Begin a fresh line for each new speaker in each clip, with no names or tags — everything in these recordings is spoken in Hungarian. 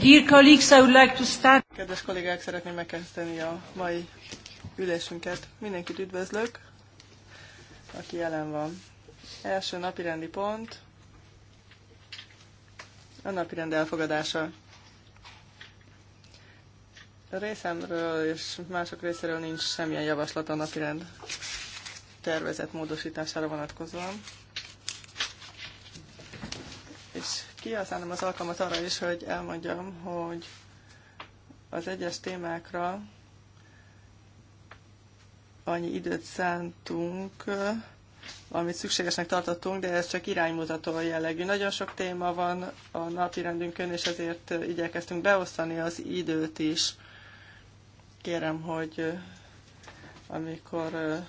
Dear colleagues, I would like to start. Kedves kollégák, szeretném megkezdeni a mai ülésünket. Mindenkit üdvözlök, aki jelen van. Első napirendi pont, a napirend elfogadása. A részemről és mások részéről nincs semmilyen javaslat a napirend tervezett módosítására vonatkozóan. kihasználom az alkalmat arra is, hogy elmondjam, hogy az egyes témákra annyi időt szántunk, amit szükségesnek tartottunk, de ez csak iránymutató jellegű. Nagyon sok téma van a napi rendünkön, és ezért igyekeztünk beosztani az időt is. Kérem, hogy eh, amikor eh,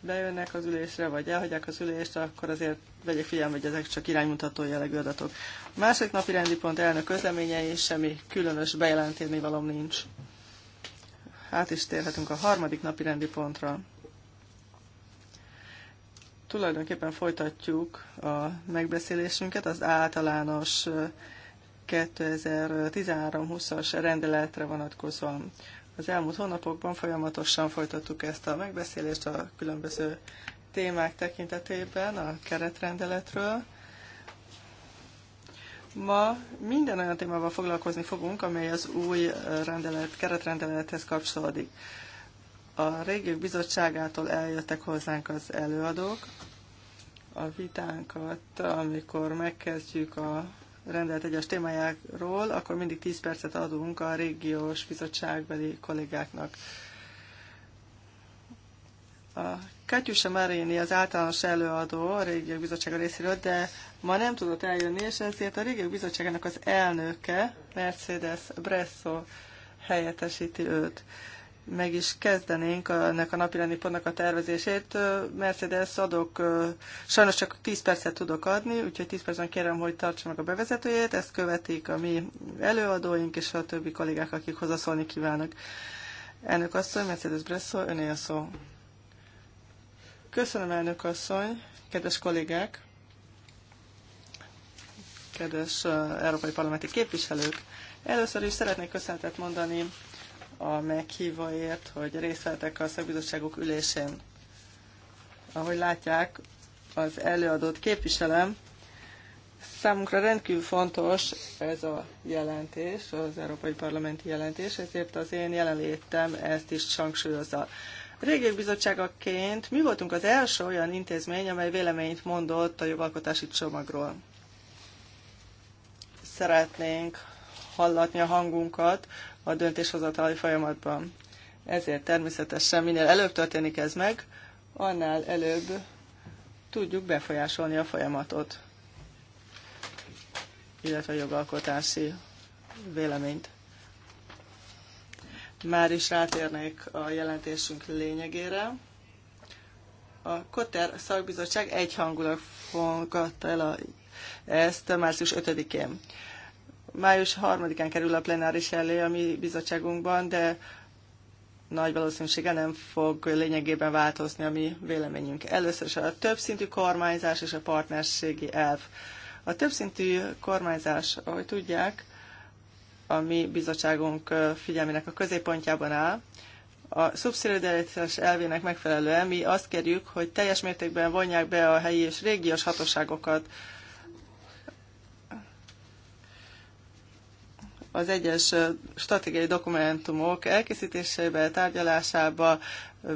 bejönnek az ülésre, vagy elhagyják az ülést, akkor azért vegyék figyelme, hogy ezek csak iránymutató jellegű adatok. A második napi rendi pont elnök és semmi különös bejelenteni valom nincs. Hát is térhetünk a harmadik napi rendi pontra. Tulajdonképpen folytatjuk a megbeszélésünket az általános 2013-20-as rendeletre vonatkozóan. Az elmúlt hónapokban folyamatosan folytattuk ezt a megbeszélést a különböző témák tekintetében a keretrendeletről. Ma minden olyan témával foglalkozni fogunk, amely az új rendelet, keretrendelethez kapcsolódik. A régiók bizottságától eljöttek hozzánk az előadók. A vitánkat, amikor megkezdjük a rendelt egyes témájáról, akkor mindig 10 percet adunk a régiós bizottságbeli kollégáknak. A Katyusa Maréni az általános előadó a régiók bizottsága részéről, de ma nem tudott eljönni, és ezért a régiók bizottságának az elnöke, Mercedes Bresso helyettesíti őt meg is kezdenénk ennek a napirendi pontnak a tervezését. Mercedes adok, sajnos csak 10 percet tudok adni, úgyhogy 10 percben kérem, hogy tartsa meg a bevezetőjét, ezt követik a mi előadóink és a többi kollégák, akik hozzászólni kívánnak. Elnök asszony, Mercedes Bresso, öné a szó. Köszönöm, elnök asszony, kedves kollégák, kedves európai parlamenti képviselők. Először is szeretnék köszönetet mondani a meghívóért, hogy részletek a szakbizottságok ülésén. Ahogy látják, az előadót képviselem. Számunkra rendkívül fontos ez a jelentés, az Európai Parlamenti jelentés, ezért az én jelenlétem ezt is hangsúlyozza. A bizottságaként mi voltunk az első olyan intézmény, amely véleményt mondott a jogalkotási csomagról. Szeretnénk hallatni a hangunkat a döntéshozatali folyamatban. Ezért természetesen minél előbb történik ez meg, annál előbb tudjuk befolyásolni a folyamatot, illetve a jogalkotási véleményt. Már is rátérnék a jelentésünk lényegére. A Koter szakbizottság egyhangulag fogadta el a, ezt március 5-én. Május 3-án kerül a plenáris elé a mi bizottságunkban, de nagy valószínűséggel nem fog lényegében változni a mi véleményünk. Először is a többszintű kormányzás és a partnerségi elv. A többszintű kormányzás, ahogy tudják, a mi bizottságunk figyelmének a középpontjában áll. A szubszidiaritás elvének megfelelően mi azt kérjük, hogy teljes mértékben vonják be a helyi és régiós hatóságokat az egyes stratégiai dokumentumok elkészítésébe, tárgyalásába,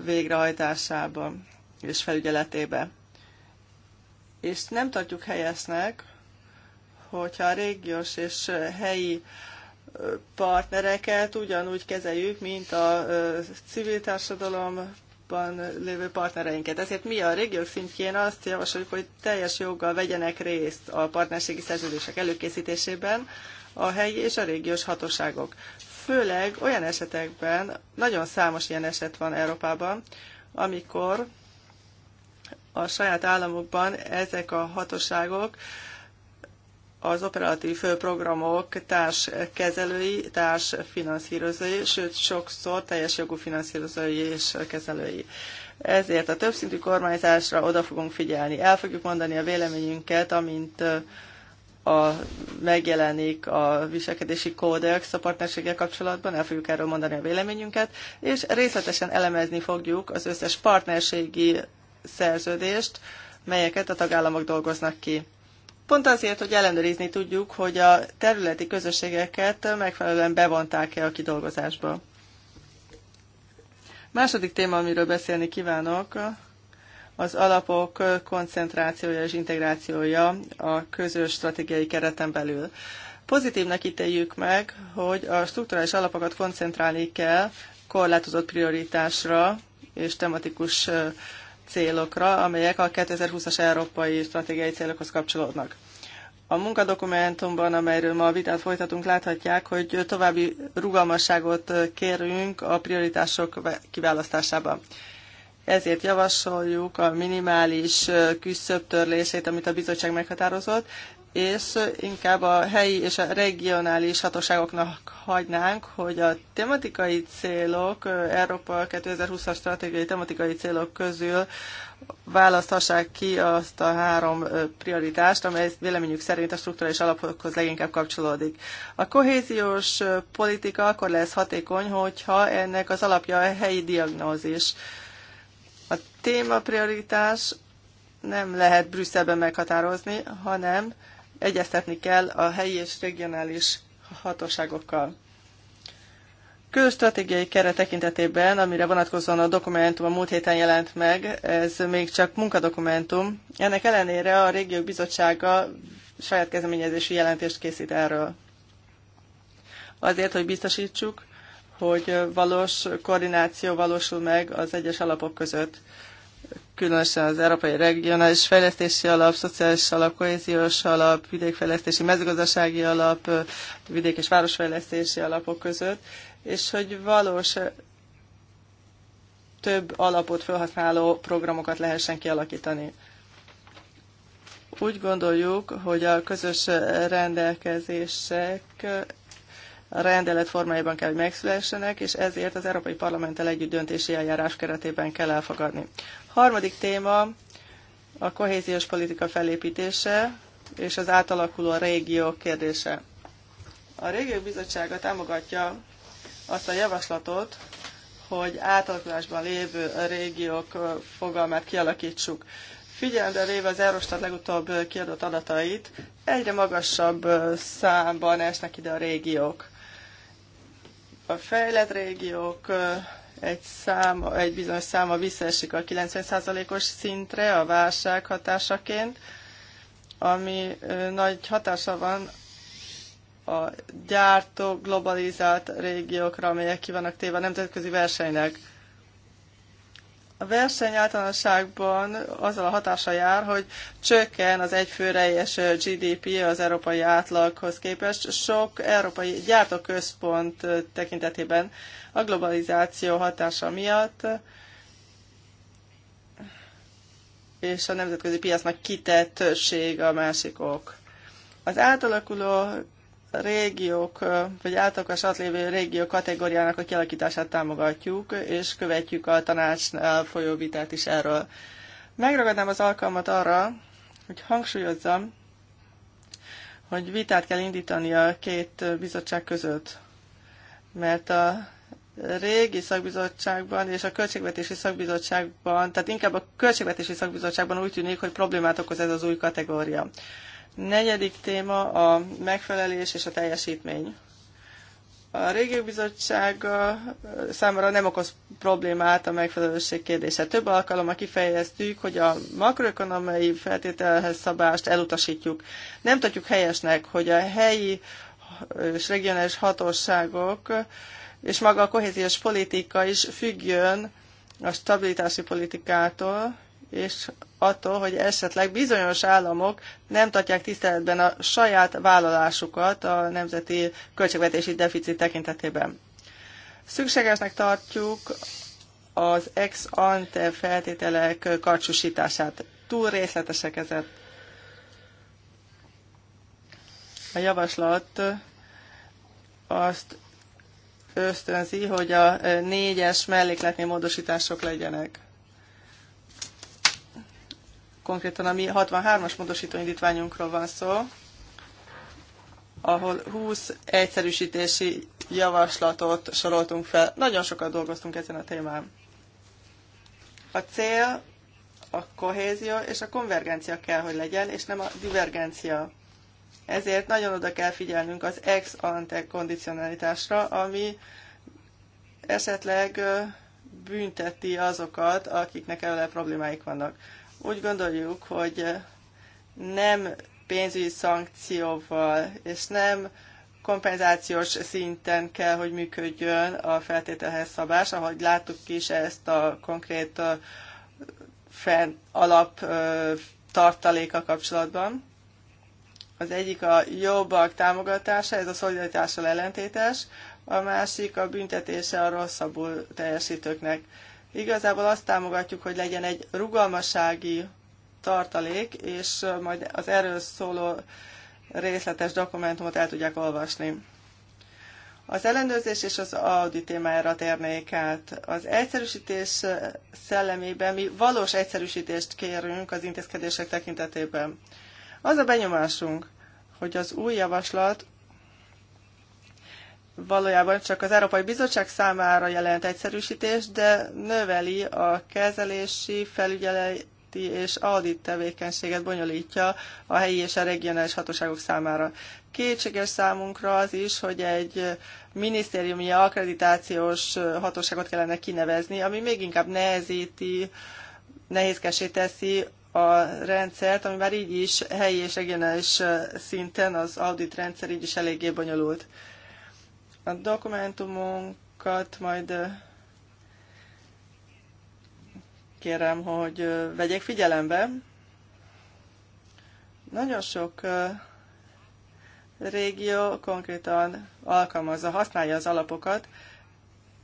végrehajtásába és felügyeletébe. És nem tartjuk helyesnek, hogyha a régiós és helyi partnereket ugyanúgy kezeljük, mint a civil társadalom lévő partnereinket. Ezért mi a régiók szintjén azt javasoljuk, hogy teljes joggal vegyenek részt a partnerségi szerződések előkészítésében, a helyi és a régiós hatóságok. Főleg olyan esetekben, nagyon számos ilyen eset van Európában, amikor a saját államokban ezek a hatóságok az operatív programok társkezelői, társfinanszírozói, sőt sokszor teljes jogú finanszírozói és kezelői. Ezért a többszintű kormányzásra oda fogunk figyelni. El fogjuk mondani a véleményünket, amint a, megjelenik a viselkedési kódex a partnerséggel kapcsolatban, el fogjuk erről mondani a véleményünket, és részletesen elemezni fogjuk az összes partnerségi szerződést, melyeket a tagállamok dolgoznak ki. Pont azért, hogy ellenőrizni tudjuk, hogy a területi közösségeket megfelelően bevonták-e a kidolgozásba. Második téma, amiről beszélni kívánok, az alapok koncentrációja és integrációja a közös stratégiai kereten belül. Pozitívnak ítéljük meg, hogy a strukturális alapokat koncentrálni kell korlátozott prioritásra és tematikus célokra, amelyek a 2020-as európai stratégiai célokhoz kapcsolódnak. A munkadokumentumban, amelyről ma a vitát folytatunk, láthatják, hogy további rugalmasságot kérünk a prioritások kiválasztásában. Ezért javasoljuk a minimális küszöbb törlését, amit a bizottság meghatározott, és inkább a helyi és a regionális hatóságoknak hagynánk, hogy a tematikai célok, Európa 2020-as stratégiai tematikai célok közül választhassák ki azt a három prioritást, amely véleményük szerint a struktúrális alapokhoz leginkább kapcsolódik. A kohéziós politika akkor lesz hatékony, hogyha ennek az alapja a helyi diagnózis. A téma prioritás nem lehet Brüsszelben meghatározni, hanem egyeztetni kell a helyi és regionális hatóságokkal. Külstratégiai stratégiai keret tekintetében, amire vonatkozóan a dokumentum a múlt héten jelent meg, ez még csak munkadokumentum. Ennek ellenére a Régiók Bizottsága saját kezdeményezésű jelentést készít erről. Azért, hogy biztosítsuk, hogy valós koordináció valósul meg az egyes alapok között, különösen az Európai Regionális Fejlesztési Alap, Szociális Alap, Kohéziós Alap, Vidékfejlesztési Mezőgazdasági Alap, Vidék és Városfejlesztési Alapok között, és hogy valós több alapot felhasználó programokat lehessen kialakítani. Úgy gondoljuk, hogy a közös rendelkezések rendelet formájában kell, hogy megszülessenek, és ezért az Európai Parlamenttel együtt döntési eljárás keretében kell elfogadni. Harmadik téma a kohéziós politika felépítése és az átalakuló régió kérdése. A Régiók Bizottsága támogatja azt a javaslatot, hogy átalakulásban lévő régiók fogalmát kialakítsuk. Figyelembe véve az Eurostat legutóbb kiadott adatait, egyre magasabb számban esnek ide a régiók a fejlett régiók egy, szám, egy bizonyos száma visszaesik a 90%-os szintre a válság hatásaként, ami nagy hatása van a gyártó globalizált régiókra, amelyek ki vannak téve a nemzetközi versenynek. A verseny általánosságban azzal a hatása jár, hogy csökken az és GDP az európai átlaghoz képest. Sok európai gyártóközpont tekintetében a globalizáció hatása miatt és a nemzetközi piacnak kitettség a másik ok. Az átalakuló régiók, vagy átakos lévő régió kategóriának a kialakítását támogatjuk, és követjük a tanácsnál folyó vitát is erről. Megragadnám az alkalmat arra, hogy hangsúlyozzam, hogy vitát kell indítani a két bizottság között, mert a régi szakbizottságban és a költségvetési szakbizottságban, tehát inkább a költségvetési szakbizottságban úgy tűnik, hogy problémát okoz ez az új kategória. Negyedik téma a megfelelés és a teljesítmény. A régió bizottsága számára nem okoz problémát a megfelelőség kérdése. Több alkalommal kifejeztük, hogy a makroökonomiai feltételhez szabást elutasítjuk. Nem tudjuk helyesnek, hogy a helyi és regionális hatóságok és maga a kohéziós politika is függjön a stabilitási politikától, és attól, hogy esetleg bizonyos államok nem tartják tiszteletben a saját vállalásukat a nemzeti költségvetési deficit tekintetében. Szükségesnek tartjuk az ex ante feltételek karcsúsítását. Túl részletesek ezek. A javaslat azt ösztönzi, hogy a négyes mellékletnél módosítások legyenek konkrétan a mi 63-as módosító indítványunkról van szó, ahol 20 egyszerűsítési javaslatot soroltunk fel. Nagyon sokat dolgoztunk ezen a témán. A cél a kohézió és a konvergencia kell, hogy legyen, és nem a divergencia. Ezért nagyon oda kell figyelnünk az ex ante kondicionalitásra, ami esetleg bünteti azokat, akiknek előle problémáik vannak. Úgy gondoljuk, hogy eh, nem pénzügyi szankcióval és nem kompenzációs szinten kell, hogy működjön a feltételhez szabás, ahogy láttuk is ezt a konkrét eh, alap eh, tartaléka kapcsolatban. Az egyik a jobbak támogatása, ez a szolidaritással ellentétes, a másik a büntetése a rosszabbul teljesítőknek. Igazából azt támogatjuk, hogy legyen egy rugalmasági tartalék, és majd az erről szóló részletes dokumentumot el tudják olvasni. Az ellenőrzés és az audit témájára térnék át. Az egyszerűsítés szellemében mi valós egyszerűsítést kérünk az intézkedések tekintetében. Az a benyomásunk, hogy az új javaslat valójában csak az Európai Bizottság számára jelent egyszerűsítést, de növeli a kezelési, felügyeleti és audit tevékenységet bonyolítja a helyi és a regionális hatóságok számára. Kétséges számunkra az is, hogy egy minisztériumi akkreditációs hatóságot kellene kinevezni, ami még inkább nehezíti, nehézkesé teszi a rendszert, ami már így is helyi és regionális szinten az audit rendszer így is eléggé bonyolult. A dokumentumunkat majd kérem, hogy vegyék figyelembe. Nagyon sok régió konkrétan alkalmazza, használja az alapokat,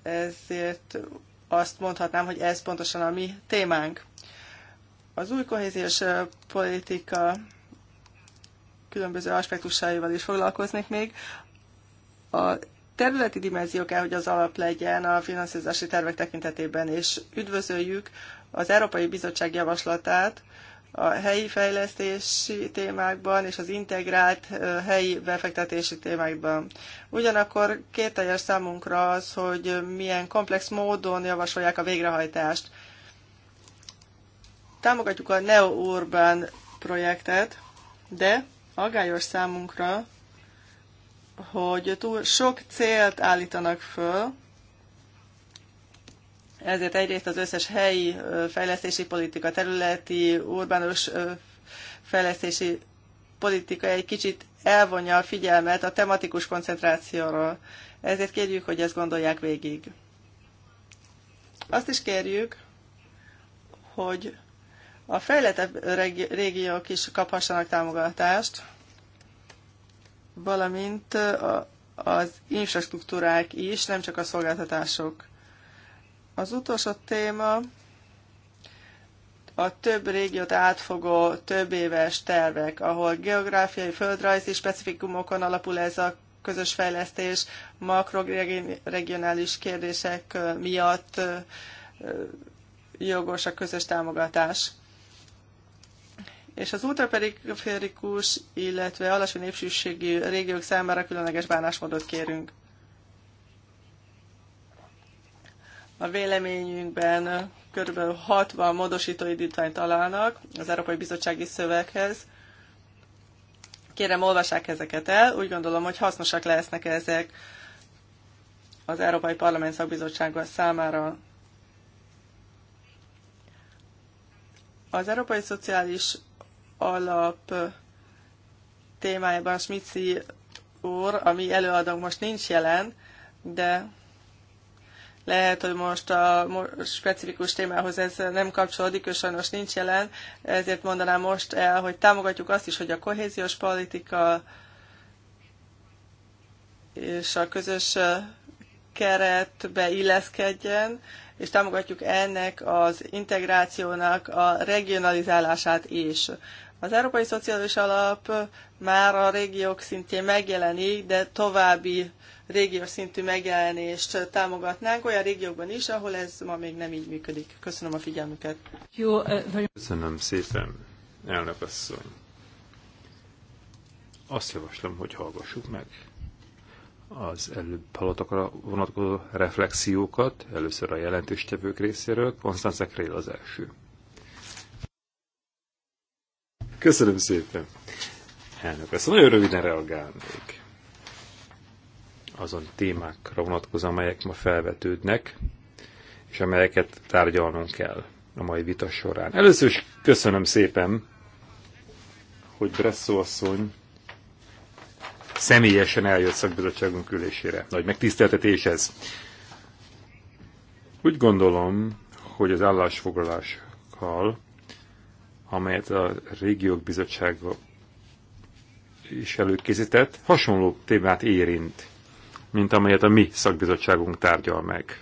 ezért azt mondhatnám, hogy ez pontosan a mi témánk. Az új kohéziós politika különböző aspektusaival is foglalkoznék még. A területi dimenzió kell, hogy az alap legyen a finanszírozási tervek tekintetében, és üdvözöljük az Európai Bizottság javaslatát a helyi fejlesztési témákban és az integrált helyi befektetési témákban. Ugyanakkor kételjes számunkra az, hogy milyen komplex módon javasolják a végrehajtást. Támogatjuk a Neourban projektet, de agályos számunkra, hogy túl sok célt állítanak föl, ezért egyrészt az összes helyi fejlesztési politika, területi, urbánus fejlesztési politika egy kicsit elvonja a figyelmet a tematikus koncentrációról. Ezért kérjük, hogy ezt gondolják végig. Azt is kérjük, hogy a fejlettebb régiók is kaphassanak támogatást, valamint az infrastruktúrák is, nem csak a szolgáltatások. Az utolsó téma a több régiót átfogó több éves tervek, ahol geográfiai, földrajzi specifikumokon alapul ez a közös fejlesztés, makroregionális kérdések miatt jogos a közös támogatás és az ultraperiférikus, illetve alacsony népsűrűségű régiók számára különleges bánásmódot kérünk. A véleményünkben kb. 60 módosító indítványt találnak az Európai Bizottsági Szöveghez. Kérem, olvassák ezeket el, úgy gondolom, hogy hasznosak lesznek ezek az Európai Parlament szakbizottsága számára. Az Európai Szociális alap témájában Smici úr, ami előadónk most nincs jelen, de lehet, hogy most a specifikus témához ez nem kapcsolódik, ő sajnos nincs jelen, ezért mondanám most el, hogy támogatjuk azt is, hogy a kohéziós politika és a közös keretbe illeszkedjen, és támogatjuk ennek az integrációnak a regionalizálását is. Az Európai Szociális Alap már a régiók szintjén megjelenik, de további régiós szintű megjelenést támogatnánk olyan régiókban is, ahol ez ma még nem így működik. Köszönöm a figyelmüket. Jó, vagy...
Köszönöm szépen, elnök asszony. Azt javaslom, hogy hallgassuk meg az előbb halottakra vonatkozó reflexiókat, először a jelentéstevők részéről, Konstanz Krél az első. Köszönöm szépen. Elnök, ezt nagyon röviden reagálnék azon témákra vonatkozóan, amelyek ma felvetődnek, és amelyeket tárgyalnunk kell a mai vita során. Először is köszönöm szépen, hogy Bresszó asszony személyesen eljött szakbizottságunk ülésére. Nagy megtiszteltetés ez. Úgy gondolom, hogy az állásfoglalással amelyet a régiók bizottsága is előkészített, hasonló témát érint, mint amelyet a mi szakbizottságunk tárgyal meg.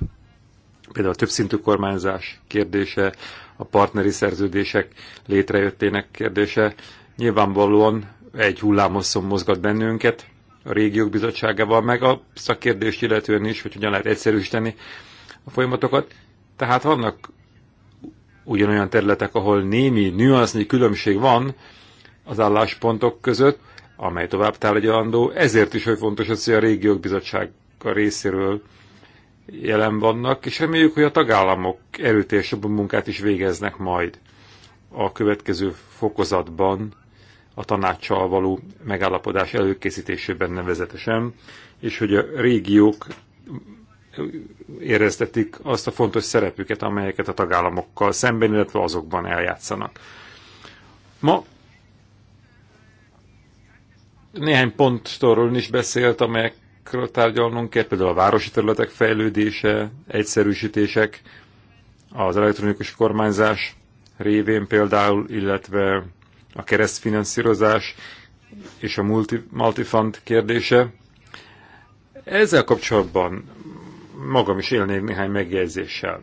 Például a többszintű kormányzás kérdése, a partneri szerződések létrejöttének kérdése nyilvánvalóan egy hullámosszon mozgat bennünket, a régiók bizottságával, meg a szakkérdést illetően is, hogy hogyan lehet egyszerűsíteni a folyamatokat. Tehát vannak ugyanolyan területek, ahol némi nüansznyi különbség van az álláspontok között, amely tovább tárgyalandó, ezért is, hogy fontos az, hogy a régiók bizottsága részéről jelen vannak, és reméljük, hogy a tagállamok erőtésebb munkát is végeznek majd a következő fokozatban, a tanácssal való megállapodás előkészítésében nevezetesen, és hogy a régiók éreztetik azt a fontos szerepüket, amelyeket a tagállamokkal szemben, illetve azokban eljátszanak. Ma néhány pontról is beszélt, amelyekről tárgyalnunk kell, például a városi területek fejlődése, egyszerűsítések, az elektronikus kormányzás révén például, illetve a keresztfinanszírozás és a multi, multifund kérdése. Ezzel kapcsolatban magam is élnék néhány megjegyzéssel.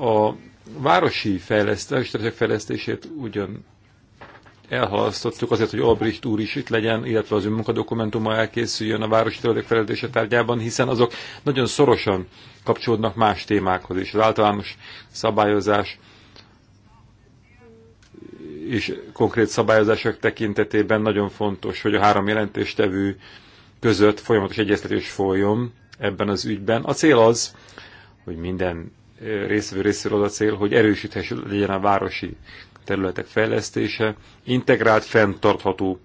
A városi fejlesztés, fejlesztését ugyan elhalasztottuk azért, hogy Albrecht úr is itt legyen, illetve az ő munkadokumentuma elkészüljön a városi területek fejlesztése tárgyában, hiszen azok nagyon szorosan kapcsolódnak más témákhoz is. Az általános szabályozás és konkrét szabályozások tekintetében nagyon fontos, hogy a három jelentéstevő között folyamatos egyeztetés folyjon, ebben az ügyben. A cél az, hogy minden részvő részéről a cél, hogy erősíthető legyen a városi területek fejlesztése, integrált, fenntartható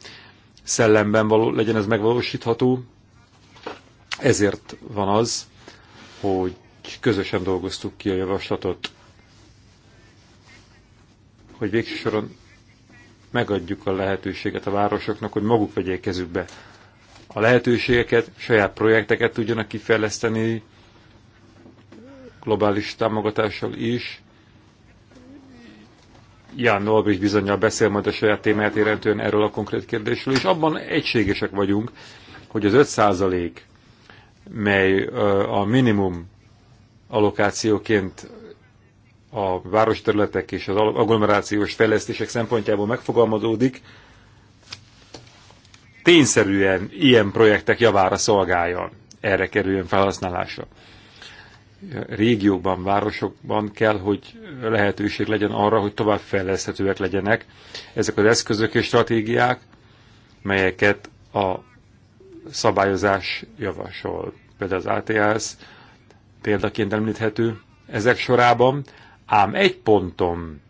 szellemben való, legyen ez megvalósítható. Ezért van az, hogy közösen dolgoztuk ki a javaslatot, hogy végső soron megadjuk a lehetőséget a városoknak, hogy maguk vegyék kezükbe a lehetőségeket, saját projekteket tudjanak kifejleszteni globális támogatással is. Ján Norbi bizonyal beszél majd a saját témáját érintően erről a konkrét kérdésről, és abban egységesek vagyunk, hogy az 5 százalék, mely a minimum allokációként a városterületek és az agglomerációs fejlesztések szempontjából megfogalmazódik, tényszerűen ilyen projektek javára szolgáljon, erre kerüljön felhasználásra. Régióban, városokban kell, hogy lehetőség legyen arra, hogy tovább fejleszthetőek legyenek ezek az eszközök és stratégiák, melyeket a szabályozás javasol. Például az ATS példaként említhető ezek sorában, ám egy ponton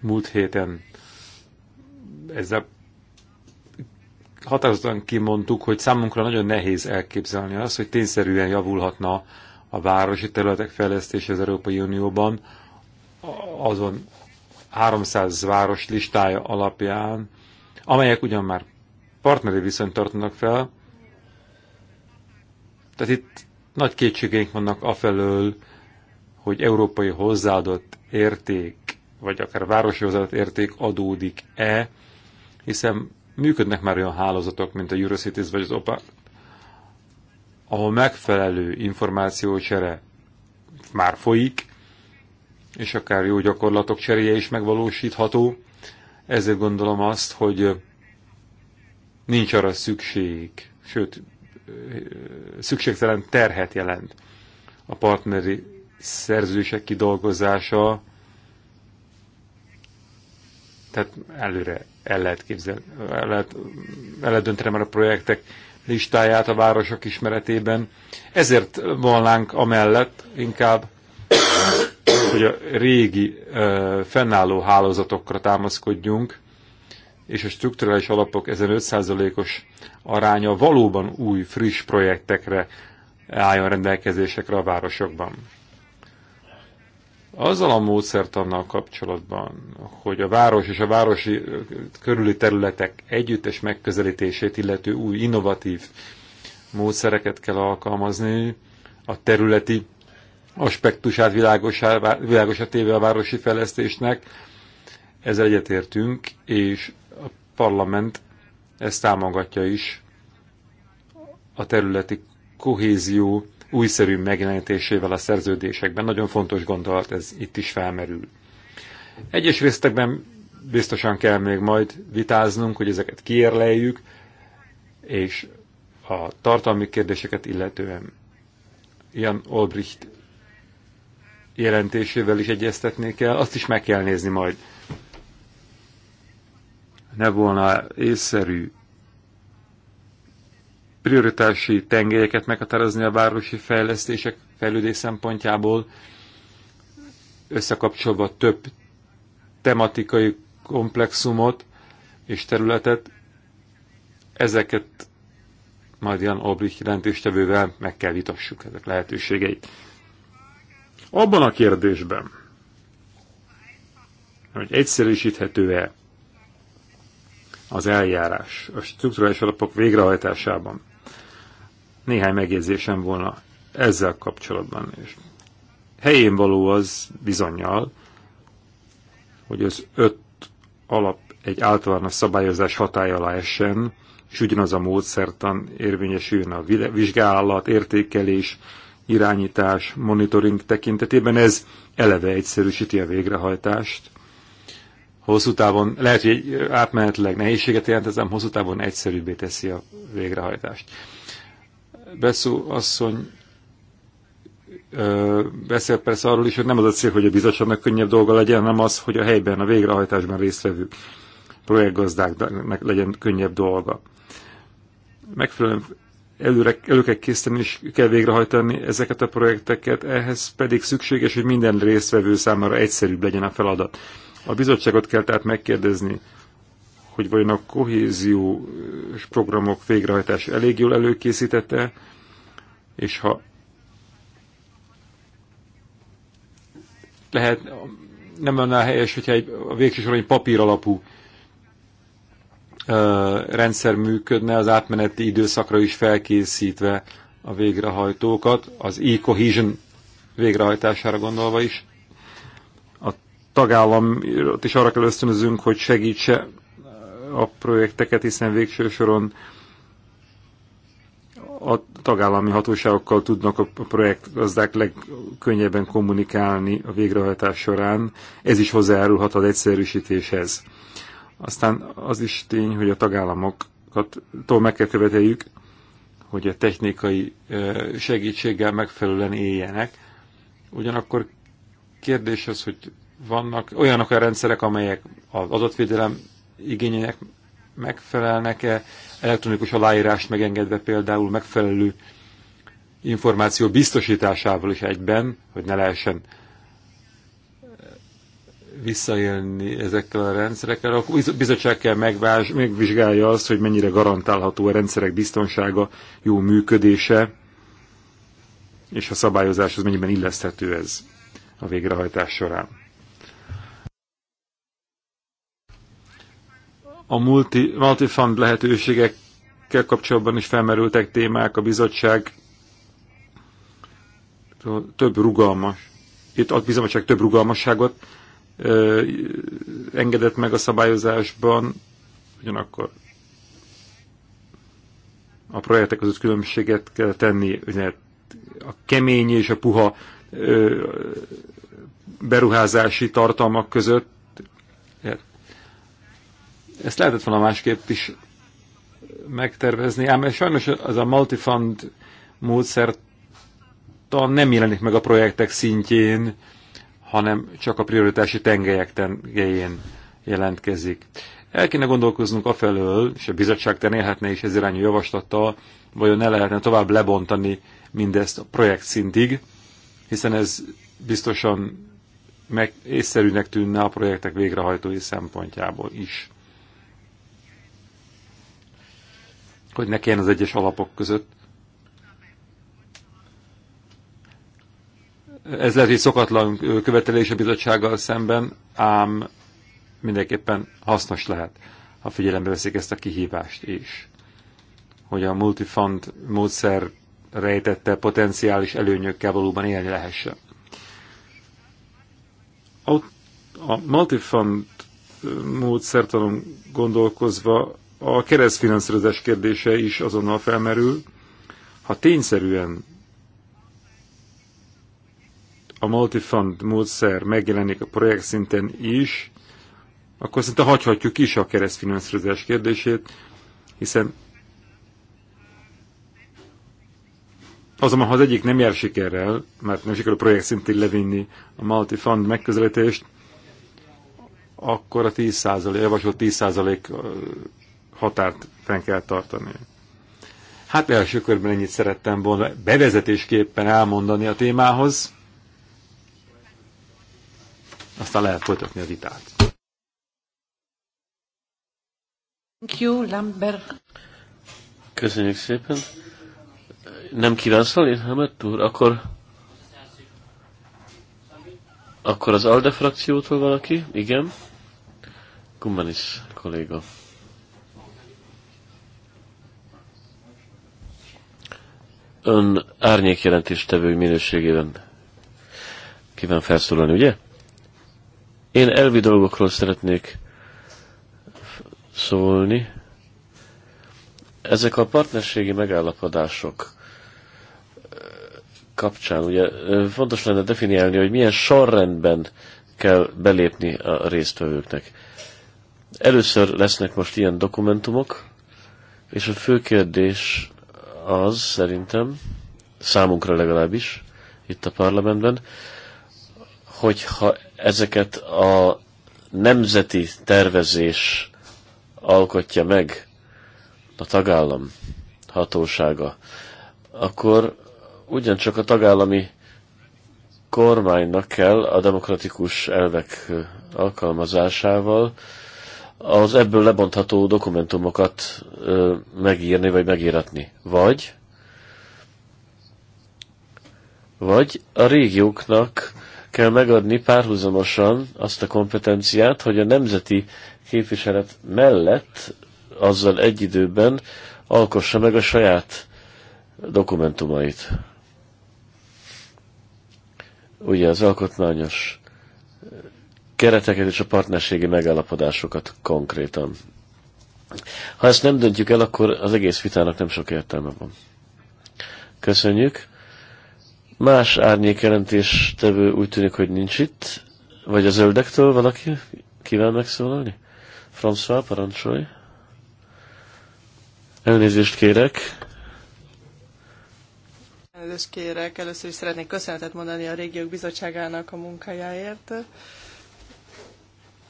múlt héten ezzel határozottan kimondtuk, hogy számunkra nagyon nehéz elképzelni azt, hogy tényszerűen javulhatna a városi területek fejlesztése az Európai Unióban azon 300 város listája alapján, amelyek ugyan már partneri viszonyt tartanak fel. Tehát itt nagy kétségeink vannak afelől, hogy európai hozzáadott érték, vagy akár városi hozzáadott érték adódik-e, hiszen Működnek már olyan hálózatok, mint a Eurocities vagy az OPA, ahol megfelelő információcsere már folyik, és akár jó gyakorlatok cseréje is megvalósítható. Ezért gondolom azt, hogy nincs arra szükség, sőt, szükségtelen terhet jelent a partneri szerzősek kidolgozása, tehát előre el lehet, képzelni, el lehet, el lehet dönteni már a projektek listáját a városok ismeretében. Ezért vonlánk amellett inkább, hogy a régi fennálló hálózatokra támaszkodjunk, és a strukturális alapok ezen 5%-os aránya valóban új, friss projektekre álljon rendelkezésekre a városokban. Azzal a módszertannal kapcsolatban, hogy a város és a városi körüli területek együttes megközelítését illető új innovatív módszereket kell alkalmazni, a területi aspektusát világosá, téve a városi fejlesztésnek, ez egyetértünk, és a parlament ezt támogatja is a területi kohézió újszerű megjelenítésével a szerződésekben. Nagyon fontos gondolat, ez itt is felmerül. Egyes résztekben biztosan kell még majd vitáznunk, hogy ezeket kiérleljük, és a tartalmi kérdéseket illetően Jan Olbricht jelentésével is egyeztetni kell, azt is meg kell nézni majd. Ne volna észszerű prioritási tengelyeket meghatározni a városi fejlesztések fejlődés szempontjából, összekapcsolva több tematikai komplexumot és területet, ezeket majd Jan Obrich jelentéstevővel meg kell vitassuk ezek lehetőségeit. Abban a kérdésben, hogy egyszerűsíthető-e az eljárás a struktúrális alapok végrehajtásában, néhány megjegyzésem volna ezzel kapcsolatban is. Helyén való az bizonyal, hogy az öt alap egy általános szabályozás hatály alá essen, és ugyanaz a módszertan érvényesüljön a vizsgálat, értékelés, irányítás, monitoring tekintetében. Ez eleve egyszerűsíti a végrehajtást. Hosszú távon, lehet, hogy átmenetleg nehézséget jelent, ez hosszú távon egyszerűbbé teszi a végrehajtást. Beszó asszony beszélt persze arról is, hogy nem az a cél, hogy a bizottságnak könnyebb dolga legyen, hanem az, hogy a helyben, a végrehajtásban résztvevő projektgazdáknak legyen könnyebb dolga. Megfelelően előre, elő kell készíteni és kell végrehajtani ezeket a projekteket, ehhez pedig szükséges, hogy minden résztvevő számára egyszerűbb legyen a feladat. A bizottságot kell tehát megkérdezni, hogy vajon a kohéziós programok végrehajtás elég jól előkészítette, és ha lehet, nem lenne helyes, hogyha egy, a végső soron egy papír alapú ö, rendszer működne, az átmeneti időszakra is felkészítve a végrehajtókat, az e-cohesion végrehajtására gondolva is. A tagállamot is arra kell ösztönözünk, hogy segítse a projekteket, hiszen végső soron a tagállami hatóságokkal tudnak a projektgazdák legkönnyebben kommunikálni a végrehajtás során. Ez is hozzájárulhat az egyszerűsítéshez. Aztán az is tény, hogy a tagállamokat meg kell követeljük, hogy a technikai segítséggel megfelelően éljenek. Ugyanakkor kérdés az, hogy vannak olyanok a rendszerek, amelyek az adatvédelem igényének megfelelnek-e, elektronikus aláírást megengedve például megfelelő információ biztosításával is egyben, hogy ne lehessen eh, visszaélni ezekkel a rendszerekkel. A bizottság kell megvás, megvizsgálja azt, hogy mennyire garantálható a rendszerek biztonsága, jó működése, és a szabályozás, az mennyiben illeszthető ez a végrehajtás során. A multi, multifund lehetőségekkel kapcsolatban is felmerültek témák, a bizottság több rugalmas. Itt a bizottság több rugalmasságot ö, engedett meg a szabályozásban, ugyanakkor a projektek között különbséget kell tenni, ugye a kemény és a puha ö, beruházási tartalmak között, ezt lehetett volna másképp is megtervezni, ám sajnos az a multifund módszertan nem jelenik meg a projektek szintjén, hanem csak a prioritási tengelyek tengelyén jelentkezik. El kéne gondolkoznunk afelől, és a bizottság tenélhetne is ez irányú javaslata, vajon ne lehetne tovább lebontani mindezt a projekt szintig, hiszen ez biztosan meg észszerűnek tűnne a projektek végrehajtói szempontjából is. hogy ne kelljen az egyes alapok között. Ez lehet, hogy szokatlan követelés a bizottsággal szemben, ám mindenképpen hasznos lehet, ha figyelembe veszik ezt a kihívást is. Hogy a multifund módszer rejtette potenciális előnyökkel valóban élni lehessen. A multifund módszertanon gondolkozva a keresztfinanszírozás kérdése is azonnal felmerül. Ha tényszerűen a multifund módszer megjelenik a projekt szinten is, akkor szinte hagyhatjuk is a keresztfinanszírozás kérdését, hiszen azonban, ha az egyik nem jár sikerrel, mert nem sikerül projekt szintén levinni a multifund megközelítést, akkor a 10 javasolt határt fenn kell tartani. Hát első körben ennyit szerettem volna bevezetésképpen elmondani a témához, aztán lehet folytatni a vitát. Thank you, Lambert.
Köszönjük szépen. Nem kíván szólni, Hamet úr? Akkor, akkor az ALDE frakciótól valaki? Igen. Gumanis, kolléga. ön árnyékjelentéstevő minőségében kíván felszólalni, ugye? Én elvi dolgokról szeretnék szólni. Ezek a partnerségi megállapodások eh, kapcsán ugye eh, fontos lenne definiálni, hogy milyen sorrendben kell belépni a résztvevőknek. Először lesznek most ilyen dokumentumok, és a fő kérdés az szerintem, számunkra legalábbis, itt a parlamentben, hogyha ezeket a nemzeti tervezés alkotja meg a tagállam hatósága, akkor ugyancsak a tagállami kormánynak kell a demokratikus elvek alkalmazásával az ebből lebontható dokumentumokat ö, megírni vagy megíratni. Vagy, vagy a régióknak kell megadni párhuzamosan azt a kompetenciát, hogy a nemzeti képviselet mellett azzal egy időben alkossa meg a saját dokumentumait. Ugye az alkotmányos kereteket és a partnerségi megállapodásokat konkrétan. Ha ezt nem döntjük el, akkor az egész vitának nem sok értelme van. Köszönjük. Más árnyékjelentés tevő úgy tűnik, hogy nincs itt. Vagy a zöldektől valaki kíván megszólalni? François, parancsolj. Elnézést kérek.
Elnézést kérek. Először is szeretnék köszönetet mondani a Régiók Bizottságának a munkájáért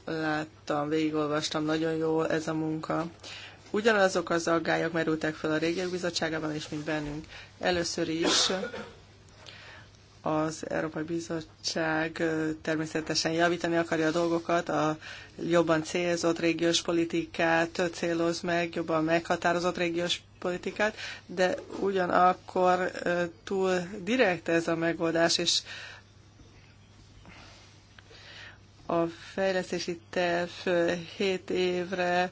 láttam, végigolvastam, nagyon jó ez a munka. Ugyanazok az aggályok merültek fel a régiók bizottságában és mint bennünk. Először is az Európai Bizottság természetesen javítani akarja a dolgokat, a jobban célzott régiós politikát céloz meg, jobban meghatározott régiós politikát, de ugyanakkor túl direkt ez a megoldás, és a fejlesztési terv 7 évre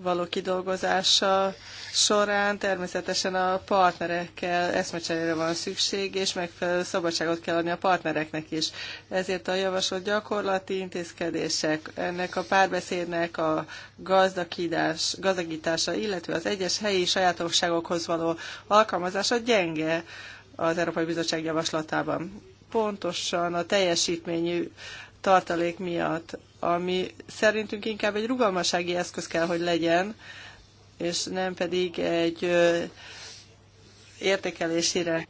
való kidolgozása során természetesen a partnerekkel eszmecserére van szükség, és megfelelő szabadságot kell adni a partnereknek is. Ezért a javasolt gyakorlati intézkedések, ennek a párbeszédnek a gazdagítás, gazdagítása, illetve az egyes helyi sajátosságokhoz való alkalmazása gyenge az Európai Bizottság javaslatában. Pontosan a teljesítményű tartalék miatt, ami szerintünk inkább egy rugalmasági eszköz kell, hogy legyen, és nem pedig egy értékelésére.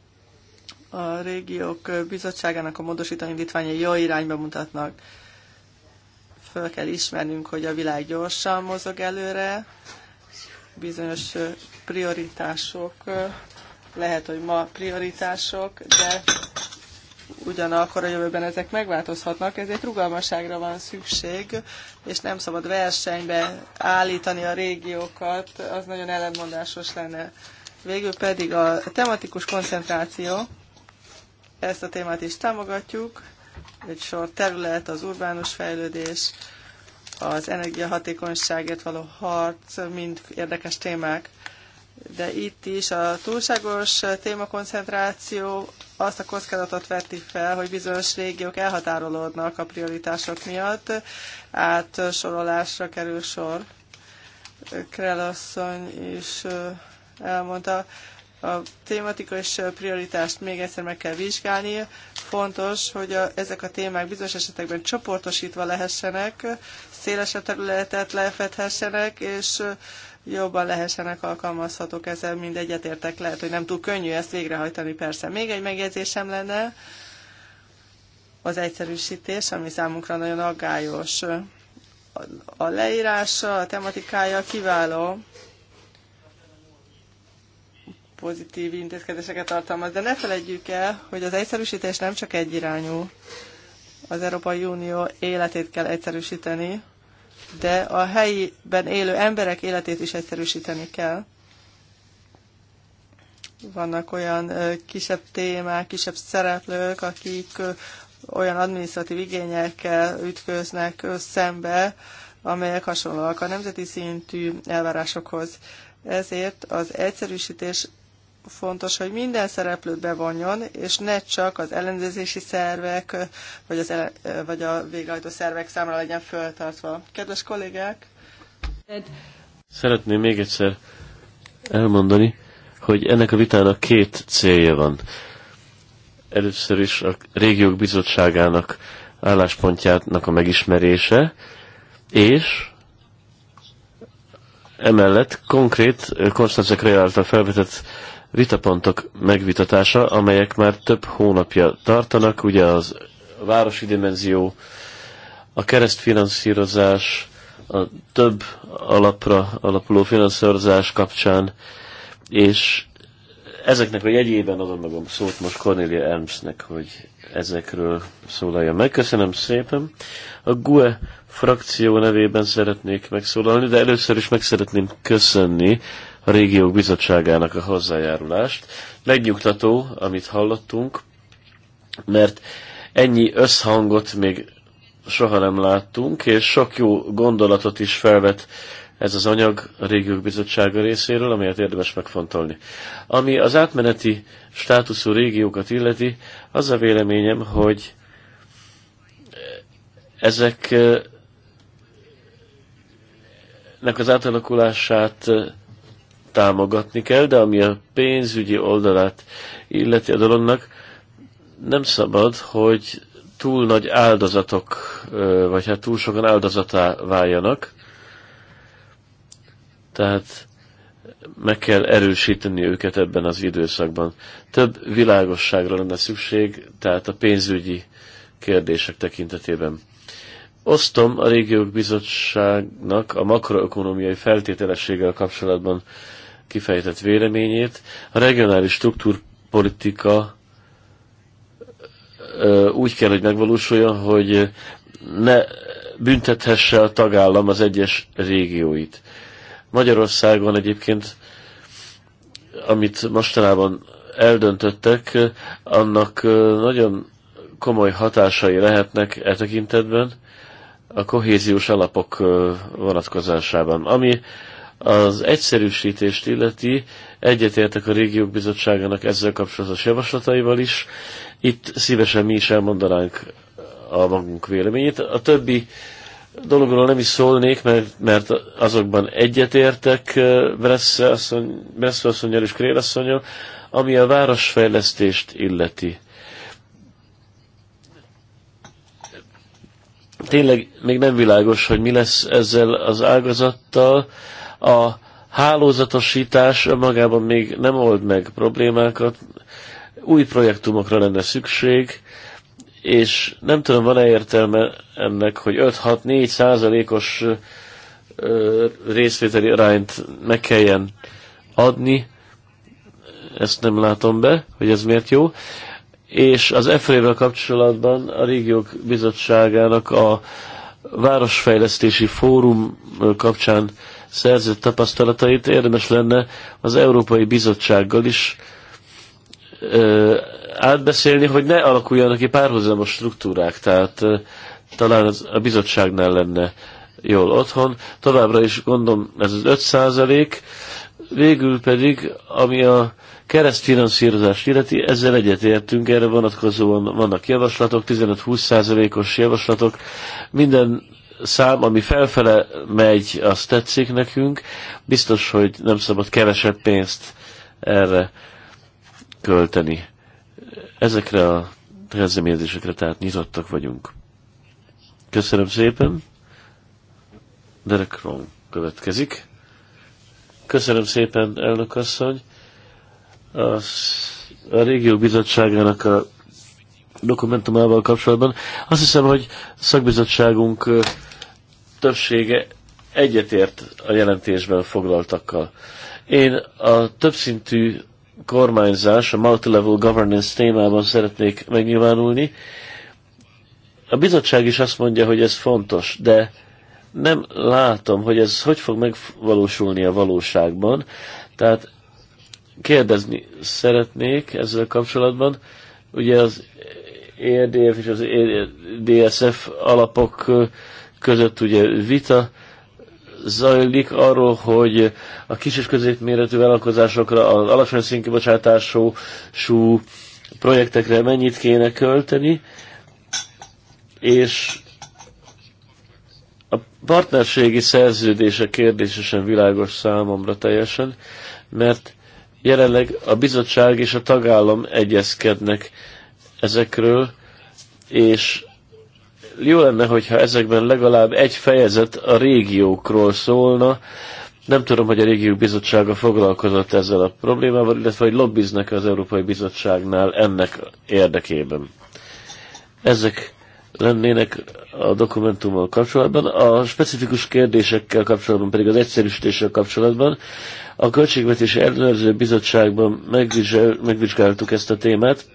A régiók bizottságának a módosító indítványai jó irányba mutatnak. Föl kell ismernünk, hogy a világ gyorsan mozog előre, bizonyos prioritások, lehet, hogy ma prioritások, de ugyanakkor a jövőben ezek megváltozhatnak, ezért rugalmasságra van szükség, és nem szabad versenybe állítani a régiókat, az nagyon ellentmondásos lenne. Végül pedig a tematikus koncentráció, ezt a témát is támogatjuk, egy sor terület, az urbánus fejlődés, az energiahatékonyságért való harc, mind érdekes témák de itt is a túlságos témakoncentráció azt a kockázatot veti fel, hogy bizonyos régiók elhatárolódnak a prioritások miatt, átsorolásra kerül sor. Krelasszony is elmondta, a tématikus prioritást még egyszer meg kell vizsgálni. Fontos, hogy a, ezek a témák bizonyos esetekben csoportosítva lehessenek, szélesebb területet lefedhessenek, és jobban lehessenek alkalmazhatók, ezzel mind egyetértek, lehet, hogy nem túl könnyű ezt végrehajtani, persze. Még egy megjegyzésem lenne, az egyszerűsítés, ami számunkra nagyon aggályos. A leírása, a tematikája kiváló, pozitív intézkedéseket tartalmaz, de ne felejtjük el, hogy az egyszerűsítés nem csak egyirányú. Az Európai Unió életét kell egyszerűsíteni, de a helyben élő emberek életét is egyszerűsíteni kell. Vannak olyan kisebb témák, kisebb szereplők, akik olyan administratív igényekkel ütköznek szembe, amelyek hasonlóak a nemzeti szintű elvárásokhoz. Ezért az egyszerűsítés fontos, hogy minden szereplőt bevonjon, és ne csak az ellenőrzési szervek, vagy, az ele, vagy a végrehajtó szervek számára legyen föltartva. Kedves kollégák!
Szeretném még egyszer elmondani, hogy ennek a vitának két célja van. Először is a régiók bizottságának álláspontjának a megismerése, és emellett konkrét Konstantin Krejl által felvetett vitapontok megvitatása, amelyek már több hónapja tartanak, ugye az városi dimenzió, a keresztfinanszírozás, a több alapra alapuló finanszírozás kapcsán, és ezeknek a jegyében adom magam szót most Cornelia Ermsnek, hogy ezekről szólalja meg. Köszönöm szépen. A GUE frakció nevében szeretnék megszólalni, de először is meg szeretném köszönni a régiók bizottságának a hozzájárulást. Megnyugtató, amit hallottunk, mert ennyi összhangot még soha nem láttunk, és sok jó gondolatot is felvet ez az anyag a régiók bizottsága részéről, amelyet érdemes megfontolni. Ami az átmeneti státuszú régiókat illeti, az a véleményem, hogy ezeknek eh, az átalakulását eh, támogatni kell, de ami a pénzügyi oldalát illeti a dolognak, nem szabad, hogy túl nagy áldozatok, vagy hát túl sokan áldozatá váljanak. Tehát meg kell erősíteni őket ebben az időszakban. Több világosságra lenne szükség, tehát a pénzügyi kérdések tekintetében. Osztom a régiók bizottságnak a makroökonomiai feltételességgel kapcsolatban kifejtett véleményét. A regionális struktúrpolitika úgy kell, hogy megvalósuljon, hogy ne büntethesse a tagállam az egyes régióit. Magyarországon egyébként, amit mostanában eldöntöttek, annak nagyon komoly hatásai lehetnek e tekintetben a kohéziós alapok vonatkozásában. Ami az egyszerűsítést illeti, egyetértek a régiók bizottságának ezzel kapcsolatos javaslataival is. Itt szívesen mi is elmondanánk a magunk véleményét. A többi dologról nem is szólnék, mert, mert azokban egyetértek eh, Bressze asszony, asszonyjal és Krél asszonyjal, ami a városfejlesztést illeti. Tényleg még nem világos, hogy mi lesz ezzel az ágazattal, a hálózatosítás magában még nem old meg problémákat, új projektumokra lenne szükség, és nem tudom, van-e értelme ennek, hogy 5-6-4 százalékos részvételi arányt meg kelljen adni, ezt nem látom be, hogy ez miért jó. És az EFRE-vel kapcsolatban a Régiók Bizottságának a Városfejlesztési Fórum kapcsán szerzett tapasztalatait érdemes lenne az Európai Bizottsággal is ö, átbeszélni, hogy ne alakuljanak ki párhuzamos struktúrák, tehát ö, talán az, a bizottságnál lenne jól otthon. Továbbra is gondolom ez az 5 százalék, végül pedig, ami a keresztfinanszírozást illeti, ezzel egyetértünk, erre vonatkozóan vannak javaslatok, 15-20 százalékos javaslatok, minden szám, ami felfele megy, az tetszik nekünk. Biztos, hogy nem szabad kevesebb pénzt erre költeni. Ezekre a kezdeményezésekre tehát nyitottak vagyunk. Köszönöm szépen. Derek Ron következik. Köszönöm szépen, elnök asszony. A, a régió bizottságának a dokumentumával kapcsolatban. Azt hiszem, hogy szakbizottságunk többsége egyetért a jelentésben foglaltakkal. Én a többszintű kormányzás, a multilevel governance témában szeretnék megnyilvánulni. A bizottság is azt mondja, hogy ez fontos, de nem látom, hogy ez hogy fog megvalósulni a valóságban. Tehát kérdezni szeretnék ezzel kapcsolatban. Ugye az EDF és az EDSF alapok között ugye vita zajlik arról, hogy a kis és középméretű vállalkozásokra, az alacsony szinkibocsátású sú projektekre mennyit kéne költeni, és a partnerségi szerződése kérdésesen világos számomra teljesen, mert jelenleg a bizottság és a tagállam egyezkednek ezekről, és jó lenne, hogyha ezekben legalább egy fejezet a régiókról szólna. Nem tudom, hogy a régiók bizottsága foglalkozott ezzel a problémával, illetve hogy lobbiznak az Európai Bizottságnál ennek érdekében. Ezek lennének a dokumentummal kapcsolatban. A specifikus kérdésekkel kapcsolatban pedig az egyszerűsítéssel kapcsolatban a Költségvetési Ellenőrző Bizottságban megvizsgáltuk ezt a témát,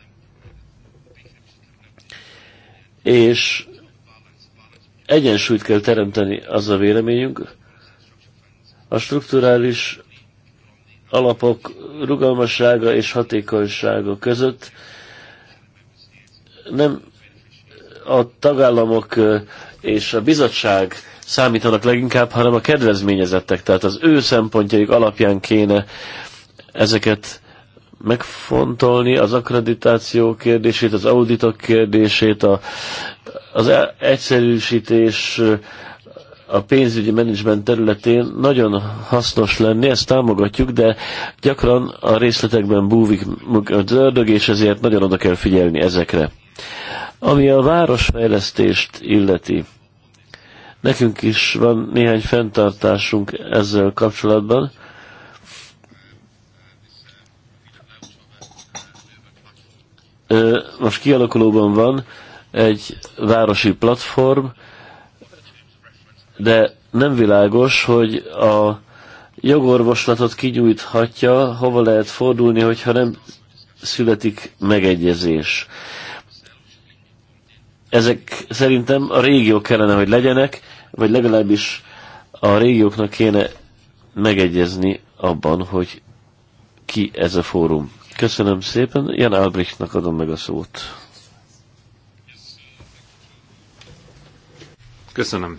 és egyensúlyt kell teremteni, az a véleményünk. A strukturális alapok rugalmassága és hatékonysága között nem a tagállamok és a bizottság számítanak leginkább, hanem a kedvezményezettek. Tehát az ő szempontjaik alapján kéne ezeket megfontolni, az akkreditáció kérdését, az auditok kérdését, a az e- egyszerűsítés a pénzügyi menedzsment területén nagyon hasznos lenni, ezt támogatjuk, de gyakran a részletekben búvik az ördög, és ezért nagyon oda kell figyelni ezekre. Ami a városfejlesztést illeti, nekünk is van néhány fenntartásunk ezzel kapcsolatban. Most kialakulóban van egy városi platform, de nem világos, hogy a jogorvoslatot kinyújthatja, hova lehet fordulni, hogyha nem születik megegyezés. Ezek szerintem a régiók kellene, hogy legyenek, vagy legalábbis a régióknak kéne megegyezni abban, hogy ki ez a fórum. Köszönöm szépen, Jan Albrechtnak adom meg a szót.
Köszönöm.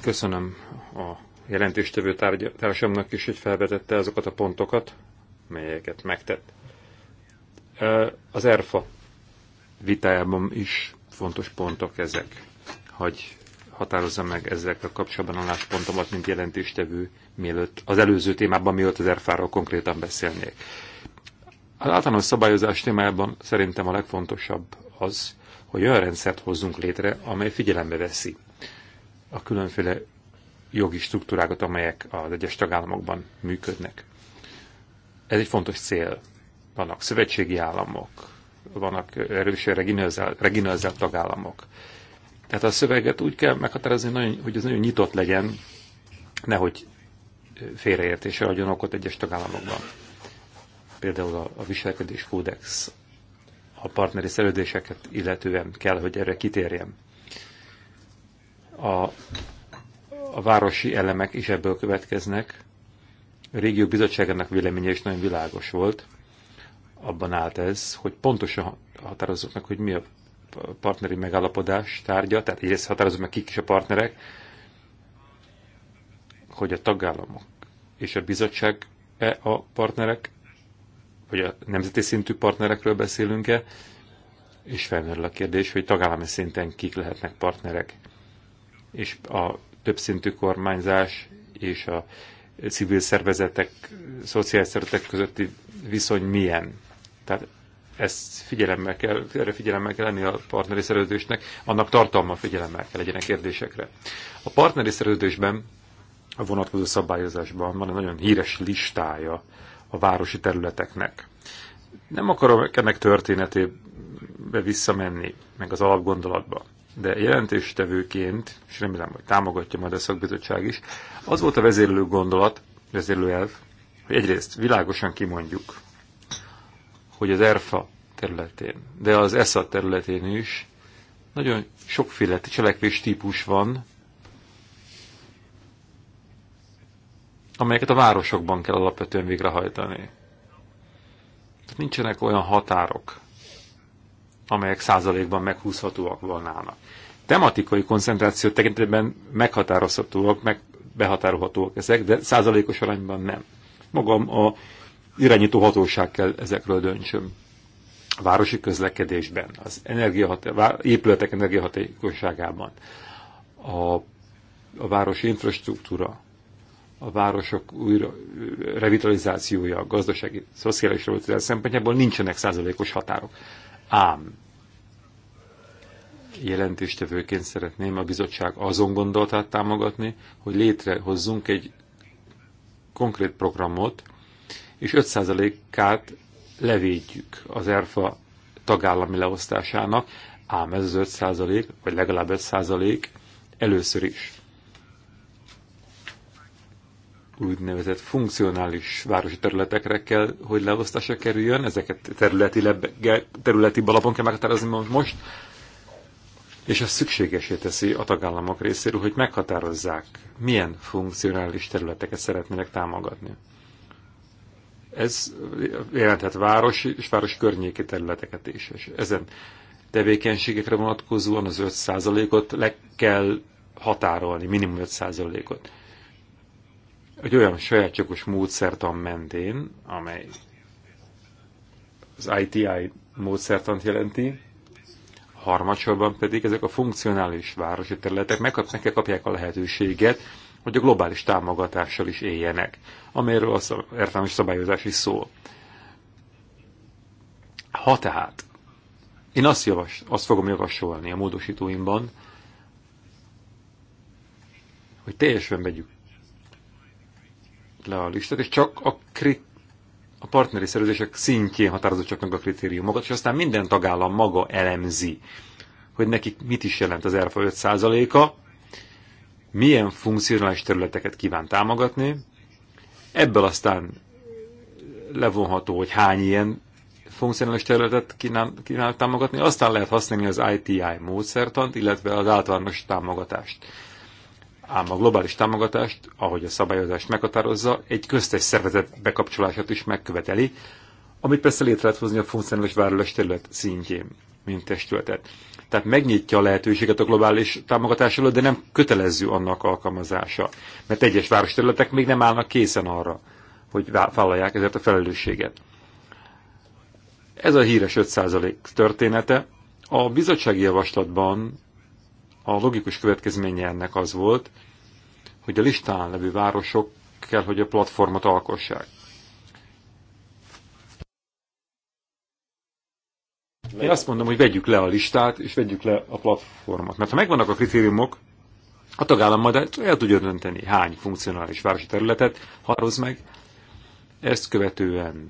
Köszönöm a jelentéstevő társamnak is, hogy felvetette azokat a pontokat, melyeket megtett. Az ERFA vitájában is fontos pontok ezek, hogy határozza meg ezekkel kapcsolatban a álláspontomat, mint jelentéstevő, mielőtt az előző témában, mielőtt az ERFA-ról konkrétan beszélnék. Az általános szabályozás témájában szerintem a legfontosabb az, hogy olyan rendszert hozzunk létre, amely figyelembe veszi a különféle jogi struktúrákat, amelyek az egyes tagállamokban működnek. Ez egy fontos cél. Vannak szövetségi államok, vannak erősen regionalizált tagállamok. Tehát a szöveget úgy kell meghatározni, hogy ez nagyon nyitott legyen, nehogy félreértése adjon okot egyes tagállamokban. Például a, a viselkedés kódex a partneri szerződéseket illetően kell, hogy erre kitérjem. A, a városi elemek is ebből következnek. A régió bizottságának véleménye is nagyon világos volt. Abban állt ez, hogy pontosan határozott meg, hogy mi a partneri megállapodás tárgya, tehát egyrészt határozott meg, kik is a partnerek, hogy a tagállamok és a bizottság -e a partnerek, hogy a nemzeti szintű partnerekről beszélünk-e, és felmerül a kérdés, hogy tagállami szinten kik lehetnek partnerek. És a többszintű kormányzás és a civil szervezetek, szociális szervezetek közötti viszony milyen. Tehát ezt figyelemmel kell, erre figyelemmel kell lenni a partneri szerződésnek, annak tartalma figyelemmel kell legyenek kérdésekre. A partneri szerződésben, a vonatkozó szabályozásban van egy nagyon híres listája a városi területeknek. Nem akarom ennek történetébe visszamenni, meg az alapgondolatba, de jelentéstevőként, és remélem, hogy támogatja majd a szakbizottság is, az volt a vezérlő gondolat, vezérlő elv, hogy egyrészt világosan kimondjuk, hogy az ERFA területén, de az ESZA területén is nagyon sokféle cselekvés típus van, amelyeket a városokban kell alapvetően végrehajtani. Tehát nincsenek olyan határok, amelyek százalékban meghúzhatóak volnának. Tematikai koncentráció tekintetben meghatározhatóak, meg behatárolhatóak ezek, de százalékos arányban nem. Magam a irányító hatóság kell ezekről döntsöm. A városi közlekedésben, az energiahaté, épületek energiahatékosságában, a, a városi infrastruktúra, a városok újra revitalizációja, a gazdasági, szociális revitalizáció szempontjából nincsenek százalékos határok. Ám jelentéstevőként szeretném a bizottság azon gondolatát támogatni, hogy létrehozzunk egy konkrét programot, és 5%-át levédjük az ERFA tagállami leosztásának, ám ez az 5%, vagy legalább 5% először is úgynevezett funkcionális városi területekre kell, hogy leosztásra kerüljön, ezeket területi, lebe, területi balapon kell meghatározni most, és ez szükségesé teszi a tagállamok részéről, hogy meghatározzák, milyen funkcionális területeket szeretnének támogatni. Ez jelenthet városi és város környéki területeket is, és ezen tevékenységekre vonatkozóan az 5%-ot le kell határolni, minimum 5%-ot egy olyan sajátjogos módszertan mentén, amely az ITI módszertant jelenti, harmadsorban pedig ezek a funkcionális városi területek megkapják, kapják a lehetőséget, hogy a globális támogatással is éljenek, amelyről az értelmes szabályozás is szól. Ha tehát, én azt, javas, azt fogom javasolni a módosítóimban, hogy teljesen vegyük le a listát, és csak a, kri- a partneri szerződések szintjén határozott csak meg a kritériumokat, és aztán minden tagállam maga elemzi, hogy nekik mit is jelent az ERFA 5%-a, milyen funkcionális területeket kíván támogatni, ebből aztán levonható, hogy hány ilyen funkcionális területet kínál, kínál támogatni, aztán lehet használni az ITI módszertant, illetve az általános támogatást ám a globális támogatást, ahogy a szabályozást meghatározza, egy köztes szervezet bekapcsolását is megköveteli, amit persze létre lehet hozni a funkcionális város terület szintjén, mint testületet. Tehát megnyitja a lehetőséget a globális támogatás előtt, de nem kötelező annak alkalmazása, mert egyes városterületek még nem állnak készen arra, hogy vállalják ezért a felelősséget. Ez a híres 5% története. A bizottsági javaslatban a logikus következménye ennek az volt, hogy a listán levő városok kell, hogy a platformot alkossák. Én azt mondom, hogy vegyük le a listát, és vegyük le a platformot. Mert ha megvannak a kritériumok, a tagállam majd el tudja dönteni, hány funkcionális városi területet haroz meg. Ezt követően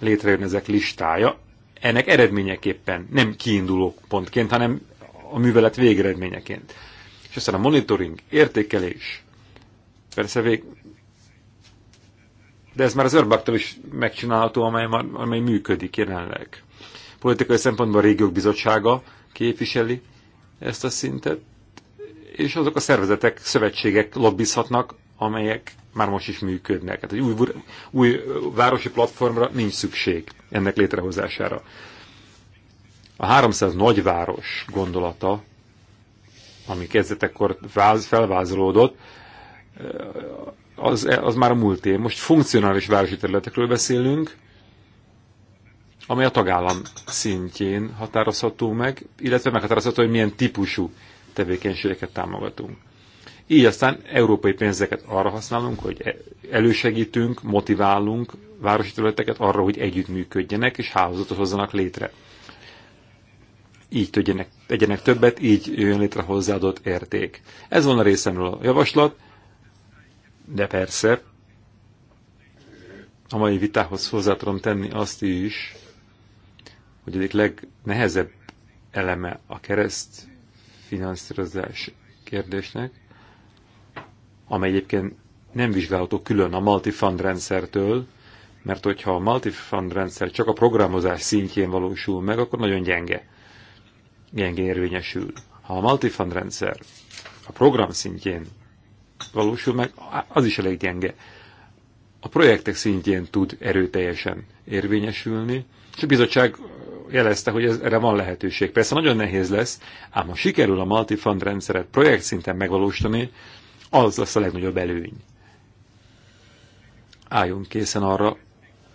létrejön ezek listája. Ennek eredményeképpen nem kiinduló pontként, hanem a művelet végeredményeként. És aztán a monitoring, értékelés, persze vég... De ez már az örbaktól is megcsinálható, amely, már, amely működik jelenleg. Politikai szempontból a régiók bizottsága képviseli ezt a szintet, és azok a szervezetek, szövetségek lobbizhatnak, amelyek már most is működnek. Hát egy új, új városi platformra nincs szükség ennek létrehozására. A 300 nagyváros gondolata, ami kezdetekkor váz, felvázolódott, az, az már a múlté. Most funkcionális városi területekről beszélünk, amely a tagállam szintjén határozható meg, illetve meghatározható, hogy milyen típusú tevékenységeket támogatunk. Így aztán európai pénzeket arra használunk, hogy e- elősegítünk, motiválunk városi területeket arra, hogy együttműködjenek és hálózatot hozzanak létre így tudjanak, egyenek többet, így jön létre hozzáadott érték. Ez volna részemről a javaslat, de persze a mai vitához hozzá tudom tenni azt is, hogy egyik legnehezebb eleme a kereszt finanszírozás kérdésnek, amely egyébként nem vizsgálható külön a multifund rendszertől, mert hogyha a multifund rendszer csak a programozás szintjén valósul meg, akkor nagyon gyenge gyengén érvényesül. Ha a multifund rendszer a program szintjén valósul meg, az is elég gyenge. A projektek szintjén tud erőteljesen érvényesülni, és a bizottság jelezte, hogy ez, erre van lehetőség. Persze nagyon nehéz lesz, ám ha sikerül a multifund rendszeret projekt szinten megvalósítani, az lesz a legnagyobb előny. Álljunk készen arra,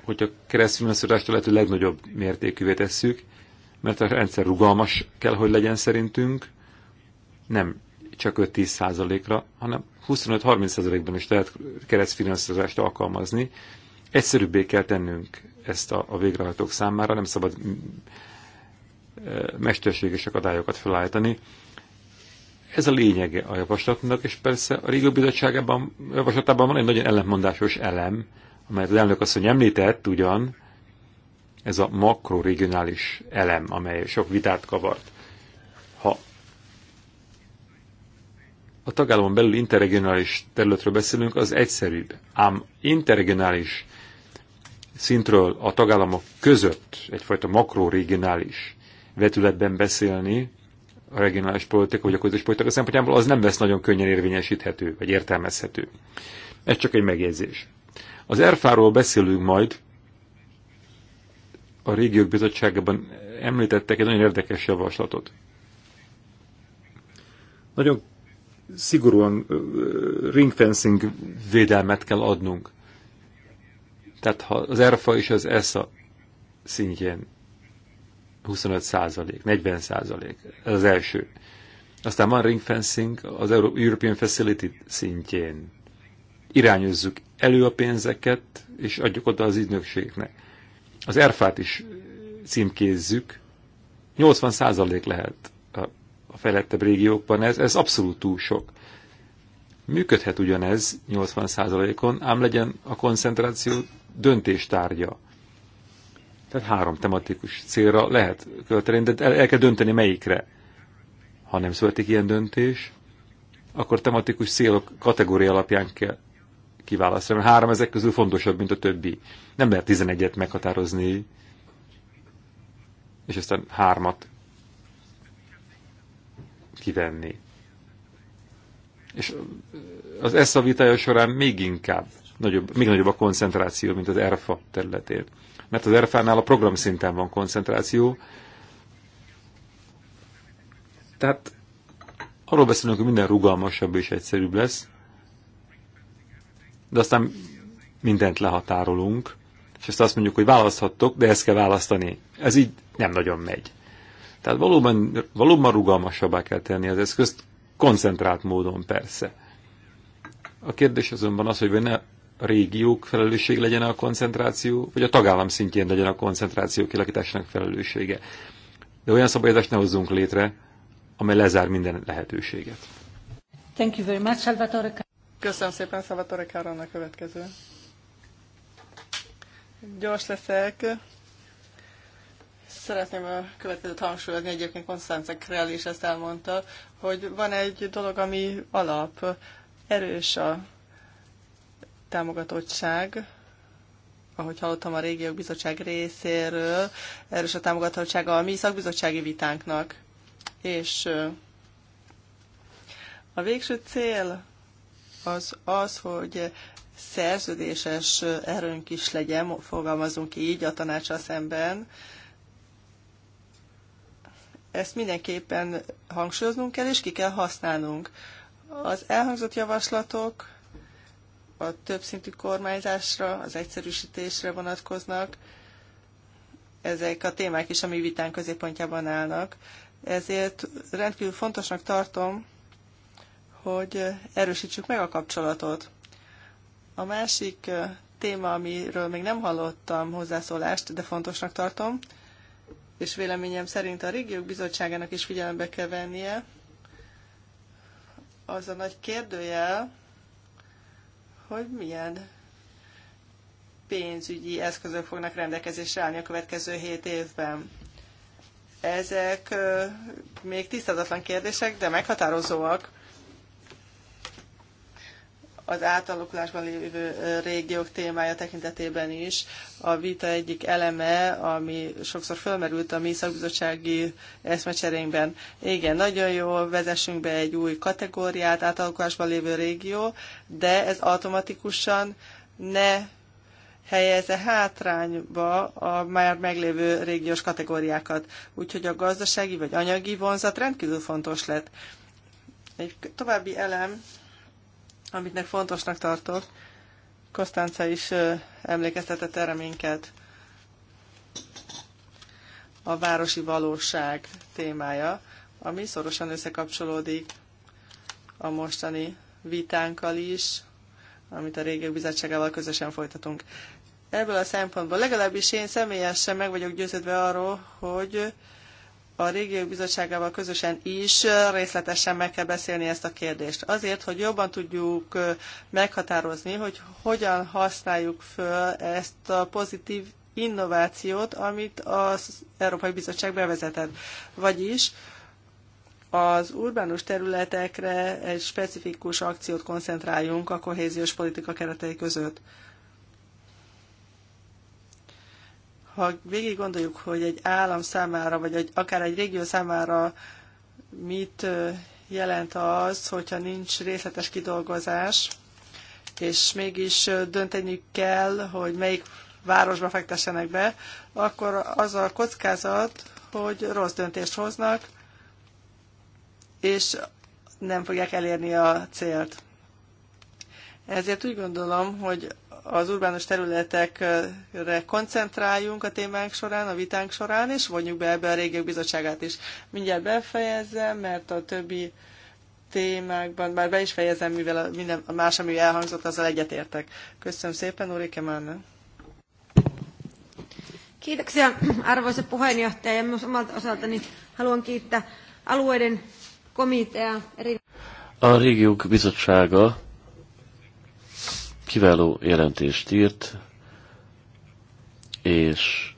hogy a keresztfinanszírozást a lehető legnagyobb mértékűvé tesszük, mert a rendszer rugalmas kell, hogy legyen szerintünk, nem csak 5-10 százalékra, hanem 25-30 százalékban is lehet keresztfinanszírozást alkalmazni. Egyszerűbbé kell tennünk ezt a, a végrehajtók számára, nem szabad mm, e, mesterséges akadályokat felállítani. Ez a lényege a javaslatnak, és persze a Régió Bizottságában javaslatában van egy nagyon ellentmondásos elem, amelyet az elnök asszony említett ugyan, ez a makroregionális elem, amely sok vitát kavart. Ha a tagállamon belül interregionális területről beszélünk, az egyszerűbb. Ám interregionális szintről a tagállamok között egyfajta makroregionális vetületben beszélni, a regionális politika vagy a közös politika szempontjából az nem lesz nagyon könnyen érvényesíthető vagy értelmezhető. Ez csak egy megjegyzés. Az erfáról beszélünk majd, a régiók bizottságában említettek egy nagyon érdekes javaslatot. Nagyon szigorúan ringfencing védelmet kell adnunk. Tehát ha az ERFA és az ESA szintjén 25 százalék, 40 százalék, ez az első. Aztán van ringfencing az European Facility szintjén. Irányozzuk elő a pénzeket, és adjuk oda az ügynökségnek. Az erfát is címkézzük. 80 százalék lehet a fejlettebb régiókban ez, ez abszolút túl sok. Működhet ugyanez 80 százalékon, ám legyen a koncentráció döntéstárgya. Tehát három tematikus célra lehet költeni, de el, el kell dönteni melyikre. Ha nem születik ilyen döntés, akkor tematikus célok kategória alapján kell kiválasztani. mert három ezek közül fontosabb, mint a többi. Nem lehet 11-et meghatározni, és aztán hármat kivenni. És az ESZA vitája során még inkább, nagyobb, még nagyobb a koncentráció, mint az ERFA területén. Mert az ERFA-nál a program szinten van koncentráció. Tehát arról beszélünk, hogy minden rugalmasabb és egyszerűbb lesz, de aztán mindent lehatárolunk, és ezt azt mondjuk, hogy választhattok, de ezt kell választani. Ez így nem nagyon megy. Tehát valóban, valóban rugalmasabbá kell tenni az eszközt, koncentrált módon persze. A kérdés azonban az, hogy ne a régiók felelősség legyen a koncentráció, vagy a tagállam szintjén legyen a koncentráció kilakításának felelőssége. De olyan szabályozást ne hozzunk létre, amely lezár minden lehetőséget.
Thank you very much, Salvatore. Köszönöm szépen, Szavatore Káron a következő. Gyors leszek. Szeretném a következőt hangsúlyozni, egyébként Konstantin Krell is ezt elmondta, hogy van egy dolog, ami alap, erős a támogatottság, ahogy hallottam a régiók bizottság részéről, erős a támogatottság a mi szakbizottsági vitánknak. És a végső cél az az, hogy szerződéses erőnk is legyen, fogalmazunk így a tanácsa szemben. Ezt mindenképpen hangsúlyoznunk kell, és ki kell használnunk. Az elhangzott javaslatok a többszintű kormányzásra, az egyszerűsítésre vonatkoznak. Ezek a témák is a mi vitán középpontjában állnak. Ezért rendkívül fontosnak tartom, hogy erősítsük meg a kapcsolatot. A másik téma, amiről még nem hallottam hozzászólást, de fontosnak tartom, és véleményem szerint a régiók bizottságának is figyelembe kell vennie, az a nagy kérdőjel, hogy milyen pénzügyi eszközök fognak rendelkezésre állni a következő hét évben. Ezek még tisztázatlan kérdések, de meghatározóak az átalakulásban lévő régiók témája tekintetében is a vita egyik eleme, ami sokszor felmerült a mi szakbizottsági eszmecserénkben. Igen, nagyon jó, vezessünk be egy új kategóriát, átalakulásban lévő régió, de ez automatikusan ne helyezze hátrányba a már meglévő régiós kategóriákat. Úgyhogy a gazdasági vagy anyagi vonzat rendkívül fontos lett. Egy további elem, amitnek fontosnak tartok. Kostánca is emlékeztetett erre minket. A városi valóság témája, ami szorosan összekapcsolódik a mostani vitánkkal is, amit a régiek bizottságával közösen folytatunk. Ebből a szempontból legalábbis én személyesen meg vagyok győződve arról, hogy a régiók bizottságával közösen is részletesen meg kell beszélni ezt a kérdést. Azért, hogy jobban tudjuk meghatározni, hogy hogyan használjuk föl ezt a pozitív innovációt, amit az Európai Bizottság bevezetett. Vagyis az urbánus területekre egy specifikus akciót koncentráljunk a kohéziós politika keretei között. ha végig gondoljuk, hogy egy állam számára, vagy egy, akár egy régió számára mit jelent az, hogyha nincs részletes kidolgozás, és mégis dönteniük kell, hogy melyik városba fektessenek be, akkor az a kockázat, hogy rossz döntést hoznak, és nem fogják elérni a célt. Ezért úgy gondolom, hogy az urbánus területekre koncentráljunk a témánk során, a vitánk során, és vonjuk be ebbe a régiók bizottságát is. Mindjárt befejezem, mert a többi témákban, már be is fejezem, mivel a, minden a más, ami elhangzott, azzal egyetértek. Köszönöm szépen, Ulrike Manna. Kiitoksia arvoisa puheenjohtaja ja myös omalta osaltani haluan kiittää alueiden komitea eri...
A régiók bizottsága kiváló jelentést írt, és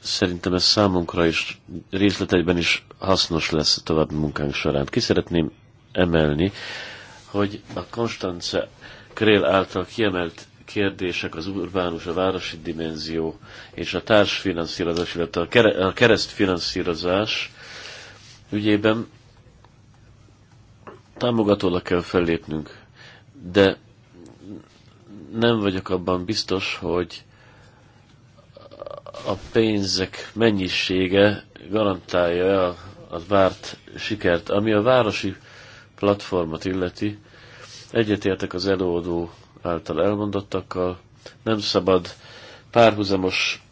szerintem ez számunkra is részleteiben is hasznos lesz a további munkánk során. Ki szeretném emelni, hogy a Konstance Krél által kiemelt kérdések, az urbánus, a városi dimenzió és a társfinanszírozás, illetve a keresztfinanszírozás ügyében támogatólag kell fellépnünk, de nem vagyok abban biztos, hogy a pénzek mennyisége garantálja a, a várt sikert. Ami a városi platformot illeti, egyetértek az előadó által elmondottakkal, nem szabad párhuzamos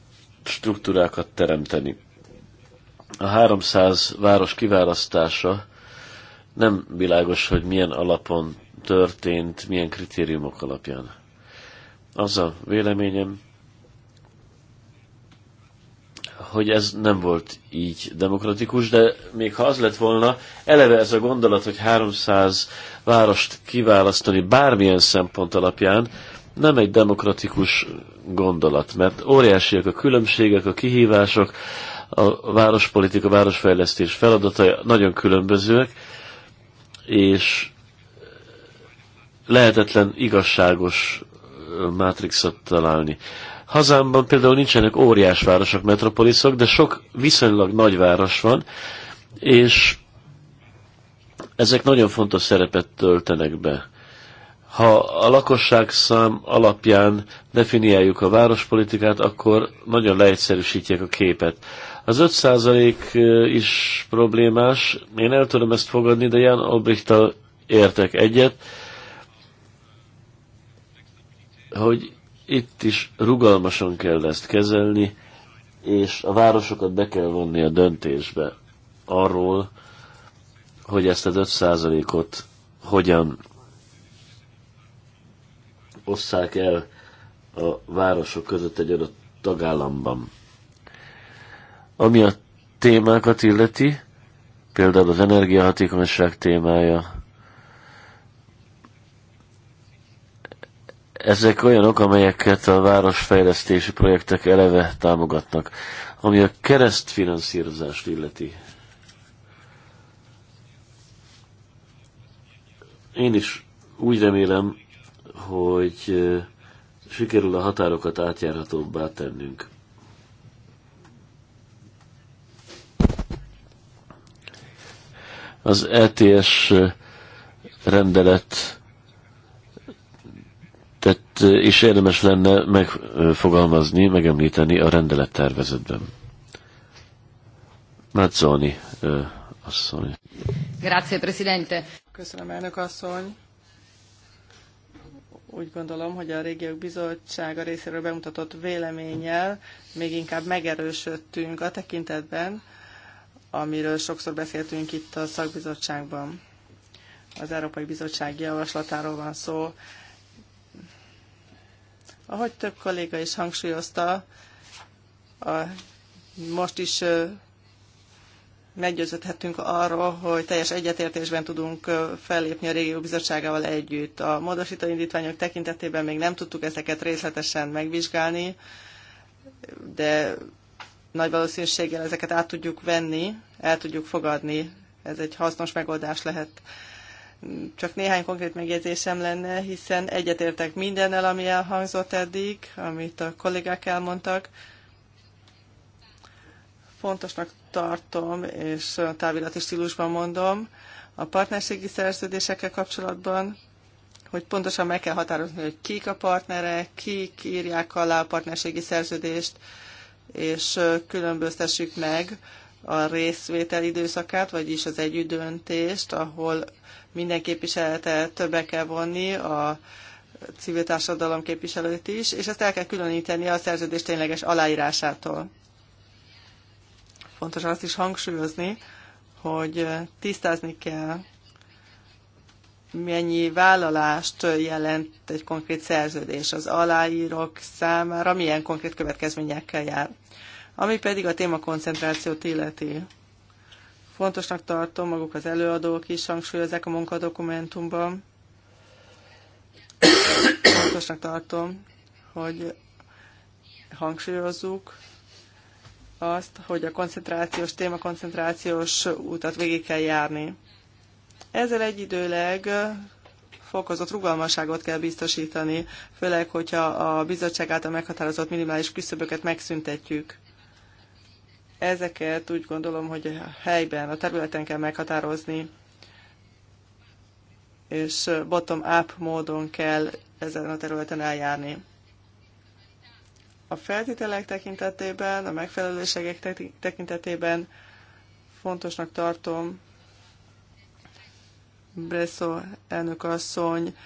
struktúrákat teremteni. A 300 város kiválasztása nem világos, hogy milyen alapon történt, milyen kritériumok alapján az a véleményem, hogy ez nem volt így demokratikus, de még ha az lett volna, eleve ez a gondolat, hogy 300 várost kiválasztani bármilyen szempont alapján, nem egy demokratikus gondolat, mert óriásiak a különbségek, a kihívások, a várospolitika, városfejlesztés feladatai nagyon különbözőek, és lehetetlen igazságos mátrixot találni. Hazámban például nincsenek óriás városok, metropoliszok, de sok viszonylag nagy város van, és ezek nagyon fontos szerepet töltenek be. Ha a lakosság szám alapján definiáljuk a várospolitikát, akkor nagyon leegyszerűsítjük a képet. Az 5% is problémás, én el tudom ezt fogadni, de Jan Obrichtal értek egyet, hogy itt is rugalmasan kell ezt kezelni, és a városokat be kell vonni a döntésbe arról, hogy ezt az 5%-ot hogyan osszák el a városok között egy adott tagállamban. Ami a témákat illeti, például az energiahatékonyság témája, Ezek olyanok, amelyeket a városfejlesztési projektek eleve támogatnak. Ami a keresztfinanszírozást illeti. Én is úgy remélem, hogy sikerül a határokat átjárhatóbbá tennünk. Az ETS rendelet tett, eh, és érdemes lenne megfogalmazni, megemlíteni a rendelettervezetben. Mazzoni eh, asszony.
Grazie, Presidente. Köszönöm, elnök asszony. Úgy gondolom, hogy a Régiók Bizottsága részéről bemutatott véleménnyel még inkább megerősödtünk a tekintetben, amiről sokszor beszéltünk itt a szakbizottságban. Az Európai Bizottság javaslatáról van szó, ahogy több kolléga is hangsúlyozta, a, most is meggyőződhetünk arról, hogy teljes egyetértésben tudunk fellépni a régió bizottságával együtt. A módosító indítványok tekintetében még nem tudtuk ezeket részletesen megvizsgálni, de nagy valószínűséggel ezeket át tudjuk venni, el tudjuk fogadni. Ez egy hasznos megoldás lehet. Csak néhány konkrét megjegyzésem lenne, hiszen egyetértek mindennel, ami elhangzott eddig, amit a kollégák elmondtak. Fontosnak tartom, és távirati stílusban mondom, a partnerségi szerződésekkel kapcsolatban, hogy pontosan meg kell határozni, hogy kik a partnerek, kik írják alá a partnerségi szerződést, és különböztessük meg a részvétel időszakát, vagyis az együttdöntést, ahol minden képviselete többe kell vonni, a civil társadalom képviselőt is, és ezt el kell különíteni a szerződés tényleges aláírásától. Fontos azt is hangsúlyozni, hogy tisztázni kell, mennyi vállalást jelent egy konkrét szerződés az aláírók számára, milyen konkrét következményekkel jár. Ami pedig a téma koncentrációt illeti. Fontosnak tartom, maguk az előadók is hangsúlyozzák a munkadokumentumban. Fontosnak tartom, hogy hangsúlyozzuk azt, hogy a koncentrációs, témakoncentrációs utat végig kell járni. Ezzel egyidőleg fokozott rugalmasságot kell biztosítani, főleg, hogyha a bizottság által meghatározott minimális küszöböket megszüntetjük. Ezeket úgy gondolom, hogy a helyben, a területen kell meghatározni, és bottom-up módon kell ezen a területen eljárni. A feltételek tekintetében, a megfelelőségek tekintetében fontosnak tartom Bresso elnökasszony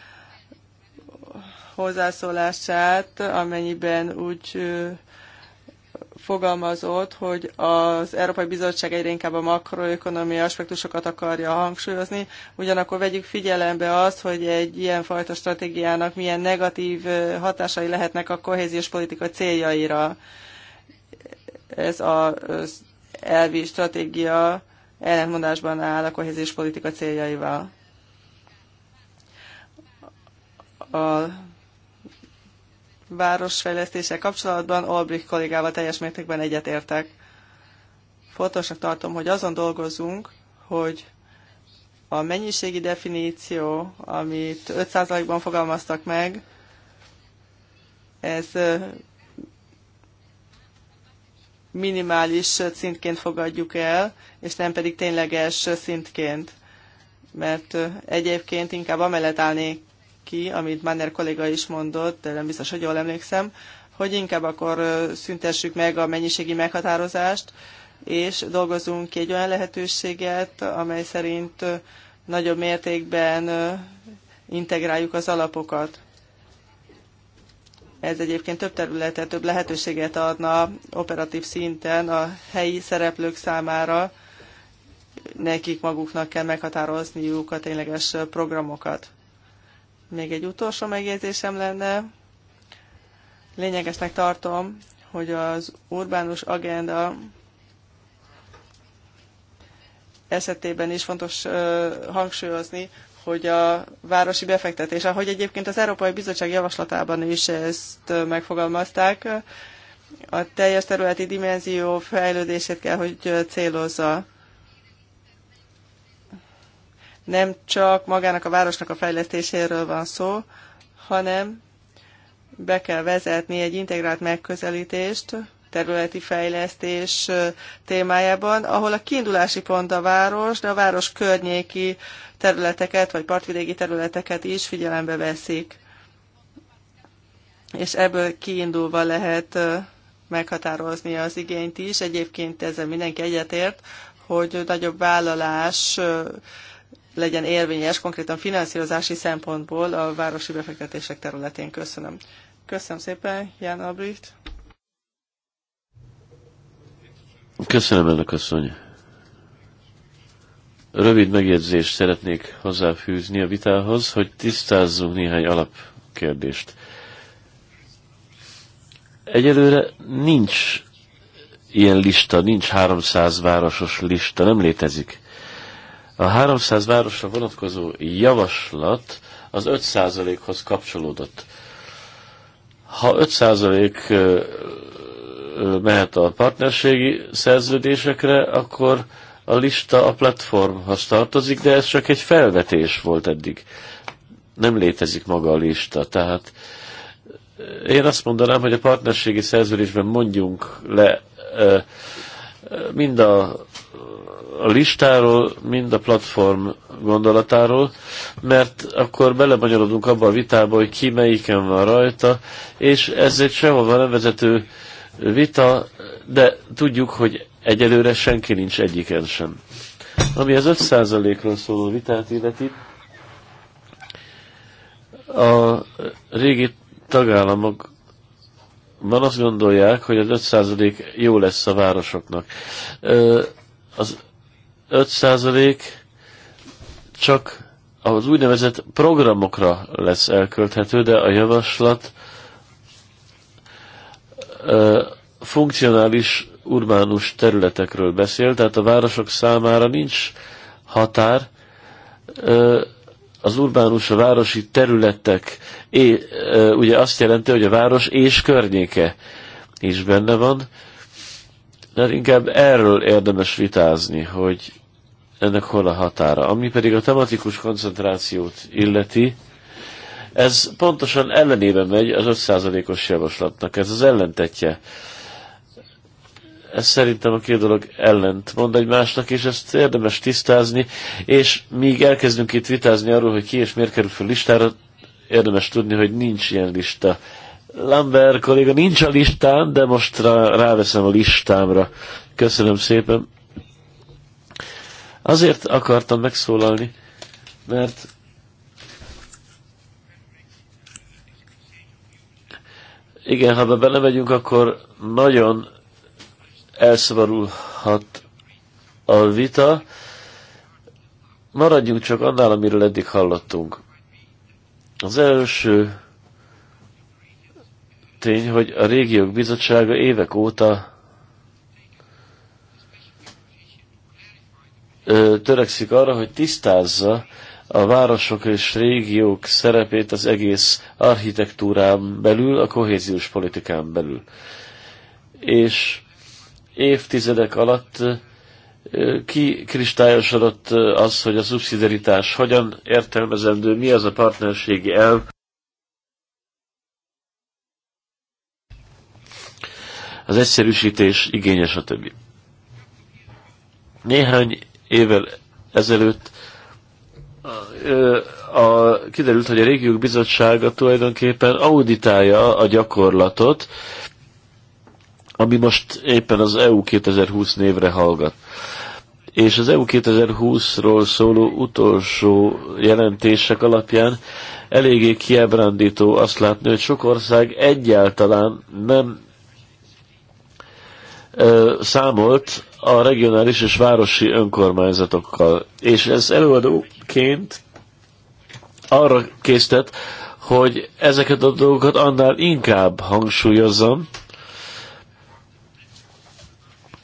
hozzászólását, amennyiben úgy fogalmazott, hogy az Európai Bizottság egyre inkább a makroökonomiai aspektusokat akarja hangsúlyozni, ugyanakkor vegyük figyelembe azt, hogy egy ilyen fajta stratégiának milyen negatív hatásai lehetnek a kohéziós politika céljaira. Ez az elvi stratégia ellentmondásban áll a kohéziós politika céljaival. A városfejlesztése kapcsolatban Albrecht kollégával teljes mértékben egyetértek. Fontosnak tartom, hogy azon dolgozunk, hogy a mennyiségi definíció, amit 5%-ban fogalmaztak meg, ez minimális szintként fogadjuk el, és nem pedig tényleges szintként. Mert egyébként inkább amellett állnék ki, amit Manner kolléga is mondott, de nem biztos, hogy jól emlékszem, hogy inkább akkor szüntessük meg a mennyiségi meghatározást, és dolgozunk ki egy olyan lehetőséget, amely szerint nagyobb mértékben integráljuk az alapokat. Ez egyébként több területet, több lehetőséget adna operatív szinten a helyi szereplők számára, nekik maguknak kell meghatározniuk a tényleges programokat. Még egy utolsó megjegyzésem lenne. Lényegesnek tartom, hogy az urbánus agenda esetében is fontos ö, hangsúlyozni, hogy a városi befektetés, ahogy egyébként az Európai Bizottság javaslatában is ezt megfogalmazták, a teljes területi dimenzió fejlődését kell, hogy célozza nem csak magának a városnak a fejlesztéséről van szó, hanem be kell vezetni egy integrált megközelítést területi fejlesztés témájában, ahol a kiindulási pont a város, de a város környéki területeket, vagy partvidéki területeket is figyelembe veszik. És ebből kiindulva lehet meghatározni az igényt is. Egyébként ezzel mindenki egyetért, hogy nagyobb vállalás legyen érvényes konkrétan finanszírozási szempontból a városi befektetések területén. Köszönöm. Köszönöm szépen, Ján Albrecht.
Köszönöm, a szony. Rövid megjegyzést szeretnék hozzáfűzni a vitához, hogy tisztázzunk néhány alapkérdést. Egyelőre nincs ilyen lista, nincs 300 városos lista, nem létezik. A 300 városra vonatkozó javaslat az 5%-hoz kapcsolódott. Ha 5% mehet a partnerségi szerződésekre, akkor a lista a platformhoz tartozik, de ez csak egy felvetés volt eddig. Nem létezik maga a lista, tehát én azt mondanám, hogy a partnerségi szerződésben mondjunk le mind a a listáról, mind a platform gondolatáról, mert akkor belebonyolodunk abba a vitába, hogy ki melyiken van rajta, és ez egy sehova nem vezető vita, de tudjuk, hogy egyelőre senki nincs egyiken sem. Ami az 5%-ról szóló vitát illeti, a régi tagállamok van azt gondolják, hogy az 5% jó lesz a városoknak. Az 5% csak az úgynevezett programokra lesz elkölthető, de a javaslat funkcionális urbánus területekről beszél, tehát a városok számára nincs határ. Az urbánus, a városi területek, ugye azt jelenti, hogy a város és környéke is benne van, mert inkább erről érdemes vitázni, hogy ennek hol a határa. Ami pedig a tematikus koncentrációt illeti, ez pontosan ellenében megy az 5%-os javaslatnak. Ez az ellentetje. Ez szerintem a két dolog ellent mond egymásnak, és ezt érdemes tisztázni, és míg elkezdünk itt vitázni arról, hogy ki és miért kerül fel listára, érdemes tudni, hogy nincs ilyen lista. Lambert kolléga nincs a listán, de most rá, ráveszem a listámra. Köszönöm szépen. Azért akartam megszólalni, mert igen, ha be belemegyünk, akkor nagyon elszavarulhat a vita. Maradjunk csak annál, amiről eddig hallottunk. Az első tény, hogy a régiók bizottsága évek óta törekszik arra, hogy tisztázza a városok és régiók szerepét az egész architektúrán belül, a kohéziós politikán belül. És évtizedek alatt kikristályosodott az, hogy a szubszidaritás hogyan értelmezendő, mi az a partnerségi elv, az egyszerűsítés igényes, a többi. Néhány évvel ezelőtt a, a, kiderült, hogy a régiók bizottsága tulajdonképpen auditálja a gyakorlatot, ami most éppen az EU 2020 névre hallgat. És az EU 2020-ról szóló utolsó jelentések alapján eléggé kiebrándító azt látni, hogy sok ország egyáltalán nem számolt a regionális és városi önkormányzatokkal, és ez előadóként arra késztet, hogy ezeket a dolgokat annál inkább hangsúlyozzam,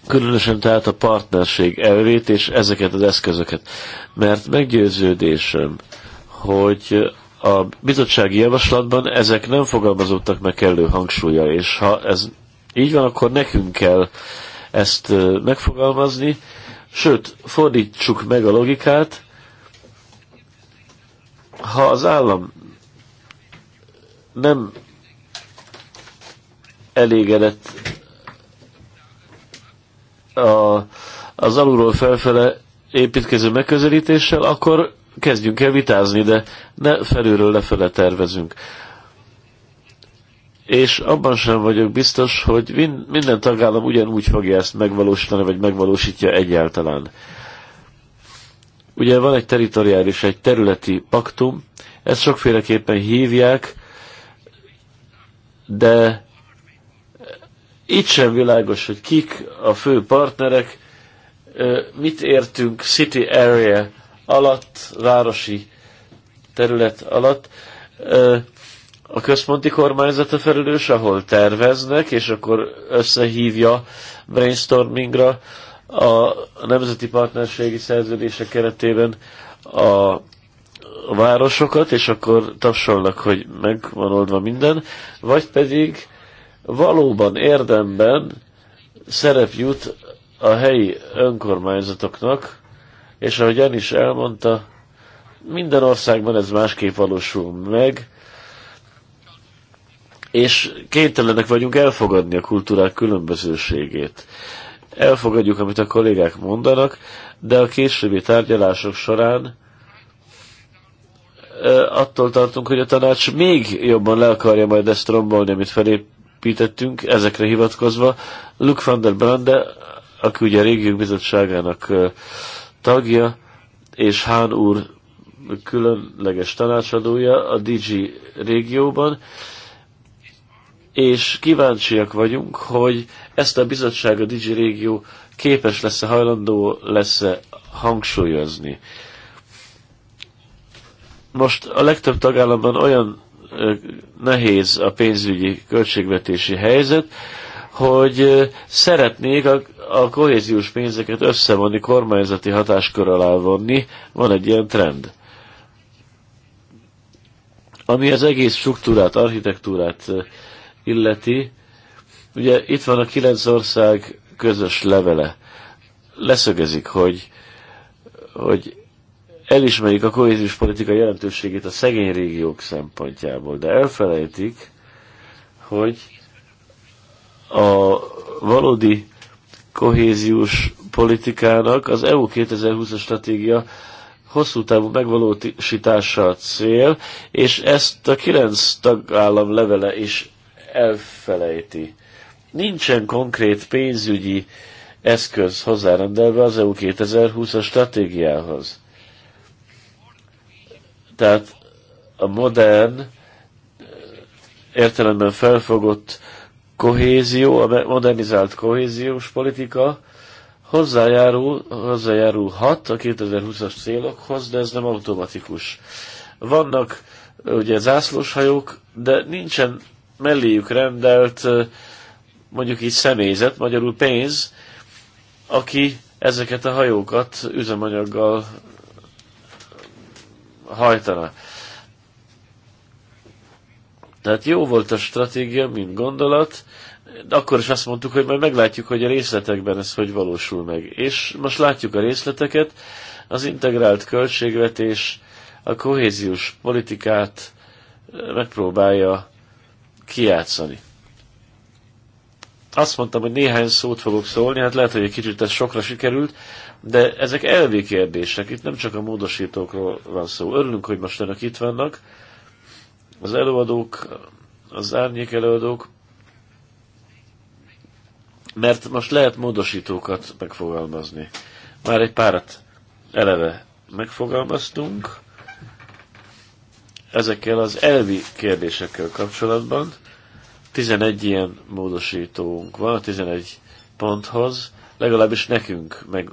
különösen tehát a partnerség elvét és ezeket az eszközöket. Mert meggyőződésem, hogy a bizottsági javaslatban ezek nem fogalmazottak meg kellő hangsúlya, és ha ez így van, akkor nekünk kell ezt megfogalmazni, sőt, fordítsuk meg a logikát, ha az állam nem elégedett a, az alulról felfele építkező megközelítéssel, akkor kezdjünk el vitázni, de ne felülről lefele tervezünk és abban sem vagyok biztos, hogy minden tagállam ugyanúgy fogja ezt megvalósítani, vagy megvalósítja egyáltalán. Ugye van egy teritoriális, egy területi paktum, ezt sokféleképpen hívják, de itt sem világos, hogy kik a fő partnerek, mit értünk city area alatt, városi terület alatt a központi kormányzata felelős, ahol terveznek, és akkor összehívja brainstormingra a nemzeti partnerségi szerződések keretében a városokat, és akkor tapsolnak, hogy meg van oldva minden, vagy pedig valóban érdemben szerep jut a helyi önkormányzatoknak, és ahogy Jan is elmondta, minden országban ez másképp valósul meg, és kénytelenek vagyunk elfogadni a kultúrák különbözőségét. Elfogadjuk, amit a kollégák mondanak, de a későbbi tárgyalások során attól tartunk, hogy a tanács még jobban le akarja majd ezt rombolni, amit felépítettünk, ezekre hivatkozva. Luke van der Brande, aki ugye a régiók bizottságának tagja, és Hán úr különleges tanácsadója a DG régióban, és kíváncsiak vagyunk, hogy ezt a bizottság a Digi Régió képes lesz-e, hajlandó lesz-e hangsúlyozni. Most a legtöbb tagállamban olyan nehéz a pénzügyi költségvetési helyzet, hogy szeretnék a, a kohéziós pénzeket összevonni, kormányzati hatáskör alá vonni. Van egy ilyen trend. Ami az egész struktúrát, architektúrát illeti, ugye itt van a kilenc ország közös levele. Leszögezik, hogy, hogy elismerik a kohéziós politika jelentőségét a szegény régiók szempontjából, de elfelejtik, hogy a valódi kohéziós politikának az EU 2020-as stratégia hosszú távú megvalósítása a cél, és ezt a kilenc tagállam levele is elfelejti. Nincsen konkrét pénzügyi eszköz hozzárendelve az EU 2020-as stratégiához. Tehát a modern, értelemben felfogott kohézió, a modernizált kohéziós politika hozzájárul, hozzájárulhat a 2020-as célokhoz, de ez nem automatikus. Vannak ugye zászlóshajók, de nincsen melléjük rendelt mondjuk így személyzet, magyarul pénz, aki ezeket a hajókat üzemanyaggal hajtana. Tehát jó volt a stratégia, mint gondolat, de akkor is azt mondtuk, hogy majd meglátjuk, hogy a részletekben ez hogy valósul meg. És most látjuk a részleteket, az integrált költségvetés a kohéziós politikát megpróbálja kijátszani. Azt mondtam, hogy néhány szót fogok szólni, hát lehet, hogy egy kicsit ez sokra sikerült, de ezek elvi kérdések, itt nem csak a módosítókról van szó. Örülünk, hogy most önök itt vannak. Az előadók, az árnyék előadók, mert most lehet módosítókat megfogalmazni. Már egy párat eleve megfogalmaztunk ezekkel az elvi kérdésekkel kapcsolatban. 11 ilyen módosítónk van, 11 ponthoz, legalábbis nekünk meg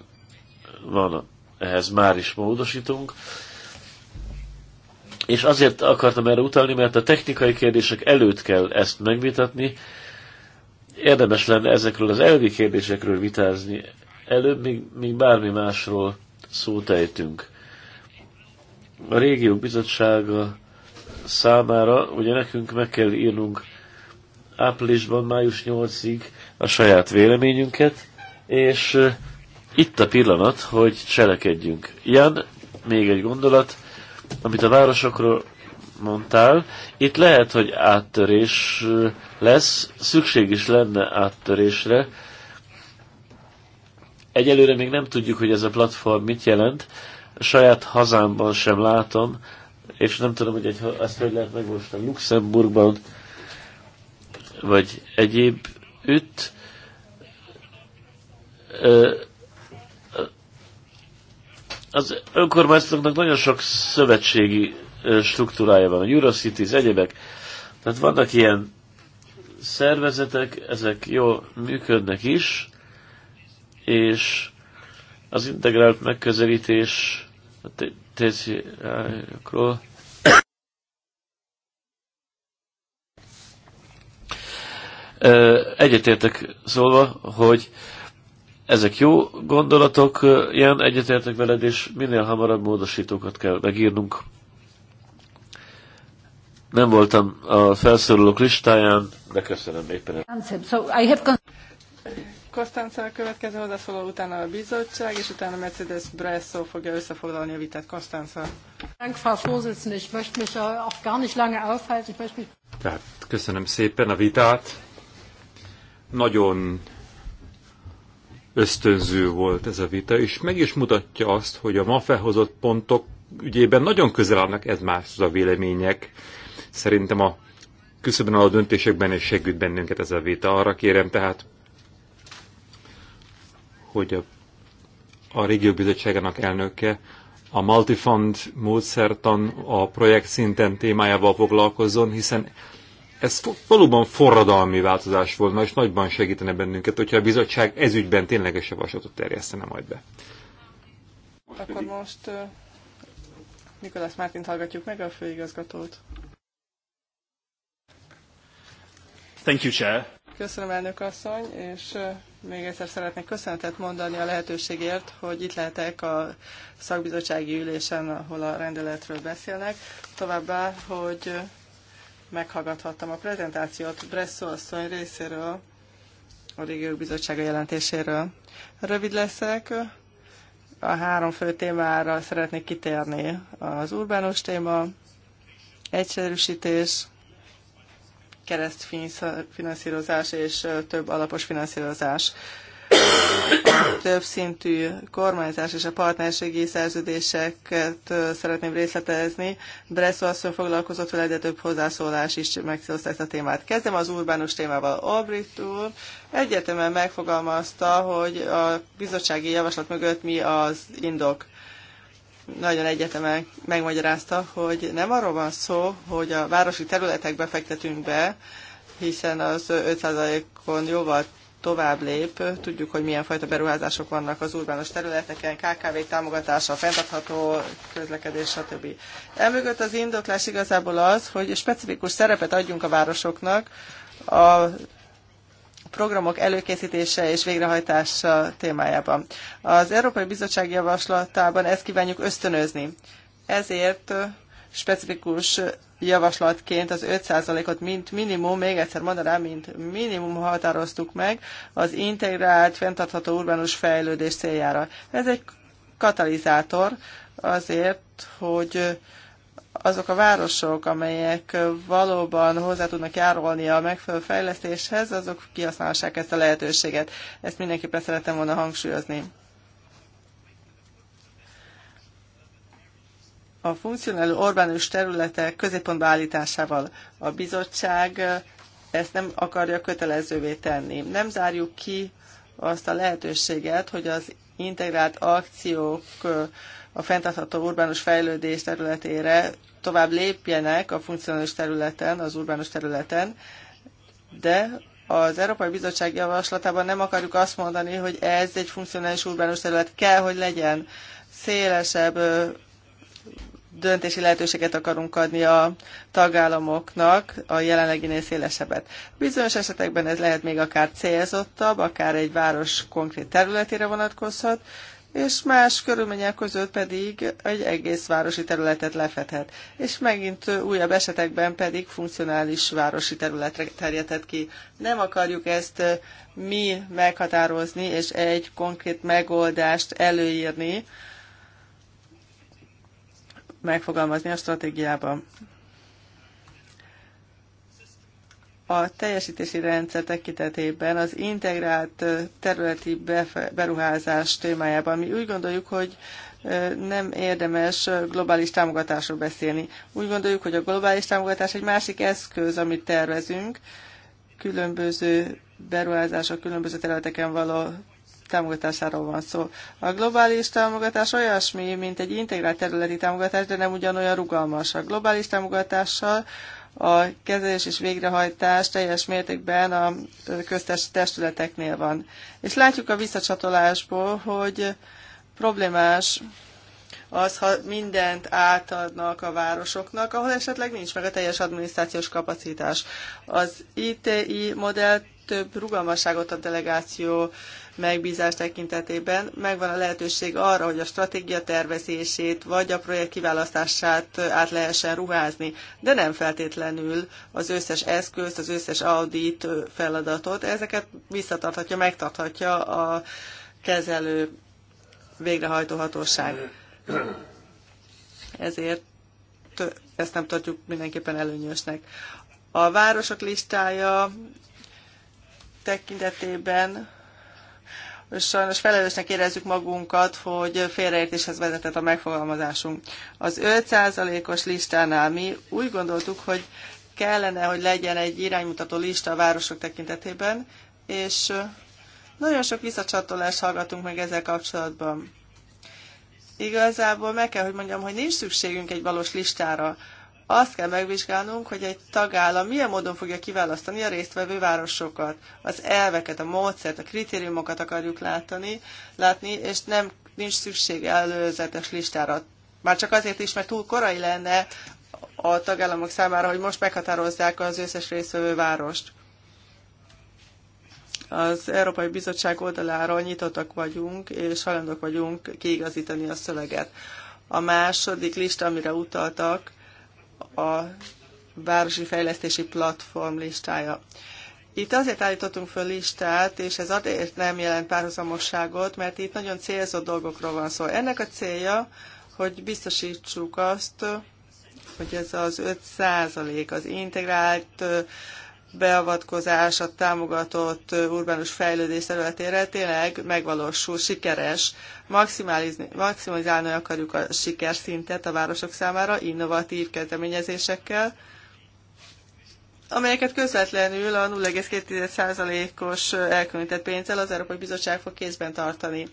van ehhez már is módosítunk. És azért akartam erre utalni, mert a technikai kérdések előtt kell ezt megvitatni. Érdemes lenne ezekről az elvi kérdésekről vitázni előbb, míg, míg bármi másról szót ejtünk. A régió bizottsága számára, ugye nekünk meg kell írnunk áprilisban, május 8-ig a saját véleményünket, és itt a pillanat, hogy cselekedjünk. Jan, még egy gondolat, amit a városokról mondtál, itt lehet, hogy áttörés lesz, szükség is lenne áttörésre. Egyelőre még nem tudjuk, hogy ez a platform mit jelent, saját hazámban sem látom, és nem tudom, hogy egy, azt hogy lehet megmóstani Luxemburgban, vagy egyéb üt. Az önkormányzatoknak nagyon sok szövetségi struktúrája van, a Eurocities, egyebek. Tehát vannak ilyen szervezetek, ezek jól működnek is, és az integrált megközelítés hát dezirákról. Egyetértek szólva, hogy ezek jó gondolatok, ilyen egyetértek veled, és minél hamarabb módosítókat kell megírnunk. Nem voltam a felszorulók listáján, de köszönöm éppen.
Kostanca a következő hozzászóló, utána a bizottság, és utána Mercedes Bresso fogja összefoglalni a vitát. Kostánca.
Tehát köszönöm szépen a vitát. Nagyon ösztönző volt ez a vita, és meg is mutatja azt, hogy a ma felhozott pontok ügyében nagyon közel állnak egymáshoz a vélemények. Szerintem a küszöbön a döntésekben és segít bennünket ez a vita. Arra kérem tehát hogy a, a régiók bizottságának elnöke a multifund módszertan a projekt szinten témájával foglalkozzon, hiszen ez valóban forradalmi változás volna, és nagyban segítene bennünket, hogyha a bizottság ezügyben tényleges javaslatot terjesztene majd be.
Akkor most uh, Nikolász Mártint hallgatjuk meg, a főigazgatót.
Thank you, Chair.
Köszönöm, elnök asszony, és még egyszer szeretnék köszönetet mondani a lehetőségért, hogy itt lehetek a szakbizottsági ülésen, ahol a rendeletről beszélnek. Továbbá, hogy meghallgathattam a prezentációt Bresszó asszony részéről, a Régiók Bizottsága jelentéséről. Rövid leszek, a három fő témára szeretnék kitérni. Az urbánus téma, egyszerűsítés, keresztfinanszírozás és több alapos finanszírozás. több többszintű kormányzás és a partnerségi szerződéseket szeretném részletezni. Bresso asszony foglalkozott vele, de több hozzászólás is megszózta ezt a témát. Kezdem az urbánus témával. Albrecht úr egyértelműen megfogalmazta, hogy a bizottsági javaslat mögött mi az indok nagyon egyetemen megmagyarázta, hogy nem arról van szó, hogy a városi területekbe fektetünk be, hiszen az 5%-on jóval tovább lép. Tudjuk, hogy milyen fajta beruházások vannak az urbános területeken, KKV támogatása, fenntartható közlekedés, stb. Emögött az indoklás igazából az, hogy specifikus szerepet adjunk a városoknak a programok előkészítése és végrehajtása témájában. Az Európai Bizottság javaslatában ezt kívánjuk ösztönözni. Ezért specifikus javaslatként az 5%-ot, mint minimum, még egyszer mondanám, mint minimum határoztuk meg az integrált, fenntartható urbanus fejlődés céljára. Ez egy katalizátor azért, hogy azok a városok, amelyek valóban hozzá tudnak járulni a megfelelő fejlesztéshez, azok kihasználhassák ezt a lehetőséget. Ezt mindenképpen szeretem volna hangsúlyozni. A funkcionáló Orbánus területek középpontba állításával a bizottság ezt nem akarja kötelezővé tenni. Nem zárjuk ki azt a lehetőséget, hogy az integrált akciók a fenntartható urbánus fejlődés területére tovább lépjenek a funkcionális területen, az urbánus területen, de az Európai Bizottság javaslatában nem akarjuk azt mondani, hogy ez egy funkcionális urbánus terület kell, hogy legyen. Szélesebb döntési lehetőséget akarunk adni a tagállamoknak, a jelenleginél szélesebbet. Bizonyos esetekben ez lehet még akár célzottabb, akár egy város konkrét területére vonatkozhat, és más körülmények között pedig egy egész városi területet lefedhet, és megint újabb esetekben pedig funkcionális városi területre terjedhet ki. Nem akarjuk ezt eh, mi meghatározni, és egy konkrét megoldást előírni, megfogalmazni a stratégiában. a teljesítési rendszer tekintetében az integrált területi beruházás témájában mi úgy gondoljuk, hogy nem érdemes globális támogatásról beszélni. Úgy gondoljuk, hogy a globális támogatás egy másik eszköz, amit tervezünk, különböző beruházások, különböző területeken való támogatásáról van szó. A globális támogatás olyasmi, mint egy integrált területi támogatás, de nem ugyanolyan rugalmas. A globális támogatással a kezelés és végrehajtás teljes mértékben a köztes testületeknél van. És látjuk a visszacsatolásból, hogy problémás az, ha mindent átadnak a városoknak, ahol esetleg nincs meg a teljes adminisztrációs kapacitás. Az ITI modell több rugalmasságot a delegáció megbízás tekintetében megvan a lehetőség arra, hogy a stratégia tervezését vagy a projekt kiválasztását át lehessen ruházni, de nem feltétlenül az összes eszközt, az összes audit feladatot. Ezeket visszatarthatja, megtarthatja a kezelő végrehajtó hatóság. Ezért ezt nem tartjuk mindenképpen előnyösnek. A városok listája tekintetében sajnos felelősnek érezzük magunkat, hogy félreértéshez vezetett a megfogalmazásunk. Az 5%-os listánál mi úgy gondoltuk, hogy kellene, hogy legyen egy iránymutató lista a városok tekintetében, és nagyon sok visszacsatolást hallgatunk meg ezzel kapcsolatban. Igazából meg kell, hogy mondjam, hogy nincs szükségünk egy valós listára azt kell megvizsgálnunk, hogy egy tagállam milyen módon fogja kiválasztani a résztvevő városokat. Az elveket, a módszert, a kritériumokat akarjuk látni, látni és nem nincs szükség előzetes listára. Már csak azért is, mert túl korai lenne a tagállamok számára, hogy most meghatározzák az összes résztvevő várost. Az Európai Bizottság oldaláról nyitottak vagyunk, és hajlandók vagyunk kiigazítani a szöveget. A második lista, amire utaltak, a Városi Fejlesztési Platform listája. Itt azért állítottunk föl listát, és ez azért nem jelent párhuzamosságot, mert itt nagyon célzott dolgokról van szó. Ennek a célja, hogy biztosítsuk azt, hogy ez az 5 az integrált beavatkozás a támogatott urbánus fejlődés területére tényleg megvalósul, sikeres. Maximalizálni akarjuk a sikerszintet a városok számára innovatív kezdeményezésekkel, amelyeket közvetlenül a 0,2%-os elkülönített pénzzel az Európai Bizottság fog kézben tartani.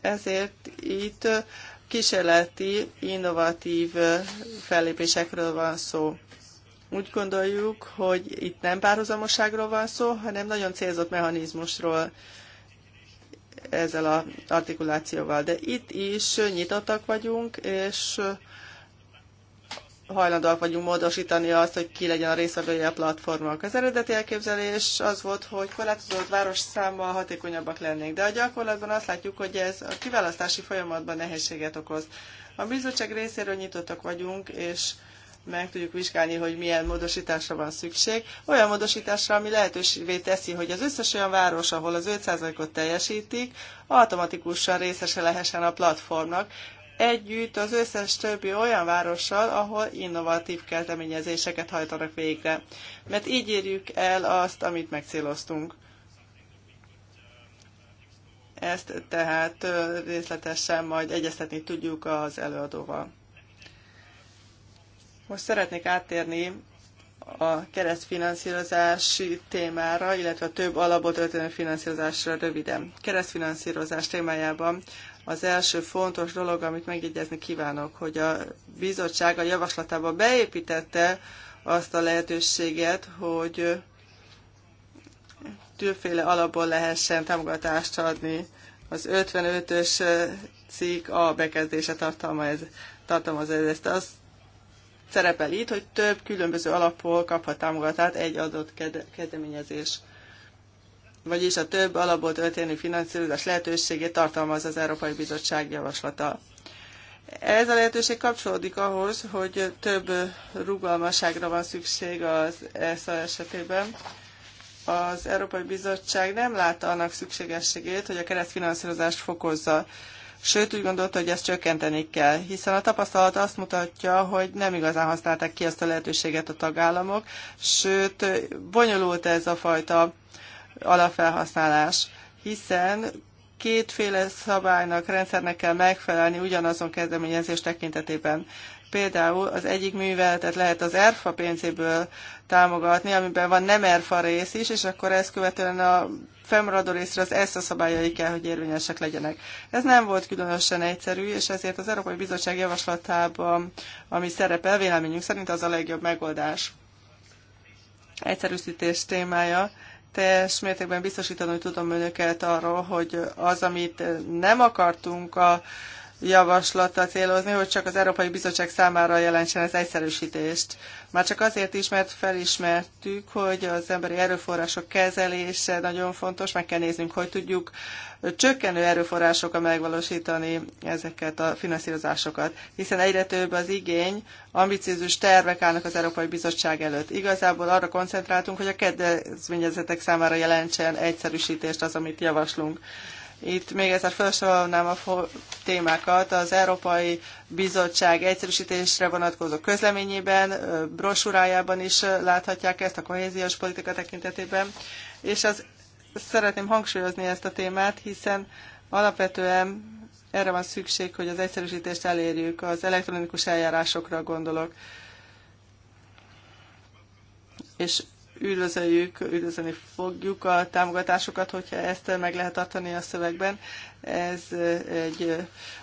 Ezért itt kísérleti, innovatív fellépésekről van szó. Úgy gondoljuk, hogy itt nem párhuzamoságról van szó, hanem nagyon célzott mechanizmusról ezzel az artikulációval. De itt is nyitottak vagyunk, és hajlandóak vagyunk módosítani azt, hogy ki legyen a részvevője a platformnak. Az eredeti elképzelés az volt, hogy korlátozott város számmal hatékonyabbak lennénk, de a gyakorlatban azt látjuk, hogy ez a kiválasztási folyamatban nehézséget okoz. A bizottság részéről nyitottak vagyunk, és meg tudjuk vizsgálni, hogy milyen módosításra van szükség. Olyan módosításra, ami lehetősévé teszi, hogy az összes olyan város, ahol az 5%-ot teljesítik, automatikusan részese lehessen a platformnak, együtt az összes többi olyan várossal, ahol innovatív kezdeményezéseket hajtanak végre. Mert így érjük el azt, amit megcéloztunk. Ezt tehát részletesen majd egyeztetni tudjuk az előadóval. Most szeretnék áttérni a keresztfinanszírozási témára, illetve a több alapot történő finanszírozásra röviden. Keresztfinanszírozás témájában az első fontos dolog, amit megjegyezni kívánok, hogy a bizottság a javaslatába beépítette azt a lehetőséget, hogy többféle alapból lehessen támogatást adni. Az 55-ös cikk a bekezdése tartalmaz, tartalmaz ezt. Azt szerepel itt, hogy több különböző alapból kaphat támogatást egy adott kezdeményezés. Vagyis a több alapból történő finanszírozás lehetőségét tartalmaz az Európai Bizottság javaslata. Ez a lehetőség kapcsolódik ahhoz, hogy több rugalmasságra van szükség az ESZA esetében. Az Európai Bizottság nem látta annak szükségességét, hogy a keresztfinanszírozást fokozza sőt úgy gondolta, hogy ezt csökkenteni kell, hiszen a tapasztalat azt mutatja, hogy nem igazán használták ki ezt a lehetőséget a tagállamok, sőt bonyolult ez a fajta alapfelhasználás, hiszen kétféle szabálynak, rendszernek kell megfelelni ugyanazon kezdeményezés tekintetében. Például az egyik műveletet lehet az ERFA pénzéből támogatni, amiben van nem ERFA rész is, és akkor ezt követően a fennmaradó részre az ESZA szabályai kell, hogy érvényesek legyenek. Ez nem volt különösen egyszerű, és ezért az Európai Bizottság javaslatában, ami szerepel véleményünk szerint, az a legjobb megoldás. Egyszerűsítés témája teljes mértékben biztosítani tudom önöket arról, hogy az, amit nem akartunk a javaslata célozni, hogy csak az Európai Bizottság számára jelentsen ez egyszerűsítést. Már csak azért is, mert felismertük, hogy az emberi erőforrások kezelése nagyon fontos, meg kell néznünk, hogy tudjuk csökkenő erőforrásokkal megvalósítani ezeket a finanszírozásokat, hiszen egyre több az igény, ambiciózus tervek állnak az Európai Bizottság előtt. Igazából arra koncentráltunk, hogy a kedvezményezetek számára jelentsen egyszerűsítést az, amit javaslunk. Itt még egyszer felsorolnám a témákat. Az Európai Bizottság egyszerűsítésre vonatkozó közleményében, brosúrájában is láthatják ezt a kohéziós politika tekintetében. És az, szeretném hangsúlyozni ezt a témát, hiszen alapvetően erre van szükség, hogy az egyszerűsítést elérjük, az elektronikus eljárásokra gondolok. És üdvözöljük, üdvözölni fogjuk a támogatásokat, hogyha ezt meg lehet tartani a szövegben. Ez egy,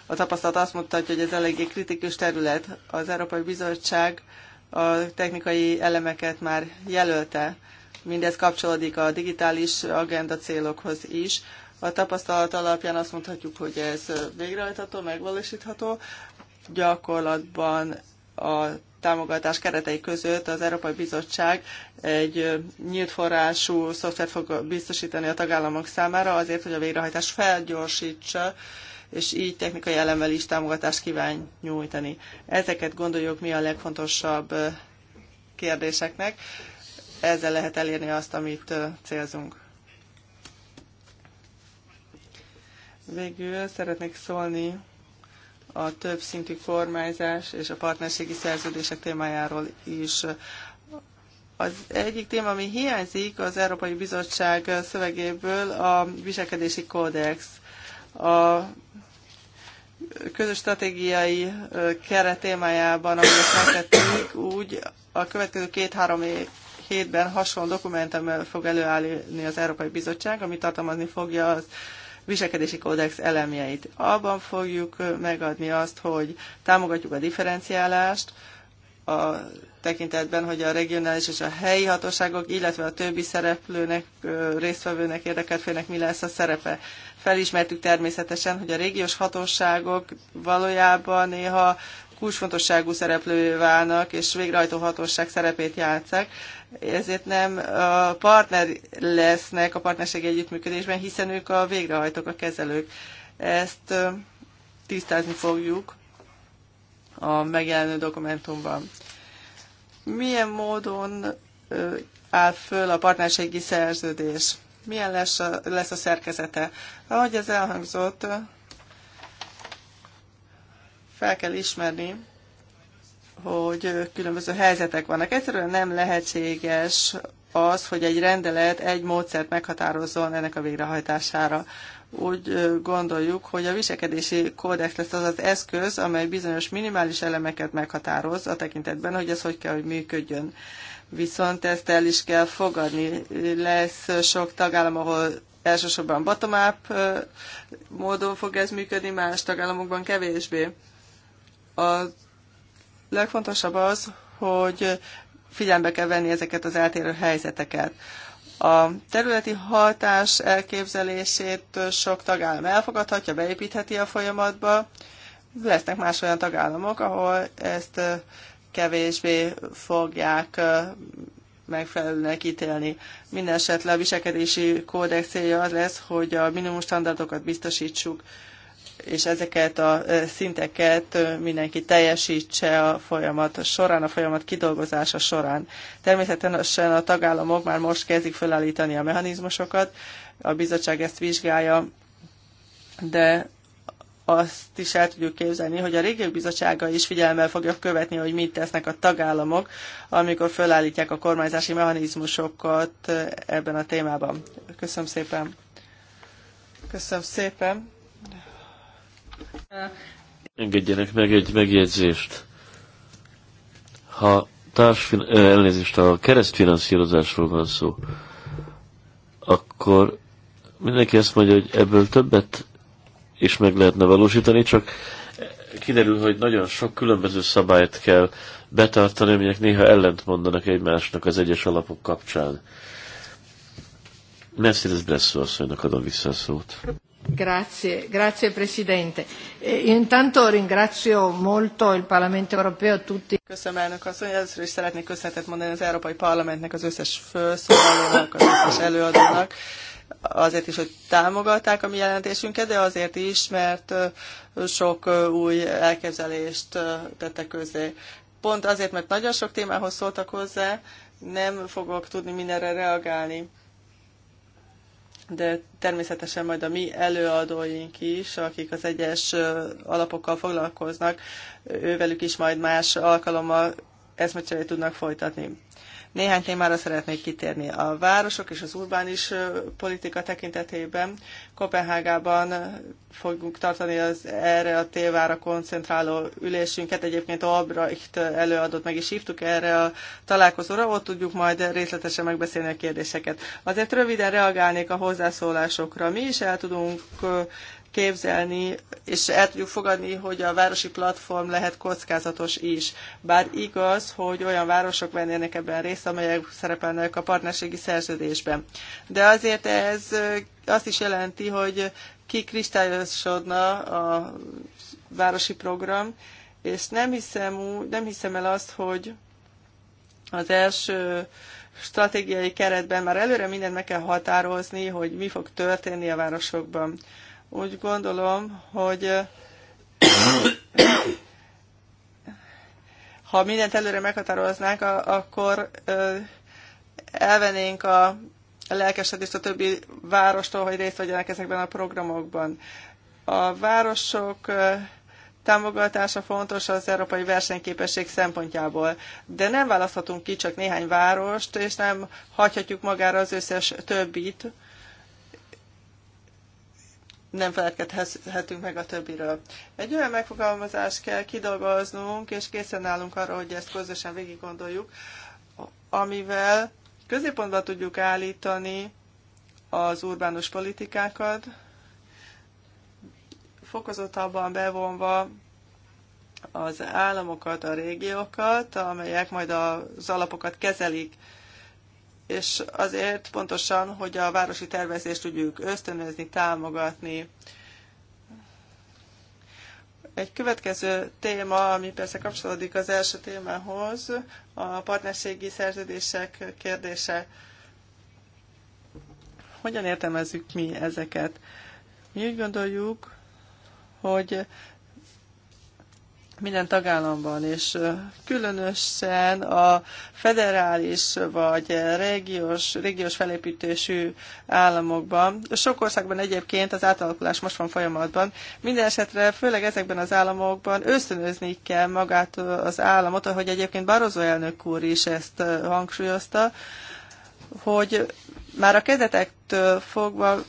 a tapasztalat azt mutatja, hogy ez eléggé kritikus terület. Az Európai Bizottság a technikai elemeket már jelölte. Mindez kapcsolódik a digitális agenda célokhoz is. A tapasztalat alapján azt mondhatjuk, hogy ez végrehajtható, megvalósítható. Gyakorlatban a támogatás keretei között az Európai Bizottság egy nyílt forrású szoftvert fog biztosítani a tagállamok számára azért, hogy a végrehajtás felgyorsítsa, és így technikai elemmel is támogatást kíván nyújtani. Ezeket gondoljuk mi a legfontosabb kérdéseknek. Ezzel lehet elérni azt, amit célzunk. Végül szeretnék szólni a többszintű kormányzás és a partnerségi szerződések témájáról is. Az egyik téma, ami hiányzik az Európai Bizottság szövegéből, a viselkedési kódex. A közös stratégiai keret témájában, ahogy ezt úgy a következő két-három hétben hasonló dokumentum fog előállni az Európai Bizottság, ami tartalmazni fogja az viselkedési kódex elemjeit. Abban fogjuk megadni azt, hogy támogatjuk a differenciálást, a tekintetben, hogy a regionális és a helyi hatóságok, illetve a többi szereplőnek, résztvevőnek, érdekelt félnek mi lesz a szerepe. Felismertük természetesen, hogy a régiós hatóságok valójában néha kulcsfontosságú szereplővé válnak, és végrehajtó hatóság szerepét játszák, ezért nem a partner lesznek a partnerségi együttműködésben, hiszen ők a végrehajtók, a kezelők. Ezt tisztázni fogjuk a megjelenő dokumentumban. Milyen módon áll föl a partnerségi szerződés? Milyen lesz a, lesz a szerkezete? Ahogy ez elhangzott, fel kell ismerni, hogy különböző helyzetek vannak. Egyszerűen nem lehetséges az, hogy egy rendelet egy módszert meghatározzon ennek a végrehajtására. Úgy gondoljuk, hogy a viselkedési kódex lesz az az eszköz, amely bizonyos minimális elemeket meghatároz a tekintetben, hogy ez hogy kell, hogy működjön. Viszont ezt el is kell fogadni. Lesz sok tagállam, ahol elsősorban bottom-up módon fog ez működni, más tagállamokban kevésbé. Az legfontosabb az, hogy figyelembe kell venni ezeket az eltérő helyzeteket. A területi hatás elképzelését sok tagállam elfogadhatja, beépítheti a folyamatba. Lesznek más olyan tagállamok, ahol ezt kevésbé fogják megfelelőnek ítélni. Minden esetre a viselkedési kódex célja az lesz, hogy a minimum standardokat biztosítsuk és ezeket a szinteket mindenki teljesítse a folyamat során, a folyamat kidolgozása során. Természetesen a tagállamok már most kezdik felállítani a mechanizmusokat, a bizottság ezt vizsgálja, de azt is el tudjuk képzelni, hogy a régiók bizottsága is figyelemmel fogja követni, hogy mit tesznek a tagállamok, amikor felállítják a kormányzási mechanizmusokat ebben a témában. Köszönöm szépen! Köszönöm szépen!
Engedjenek meg egy megjegyzést. Ha társfin- elnézést, a keresztfinanszírozásról van szó, akkor mindenki azt mondja, hogy ebből többet is meg lehetne valósítani, csak kiderül, hogy nagyon sok különböző szabályt kell betartani, aminek néha ellent mondanak egymásnak az egyes alapok kapcsán. Mercedes Bresszó asszonynak adom vissza a szót.
Grazie, grazie Presidente. E intanto ringrazio molto il Parlamento Europeo tutti. Köszönöm elnök asszony, először is szeretnék köszönetet mondani az Európai Parlamentnek, az összes felszólalónak, az összes előadónak azért is, hogy támogatták a mi jelentésünket, de azért is, mert sok új elképzelést tettek közzé. Pont azért, mert nagyon sok témához szóltak hozzá, nem fogok tudni mindenre reagálni de természetesen majd a mi előadóink is, akik az egyes alapokkal foglalkoznak, ővelük is majd más alkalommal ezt tudnak folytatni. Néhány témára szeretnék kitérni. A városok és az urbánis politika tekintetében Kopenhágában fogunk tartani az erre a tévára koncentráló ülésünket. Egyébként Albrecht előadott meg is hívtuk erre a találkozóra, ott tudjuk majd részletesen megbeszélni a kérdéseket. Azért röviden reagálnék a hozzászólásokra. Mi is el tudunk képzelni, és el tudjuk fogadni, hogy a városi platform lehet kockázatos is. Bár igaz, hogy olyan városok vennének ebben részt, amelyek szerepelnek a partnerségi szerződésben. De azért ez azt is jelenti, hogy kristályosodna a városi program, és nem hiszem, nem hiszem el azt, hogy az első stratégiai keretben már előre mindent meg kell határozni, hogy mi fog történni a városokban. Úgy gondolom, hogy ha mindent előre meghatároznánk, akkor elvenénk a lelkesedést a többi várostól, hogy részt vegyenek ezekben a programokban. A városok támogatása fontos az európai versenyképesség szempontjából. De nem választhatunk ki csak néhány várost, és nem hagyhatjuk magára az összes többit, nem felelkedhetünk meg a többiről. Egy olyan megfogalmazást kell kidolgoznunk, és készen állunk arra, hogy ezt közösen végig gondoljuk, amivel középpontba tudjuk állítani az urbánus politikákat, fokozottabban bevonva az államokat, a régiókat, amelyek majd az alapokat kezelik és azért pontosan, hogy a városi tervezést tudjuk ösztönözni, támogatni. Egy következő téma, ami persze kapcsolódik az első témához, a partnerségi szerződések kérdése. Hogyan értelmezzük mi ezeket? Mi úgy gondoljuk, hogy minden tagállamban, és különösen a federális vagy régiós, régiós felépítésű államokban, sok országban egyébként az átalakulás most van folyamatban, minden esetre főleg ezekben az államokban ösztönözni kell magát az államot, ahogy egyébként Barozó elnök úr is ezt hangsúlyozta, hogy már a kezdetektől fogva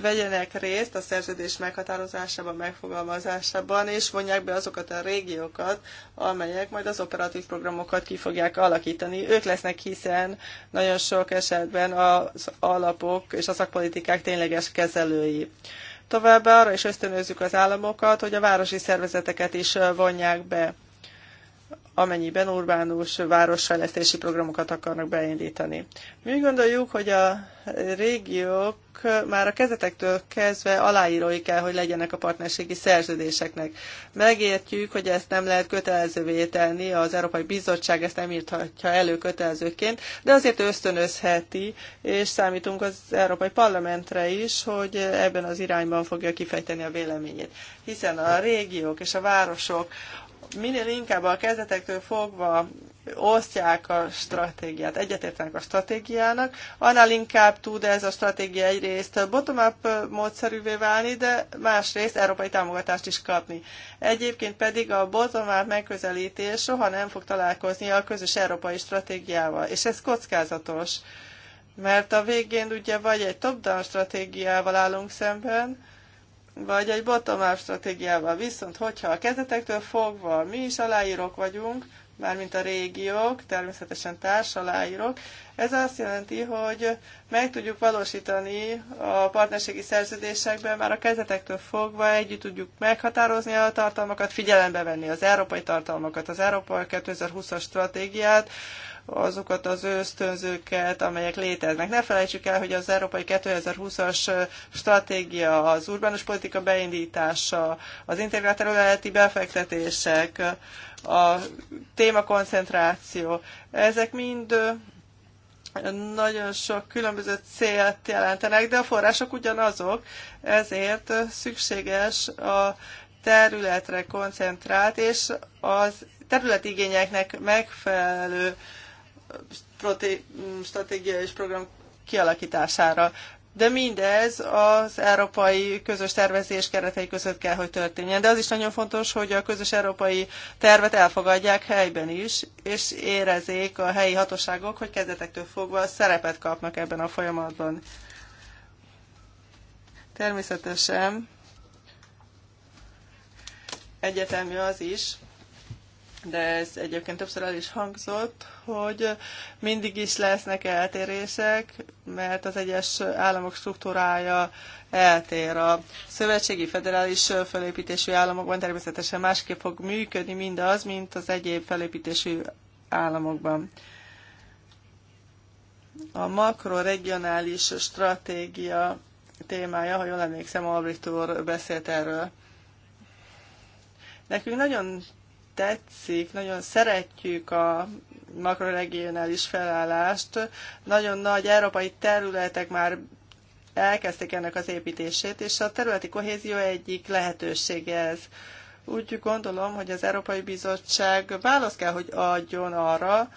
vegyenek részt a szerződés meghatározásában, megfogalmazásában, és vonják be azokat a régiókat, amelyek majd az operatív programokat ki fogják alakítani. Ők lesznek, hiszen nagyon sok esetben az alapok és a szakpolitikák tényleges kezelői. Továbbá arra is ösztönözzük az államokat, hogy a városi szervezeteket is vonják be amennyiben urbánus városfejlesztési programokat akarnak beindítani. Mi úgy gondoljuk, hogy a régiók már a kezetektől kezdve aláírói kell, hogy legyenek a partnerségi szerződéseknek. Megértjük, hogy ezt nem lehet kötelezővé tenni, az Európai Bizottság ezt nem írhatja elő kötelezőként, de azért ösztönözheti, és számítunk az Európai Parlamentre is, hogy ebben az irányban fogja kifejteni a véleményét. Hiszen a régiók és a városok minél inkább a kezdetektől fogva osztják a stratégiát, egyetértenek a stratégiának, annál inkább tud ez a stratégia egyrészt bottom-up módszerűvé válni, de másrészt európai támogatást is kapni. Egyébként pedig a bottom-up megközelítés soha nem fog találkozni a közös európai stratégiával, és ez kockázatos. Mert a végén ugye vagy egy top-down stratégiával állunk szemben, vagy egy bottom-up stratégiával. Viszont, hogyha a kezdetektől fogva mi is aláírók vagyunk, mármint a régiók, természetesen társaláírók, Ez azt jelenti, hogy meg tudjuk valósítani a partnerségi szerződésekben, már a kezdetektől fogva együtt tudjuk meghatározni a tartalmakat, figyelembe venni az európai tartalmakat, az európai 2020-as stratégiát, azokat az ösztönzőket, amelyek léteznek. Ne felejtsük el, hogy az Európai 2020-as stratégia, az urbanus politika beindítása, az integrált területi befektetések, a témakoncentráció, ezek mind nagyon sok különböző célt jelentenek, de a források ugyanazok, ezért szükséges a területre koncentrált és az területigényeknek megfelelő Mm, stratégia és program kialakítására. De mindez az európai közös tervezés keretei között kell, hogy történjen. De az is nagyon fontos, hogy a közös európai tervet elfogadják helyben is, és érezzék a helyi hatóságok, hogy kezdetektől fogva szerepet kapnak ebben a folyamatban. Természetesen egyetemű az is, de ez egyébként többször el is hangzott, hogy mindig is lesznek eltérések, mert az egyes államok struktúrája eltér. A szövetségi federális felépítésű államokban természetesen másképp fog működni mindaz, mint az egyéb felépítésű államokban. A makroregionális stratégia témája, ha jól emlékszem, Albrecht úr beszélt erről. Nekünk nagyon tetszik, nagyon szeretjük a makroregionális felállást. Nagyon nagy európai területek már elkezdték ennek az építését, és a területi kohézió egyik lehetősége ez. Úgy gondolom, hogy az Európai Bizottság választ kell, hogy adjon arra,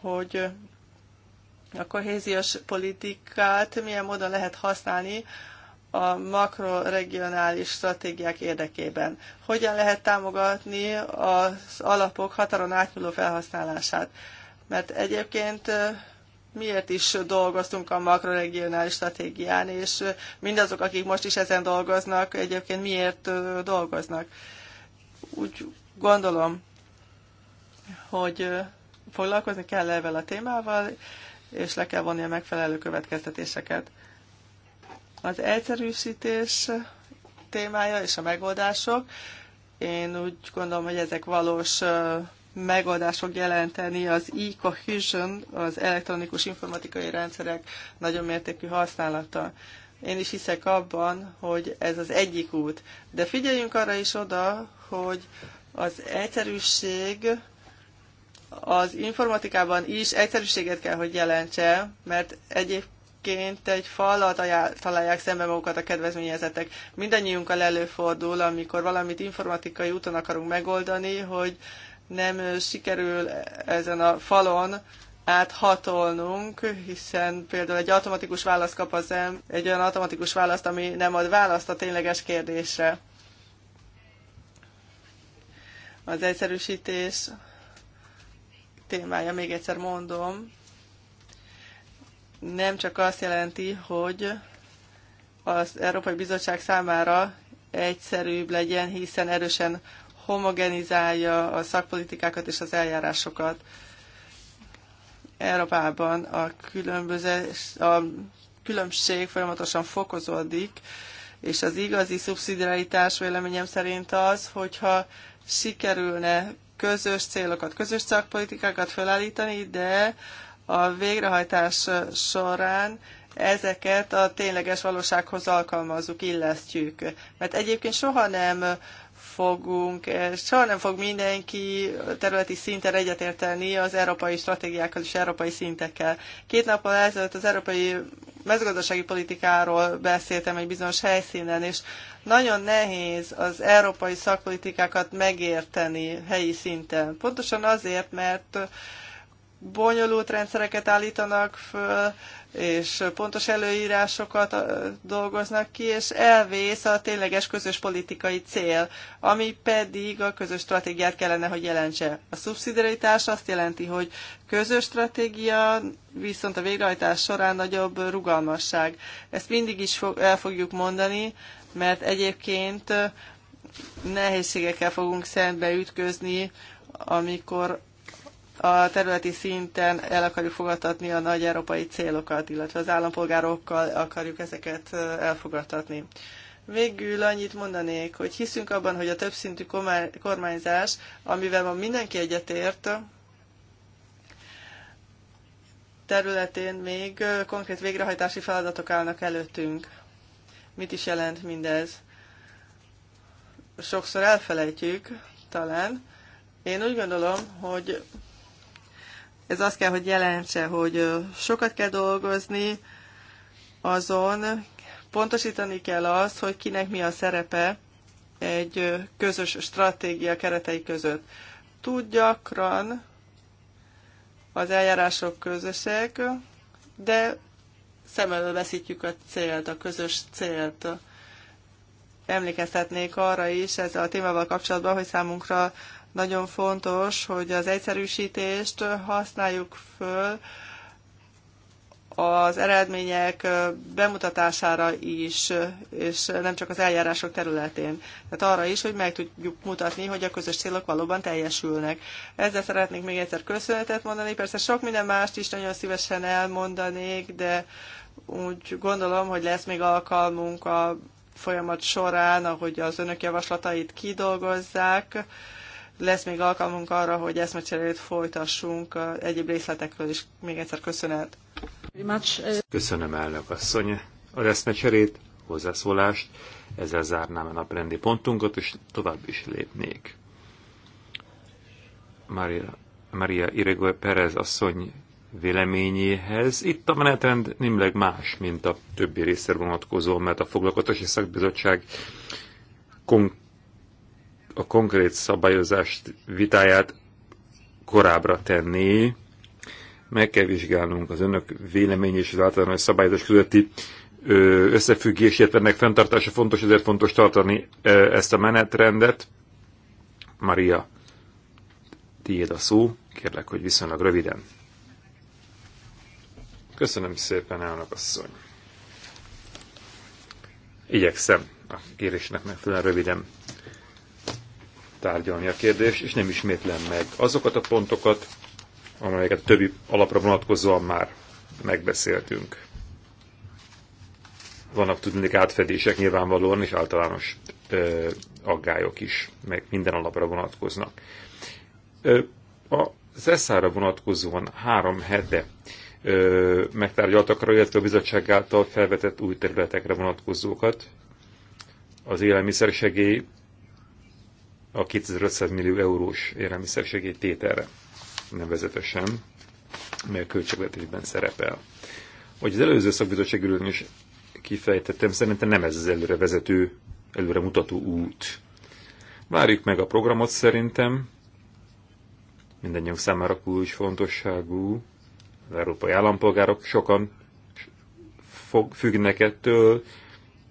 hogy a kohéziós politikát milyen módon lehet használni a makroregionális stratégiák érdekében. Hogyan lehet támogatni az alapok határon átnyúló felhasználását? Mert egyébként miért is dolgoztunk a makroregionális stratégián, és mindazok, akik most is ezen dolgoznak, egyébként miért dolgoznak. Úgy gondolom, hogy foglalkozni kell ezzel a témával, és le kell vonni a megfelelő következtetéseket. Az egyszerűsítés témája és a megoldások, én úgy gondolom, hogy ezek valós megoldások fog jelenteni az e-cohesion, az elektronikus informatikai rendszerek nagyon mértékű használata. Én is hiszek abban, hogy ez az egyik út. De figyeljünk arra is oda, hogy az egyszerűség az informatikában is egyszerűséget kell, hogy jelentse, mert egyéb ként egy fallal találják szembe magukat a kedvezményezetek. Mindennyiunkkal előfordul, amikor valamit informatikai úton akarunk megoldani, hogy nem sikerül e-, ezen a falon áthatolnunk, hiszen például egy automatikus választ kap az em, egy olyan automatikus választ, ami nem ad választ a tényleges kérdésre. Az egyszerűsítés témája, még egyszer mondom, nem csak azt jelenti, hogy az Európai Bizottság számára egyszerűbb legyen, hiszen erősen homogenizálja a szakpolitikákat és az eljárásokat. Európában a, különböző, a különbség folyamatosan fokozódik, és az igazi szubszidiaritás véleményem szerint az, hogyha sikerülne közös célokat, közös szakpolitikákat felállítani, de a végrehajtás során ezeket a tényleges valósághoz alkalmazzuk, illesztjük. Mert egyébként soha nem fogunk, soha nem fog mindenki területi szinten egyetérteni az európai stratégiákkal és európai szintekkel. Két nappal ezelőtt az európai mezőgazdasági politikáról beszéltem egy bizonyos helyszínen, és nagyon nehéz az európai szakpolitikákat megérteni helyi szinten. Pontosan azért, mert bonyolult rendszereket állítanak föl, és pontos előírásokat dolgoznak ki, és elvész a tényleges közös politikai cél, ami pedig a közös stratégiát kellene, hogy jelentse. A szubszidiaritás azt jelenti, hogy közös stratégia, viszont a végrehajtás során nagyobb rugalmasság. Ezt mindig is el fogjuk mondani, mert egyébként nehézségekkel fogunk szembe ütközni, amikor a területi szinten el akarjuk fogadtatni a nagy európai célokat, illetve az állampolgárokkal akarjuk ezeket elfogadtatni. Végül annyit mondanék, hogy hiszünk abban, hogy a többszintű kormányzás, amivel ma mindenki egyetért, területén még konkrét végrehajtási feladatok állnak előttünk. Mit is jelent mindez? Sokszor elfelejtjük, talán. Én úgy gondolom, hogy ez azt kell, hogy jelentse, hogy sokat kell dolgozni azon, pontosítani kell azt, hogy kinek mi a szerepe egy közös stratégia keretei között. Túl gyakran az eljárások közösek, de szem veszítjük a célt, a közös célt. Emlékeztetnék arra is ezzel a témával kapcsolatban, hogy számunkra nagyon fontos, hogy az egyszerűsítést használjuk föl az eredmények bemutatására is, és nem csak az eljárások területén. Tehát arra is, hogy meg tudjuk mutatni, hogy a közös célok valóban teljesülnek. Ezzel szeretnék még egyszer köszönetet mondani. Persze sok minden mást is nagyon szívesen elmondanék, de úgy gondolom, hogy lesz még alkalmunk a folyamat során, ahogy az önök javaslatait kidolgozzák, lesz még alkalmunk arra, hogy eszmecserét folytassunk, egyéb részletekről is még egyszer köszönet.
Köszönöm elnök asszony az eszmecserét, hozzászólást, ezzel zárnám a naprendi pontunkat, és tovább is lépnék. Maria, Maria Irego Perez asszony véleményéhez. Itt a menetrend némleg más, mint a többi részre vonatkozó, mert a foglalkoztatási szakbizottság konkrét a konkrét szabályozást vitáját korábbra tenni. Meg kell vizsgálnunk az önök vélemény és az általános szabályozás közötti összefüggés, illetve ennek fenntartása fontos, ezért fontos tartani ezt a menetrendet. Maria, tiéd a szó, kérlek, hogy viszonylag röviden. Köszönöm szépen, elnök asszony. Igyekszem a kérésnek megfelelően röviden tárgyalni a kérdést, és nem ismétlen meg azokat a pontokat, amelyeket a többi alapra vonatkozóan már megbeszéltünk. Vannak tudnék átfedések nyilvánvalóan, és általános ö, aggályok is, meg minden alapra vonatkoznak. Ö, a Zeszára vonatkozóan három hete ö, megtárgyaltakra, illetve a bizottság által felvetett új területekre vonatkozókat, az élelmiszersegély a 2500 millió eurós élelmiszersegély tételre nevezetesen, mely a költségvetésben szerepel. Hogy az előző szakbizottság is kifejtettem, szerintem nem ez az előre vezető, előre mutató út. Várjuk meg a programot szerintem, mindannyiunk számára kulcs fontosságú, az európai állampolgárok sokan fog, függnek ettől,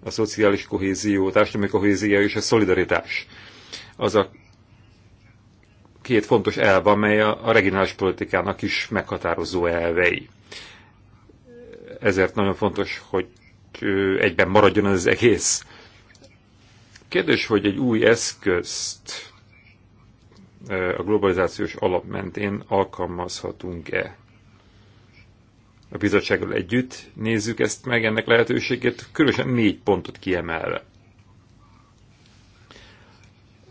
a szociális kohézió, társadalmi kohézió és a szolidaritás az a két fontos elv, amely a, regionális politikának is meghatározó elvei. Ezért nagyon fontos, hogy egyben maradjon az egész. Kérdés, hogy egy új eszközt a globalizációs alap mentén alkalmazhatunk-e? A bizottsággal együtt nézzük ezt meg, ennek lehetőségét, különösen négy pontot kiemelve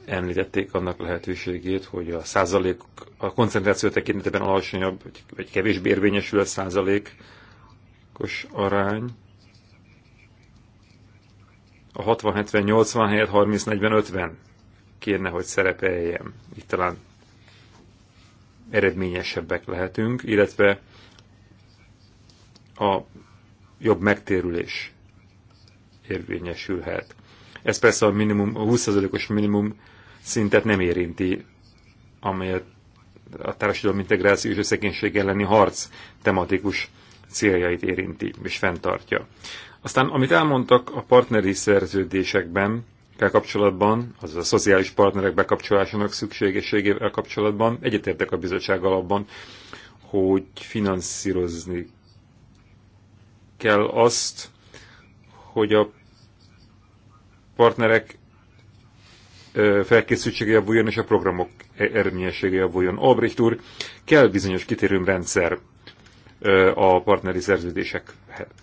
említették annak lehetőségét, hogy a százalék, a koncentráció tekintetében alacsonyabb, vagy kevésbé érvényesül a százalékos arány. A 60-70-80 helyett 30-40-50 kérne, hogy szerepeljen. Itt talán eredményesebbek lehetünk, illetve a jobb megtérülés érvényesülhet. Ez persze a minimum, a 20%-os minimum szintet nem érinti, amely a társadalmi integráció és a szegénység elleni harc tematikus céljait érinti és fenntartja. Aztán, amit elmondtak a partneri szerződésekben, kapcsolatban, azaz a szociális partnerek bekapcsolásának szükségességével kapcsolatban, egyetértek a bizottság alapban, hogy finanszírozni kell azt, hogy a partnerek felkészültsége javuljon és a programok e- eredményessége javuljon. Albrecht úr, kell bizonyos rendszer a partneri szerződések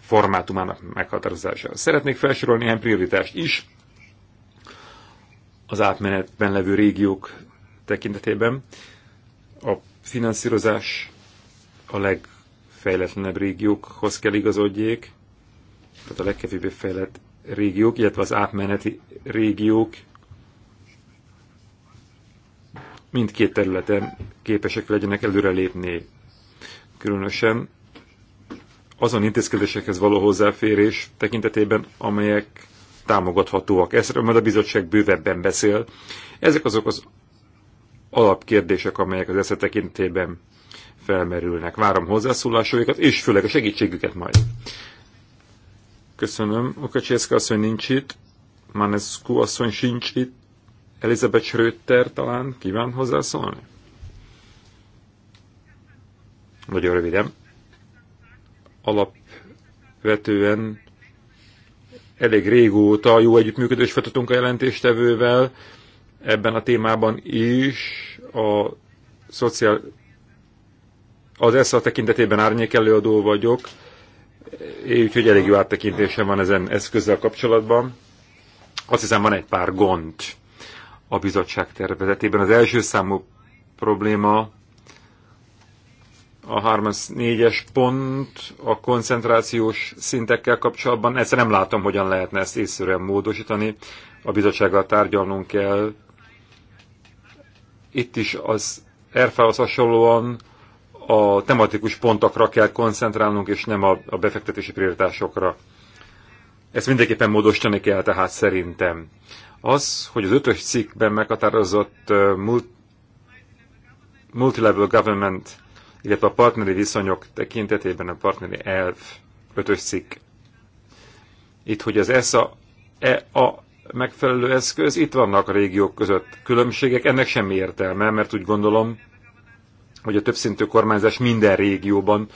formátumának meghatározása. Szeretnék felsorolni néhány prioritást is az átmenetben levő régiók tekintetében. A finanszírozás a legfejletlenebb régiókhoz kell igazodjék, tehát a legkevésbé fejlett régiók, illetve az átmeneti régiók mindkét területen képesek legyenek előrelépni. Különösen azon intézkedésekhez való hozzáférés tekintetében, amelyek támogathatóak. Ezről majd a bizottság bővebben beszél. Ezek azok az alapkérdések, amelyek az esze tekintetében felmerülnek. Várom hozzászólásaikat, és főleg a segítségüket majd. Köszönöm. Okacsészka asszony nincs itt. Manescu asszony sincs itt. Elizabeth Schröter talán kíván hozzászólni? Nagyon röviden. Alapvetően elég régóta jó együttműködést folytatunk a jelentéstevővel ebben a témában is. A szociál... Az ESZA tekintetében árnyék előadó vagyok, úgyhogy elég jó áttekintésem van ezen eszközzel kapcsolatban. Azt hiszem van egy pár gond a bizottság tervezetében. Az első számú probléma a 34-es pont a koncentrációs szintekkel kapcsolatban. Ezt nem látom, hogyan lehetne ezt észszerűen módosítani. A bizottsággal tárgyalnunk kell. Itt is az erfához hasonlóan a tematikus pontokra kell koncentrálnunk, és nem a, a befektetési prioritásokra. Ezt mindenképpen módosítani kell, tehát szerintem. Az, hogy az ötös cikkben meghatározott multilevel government, illetve a partneri viszonyok tekintetében a partneri elv ötös cikk. Itt, hogy az ESA e a megfelelő eszköz, itt vannak a régiók között különbségek, ennek semmi értelme, mert úgy gondolom, hogy a többszintű kormányzás minden régióban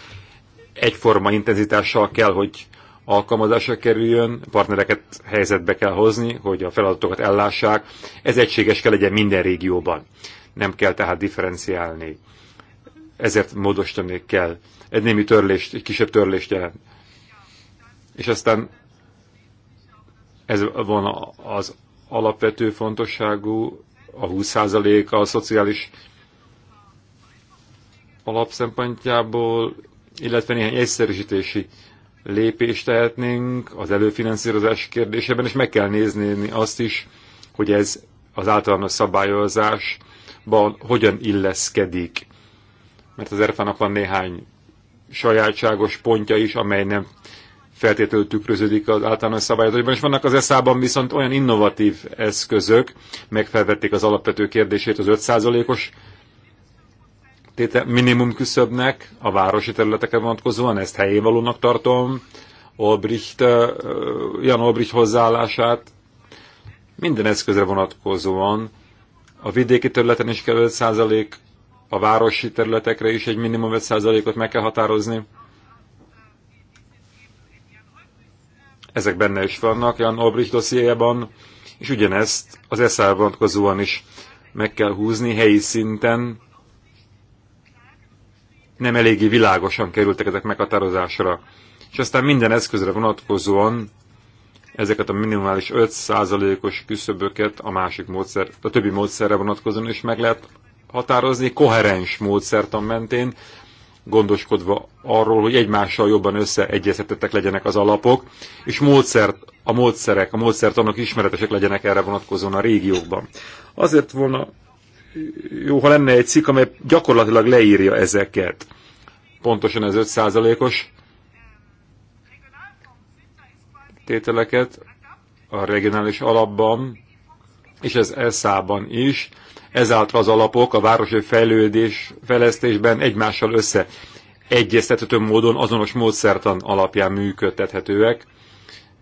egyforma intenzitással kell, hogy alkalmazásra kerüljön, partnereket helyzetbe kell hozni, hogy a feladatokat ellássák. Ez egységes kell legyen minden régióban. Nem kell tehát differenciálni. Ezért módosítani kell. Egy némi törlést, egy kisebb törlést jelent. És aztán ez van az alapvető fontosságú, a 20% a szociális alapszempontjából, illetve néhány egyszerűsítési lépést tehetnénk az előfinanszírozás kérdésében, és meg kell nézni azt is, hogy ez az általános szabályozásban hogyan illeszkedik. Mert az erfának van néhány sajátságos pontja is, amely nem feltétlenül tükröződik az általános szabályozásban, és vannak az eszában viszont olyan innovatív eszközök, megfelvették az alapvető kérdését az 5%-os tétel, minimum küszöbnek a városi területeken vonatkozóan, ezt valónak tartom, Olbricht, Jan Olbricht hozzáállását, minden eszközre vonatkozóan, a vidéki területen is kell 5%, a városi területekre is egy minimum 5 százalékot meg kell határozni. Ezek benne is vannak Jan Olbricht dossziéjában, és ugyanezt az SZ vonatkozóan is meg kell húzni helyi szinten, nem eléggé világosan kerültek ezek meghatározásra. És aztán minden eszközre vonatkozóan ezeket a minimális 5%-os küszöböket a másik módszer, a többi módszerre vonatkozóan is meg lehet határozni, koherens módszertan mentén, gondoskodva arról, hogy egymással jobban összeegyezhetettek legyenek az alapok, és módszert, a módszerek, a módszertanok ismeretesek legyenek erre vonatkozóan a régiókban. Azért volna jó, ha lenne egy cikk, amely gyakorlatilag leírja ezeket. Pontosan ez 5%-os tételeket a regionális alapban, és ez ESZÁ-ban is. Ezáltal az alapok a városi fejlődés, fejlesztésben egymással össze egyeztethető módon, azonos módszertan alapján működtethetőek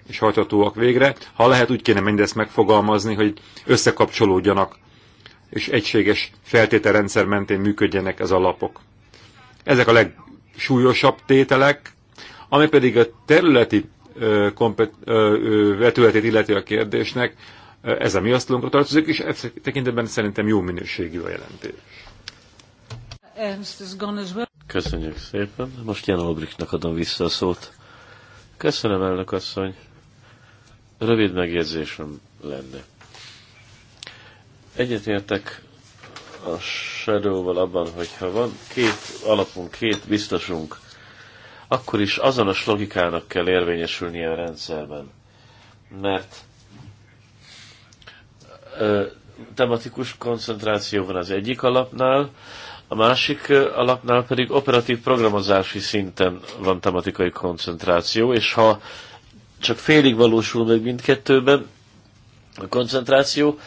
és hajthatóak végre. Ha lehet, úgy kéne mindezt megfogalmazni, hogy összekapcsolódjanak és egységes feltételrendszer mentén működjenek az alapok. Ezek a legsúlyosabb tételek, ami pedig a területi vetületét illeti a kérdésnek, ez a mi asztalunkra tartozik, és ez tekintetben szerintem jó minőségű a jelentés. Köszönjük szépen. Most
Jan Olbrichtnak adom vissza a szót. Köszönöm, elnök asszony. Rövid megjegyzésem lenne. Egyetértek a Shadow-val abban, hogyha van két alapunk, két biztosunk, akkor is azonos logikának kell érvényesülnie a rendszerben. Mert ö, tematikus koncentráció van az egyik alapnál, a másik alapnál pedig operatív programozási szinten van tematikai koncentráció, és ha csak félig valósul meg mindkettőben a koncentráció,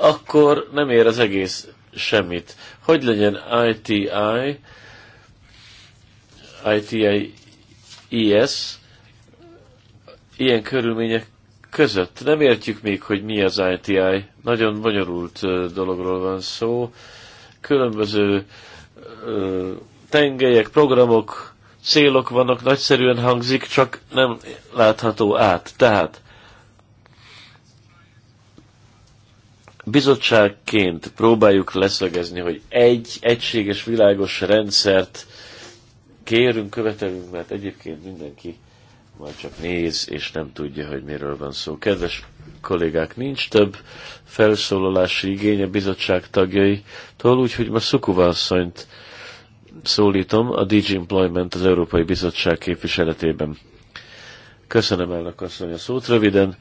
akkor nem ér az egész semmit. Hogy legyen ITI, ITI IS e ilyen körülmények között? Nem értjük még, hogy mi az ITI. Nagyon bonyolult dologról van szó. Különböző tengelyek, programok, célok vannak, nagyszerűen hangzik, csak nem látható át. Tehát bizottságként próbáljuk leszögezni, hogy egy egységes, világos rendszert kérünk, követelünk, mert egyébként mindenki majd csak néz, és nem tudja, hogy miről van szó. Kedves kollégák, nincs több felszólalási igény a bizottság tagjaitól, úgyhogy ma Szukuvászonyt szólítom a DG Employment az Európai Bizottság képviseletében. Köszönöm elnök asszony a szót röviden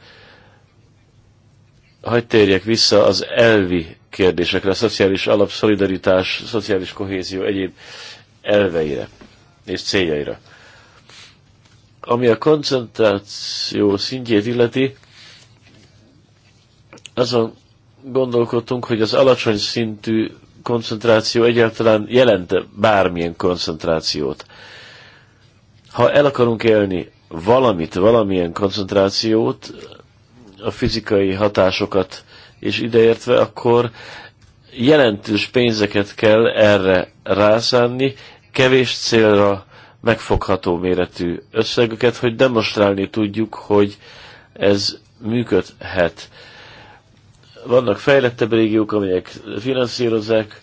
hagyd térjek vissza az elvi kérdésekre, a szociális alap, szolidaritás, szociális kohézió egyéb elveire és céljaira. Ami a koncentráció szintjét illeti, azon gondolkodtunk, hogy az alacsony szintű koncentráció egyáltalán jelente bármilyen koncentrációt. Ha el akarunk élni valamit, valamilyen koncentrációt, a fizikai hatásokat és ideértve, akkor jelentős pénzeket kell erre rászánni, kevés célra megfogható méretű összegeket, hogy demonstrálni tudjuk, hogy ez működhet. Vannak fejlettebb régiók, amelyek finanszírozzák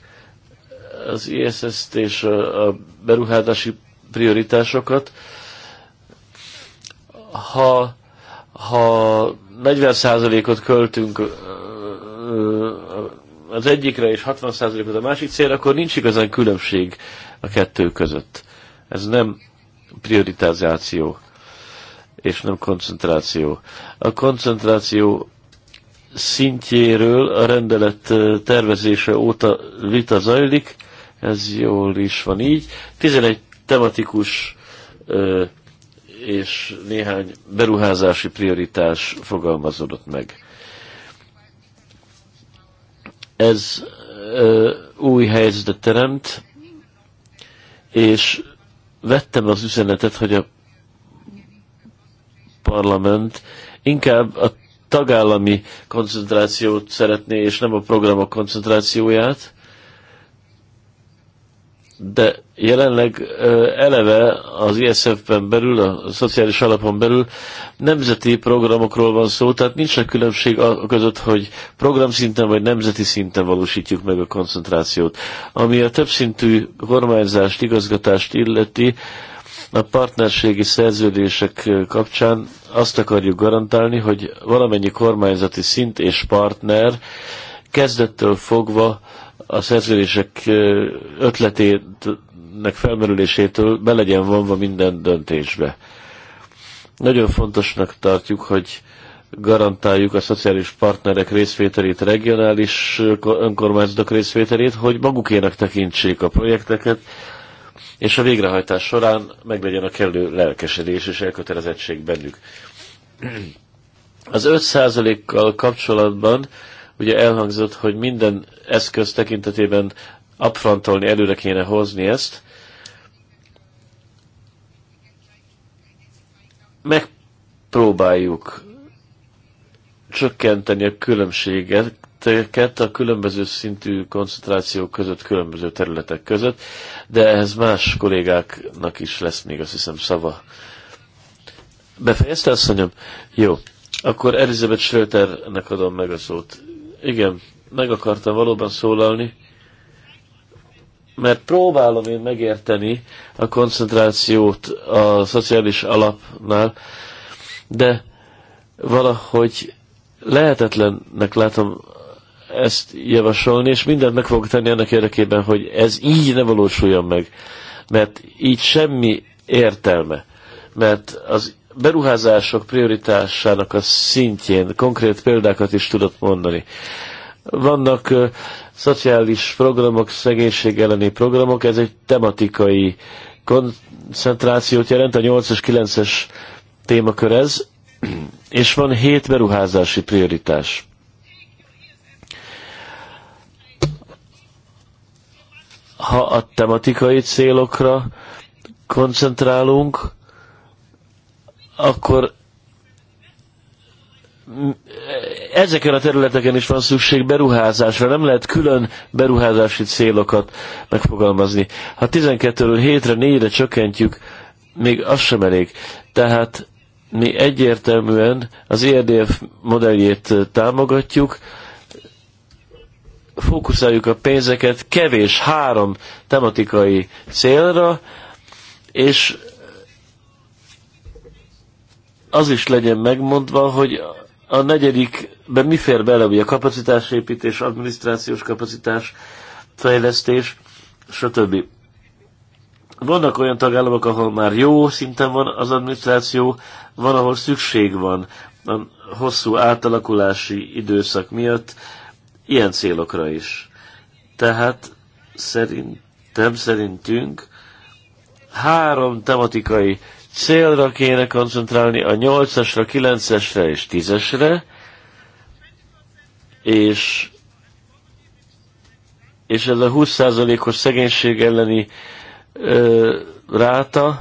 az ISS-t és a beruházási prioritásokat. Ha, ha 40%-ot költünk az egyikre és 60%-ot a másik célra, akkor nincs igazán különbség a kettő között. Ez nem prioritizáció és nem koncentráció. A koncentráció szintjéről a rendelet tervezése óta vita zajlik, ez jól is van így. 11 tematikus és néhány beruházási prioritás fogalmazódott meg. Ez ö, új helyzetet teremt, és vettem az üzenetet, hogy a parlament inkább a tagállami koncentrációt szeretné, és nem a programok koncentrációját, de jelenleg eleve az ISF-ben belül, a szociális alapon belül nemzeti programokról van szó, tehát nincs egy különbség a között, hogy programszinten vagy nemzeti szinten valósítjuk meg a koncentrációt. Ami a többszintű kormányzást, igazgatást illeti, a partnerségi szerződések kapcsán azt akarjuk garantálni, hogy valamennyi kormányzati szint és partner kezdettől fogva a szerződések ötletének felmerülésétől be legyen vonva minden döntésbe. Nagyon fontosnak tartjuk, hogy garantáljuk a szociális partnerek részvételét, regionális önkormányzatok részvételét, hogy magukének tekintsék a projekteket, és a végrehajtás során meglegyen a kellő lelkesedés és elkötelezettség bennük. Az 5%-kal kapcsolatban Ugye elhangzott, hogy minden eszköz tekintetében upfrontolni, előre kéne hozni ezt. Megpróbáljuk csökkenteni a különbségeket a különböző szintű koncentrációk között, különböző területek között, de ehhez más kollégáknak is lesz még azt hiszem szava. Befejezte, asszonyom? Jó. Akkor Elizabeth Schröternek adom meg a szót. Igen, meg akartam valóban szólalni, mert próbálom én megérteni a koncentrációt a szociális alapnál, de valahogy lehetetlennek látom ezt javasolni, és mindent meg fogok tenni annak érdekében, hogy ez így ne valósuljon meg, mert így semmi értelme, mert az beruházások prioritásának a szintjén konkrét példákat is tudott mondani. Vannak uh, szociális programok, szegénység elleni programok, ez egy tematikai koncentrációt jelent, a 8-as, 9-es témakör ez, és van 7 beruházási prioritás. Ha a tematikai célokra koncentrálunk, akkor ezeken a területeken is van szükség beruházásra, nem lehet külön beruházási célokat megfogalmazni. Ha 12-ről 7-re, 4-re csökkentjük, még az sem elég. Tehát mi egyértelműen az ERDF modelljét támogatjuk, fókuszáljuk a pénzeket kevés három tematikai célra, és az is legyen megmondva, hogy a negyedikben mi fér bele, ugye kapacitásépítés, adminisztrációs kapacitás, fejlesztés, stb. Vannak olyan tagállamok, ahol már jó szinten van az adminisztráció, van, ahol szükség van a hosszú átalakulási időszak miatt ilyen célokra is. Tehát szerintem, szerintünk három tematikai célra kéne koncentrálni, a 8-asra, 9-esre és 10-esre, és, és ez a 20%-os szegénység elleni ö, ráta,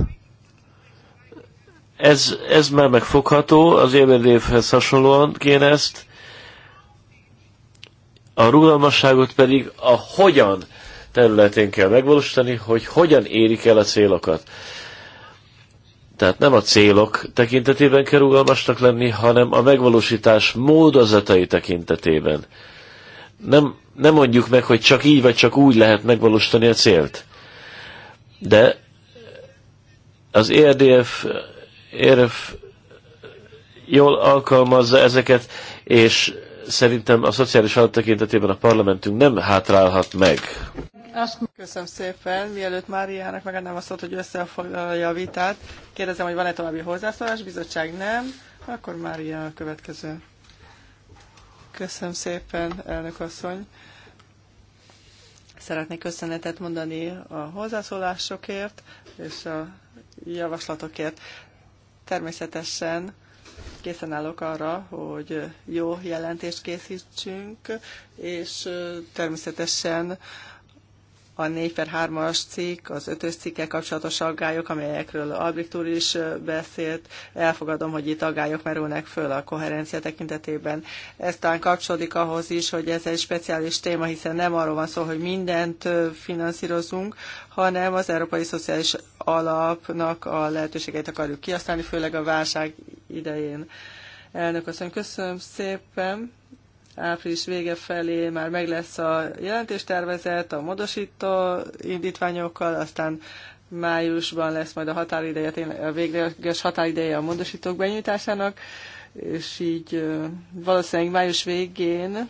ez, ez már megfogható, az évedévhez hasonlóan kéne ezt, a rugalmasságot pedig a hogyan területén kell megvalósítani, hogy hogyan érik el a célokat. Tehát nem a célok tekintetében kell rugalmasnak lenni, hanem a megvalósítás módozatai tekintetében. Nem, nem mondjuk meg, hogy csak így vagy csak úgy lehet megvalósítani a célt. De az ERDF, ERF jól alkalmazza ezeket, és szerintem a szociális adat tekintetében a parlamentünk nem hátrálhat meg.
Köszönöm szépen. Mielőtt Máriának megadnám a szót, hogy összefoglalja a vitát, kérdezem, hogy van-e további hozzászólás, bizottság nem, akkor Mária a következő. Köszönöm szépen, elnök asszony. Szeretnék köszönetet mondani a hozzászólásokért és a javaslatokért. Természetesen készen állok arra, hogy jó jelentést készítsünk, és természetesen a 4 per 3-as cikk, az ötös cikkel kapcsolatos aggályok, amelyekről Albrecht úr is beszélt. Elfogadom, hogy itt aggályok merülnek föl a koherencia tekintetében. Ez talán kapcsolódik ahhoz is, hogy ez egy speciális téma, hiszen nem arról van szó, hogy mindent finanszírozunk, hanem az Európai Szociális Alapnak a lehetőségeit akarjuk kihasználni, főleg a válság idején. Elnök köszönöm szépen! április vége felé már meg lesz a jelentéstervezet a módosító indítványokkal, aztán májusban lesz majd a határideje, a végleges határideje a módosítók benyújtásának, és így valószínűleg május végén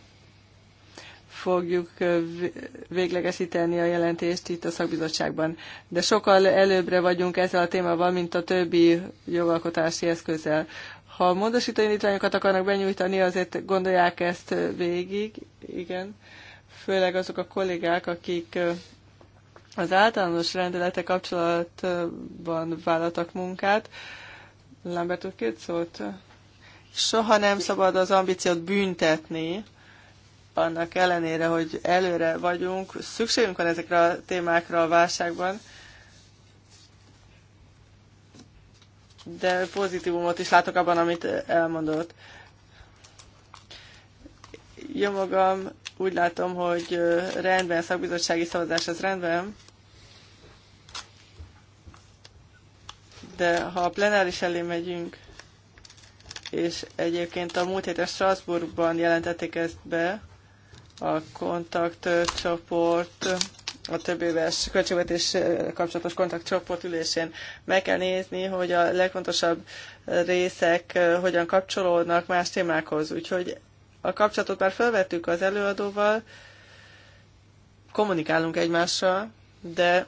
fogjuk véglegesíteni a jelentést itt a szakbizottságban. De sokkal előbbre vagyunk ezzel a témával, mint a többi jogalkotási eszközzel. Ha módosító indítványokat akarnak benyújtani, azért gondolják ezt végig, igen. Főleg azok a kollégák, akik az általános rendelete kapcsolatban vállaltak munkát. Lambert úr két szót? Soha nem szabad az ambíciót büntetni, annak ellenére, hogy előre vagyunk, szükségünk van ezekre a témákra a válságban, de pozitívumot is látok abban, amit elmondott. Jó magam, úgy látom, hogy rendben, szakbizottsági szavazás az rendben, de ha a plenáris elé megyünk, és egyébként a múlt héten Strasbourgban jelentették ezt be, a kontaktcsoport a több éves költségvetés kapcsolatos kontaktcsoport ülésén meg kell nézni, hogy a legfontosabb részek hogyan kapcsolódnak más témákhoz. Úgyhogy a kapcsolatot már felvettük az előadóval, kommunikálunk egymással, de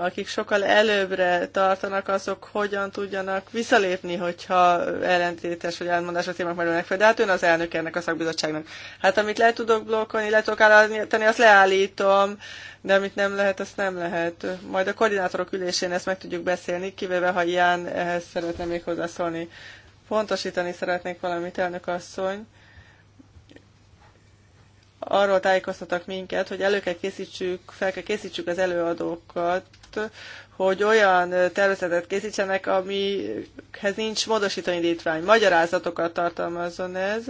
akik sokkal előbbre tartanak, azok hogyan tudjanak visszalépni, hogyha ellentétes vagy a témák merülnek fel. De hát ön az elnök ennek a szakbizottságnak. Hát amit le tudok blokkolni, le tudok állítani, azt leállítom, de amit nem lehet, azt nem lehet. Majd a koordinátorok ülésén ezt meg tudjuk beszélni, kivéve ha ilyen ehhez szeretne még hozzászólni. Pontosítani szeretnék valamit, elnök asszony arról tájékoztatok minket, hogy elő kell készítsük, fel kell készítsük az előadókat azt, hogy olyan tervezetet készítsenek, amihez nincs módosító indítvány. Magyarázatokat tartalmazzon ez,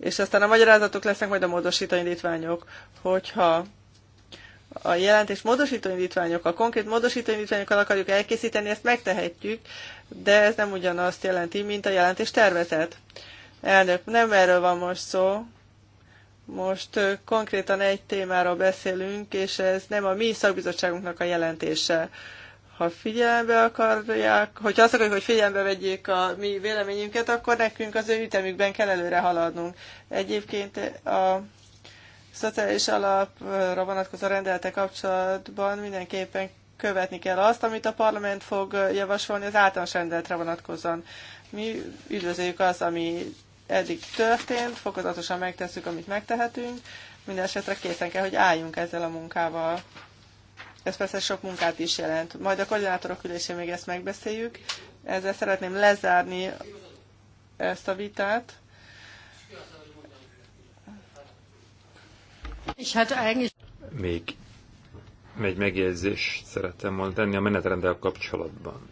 és aztán a magyarázatok lesznek majd a módosító indítványok. Hogyha a jelentés módosító a konkrét módosító indítványokkal akarjuk elkészíteni, ezt megtehetjük, de ez nem ugyanazt jelenti, mint a jelentés tervezet. Elnök, nem erről van most szó, most konkrétan egy témáról beszélünk, és ez nem a mi szakbizottságunknak a jelentése. Ha figyelembe akarják, hogy azt akarjuk, hogy figyelembe vegyék a mi véleményünket, akkor nekünk az ő ütemükben kell előre haladnunk. Egyébként a szociális alapra vonatkozó rendelete kapcsolatban mindenképpen követni kell azt, amit a parlament fog javasolni az általános rendeletre vonatkozóan. Mi üdvözöljük azt, ami eddig történt, fokozatosan megtesszük, amit megtehetünk, minden esetre készen kell, hogy álljunk ezzel a munkával. Ez persze sok munkát is jelent. Majd a koordinátorok ülésén még ezt megbeszéljük. Ezzel szeretném lezárni ezt a vitát.
Még egy megjegyzést szerettem volna tenni a menetrendel kapcsolatban.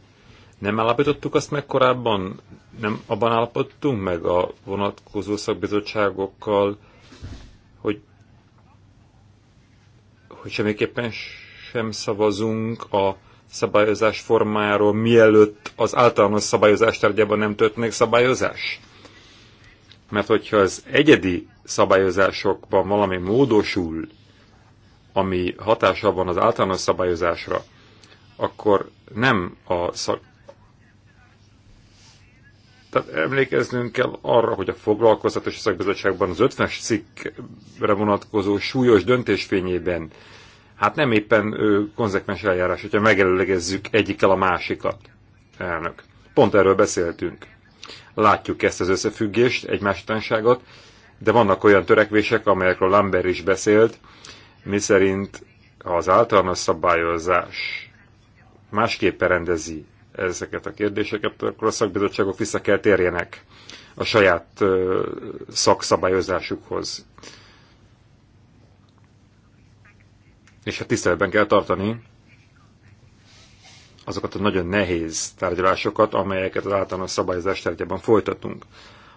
Nem állapítottuk azt meg korábban? Nem abban állapodtunk meg a vonatkozó szakbizottságokkal, hogy, hogy semmiképpen sem szavazunk a szabályozás formájáról, mielőtt az általános szabályozás tárgyában nem történik szabályozás? Mert hogyha az egyedi szabályozásokban valami módosul, ami hatással van az általános szabályozásra, akkor nem a szak, tehát emlékeznünk kell arra, hogy a foglalkoztatás szakbizottságban az 50-es cikkre vonatkozó súlyos döntésfényében hát nem éppen ő, konzekvens eljárás, hogyha megelőlegezzük egyikkel a másikat, elnök. Pont erről beszéltünk. Látjuk ezt az összefüggést, egymástánságot, de vannak olyan törekvések, amelyekről Lambert is beszélt, miszerint az általános szabályozás másképpen rendezi ezeket a kérdéseket, akkor a szakbizottságok vissza kell térjenek a saját szakszabályozásukhoz. És hát tiszteletben kell tartani azokat a nagyon nehéz tárgyalásokat, amelyeket az általános szabályozás tárgyában folytatunk.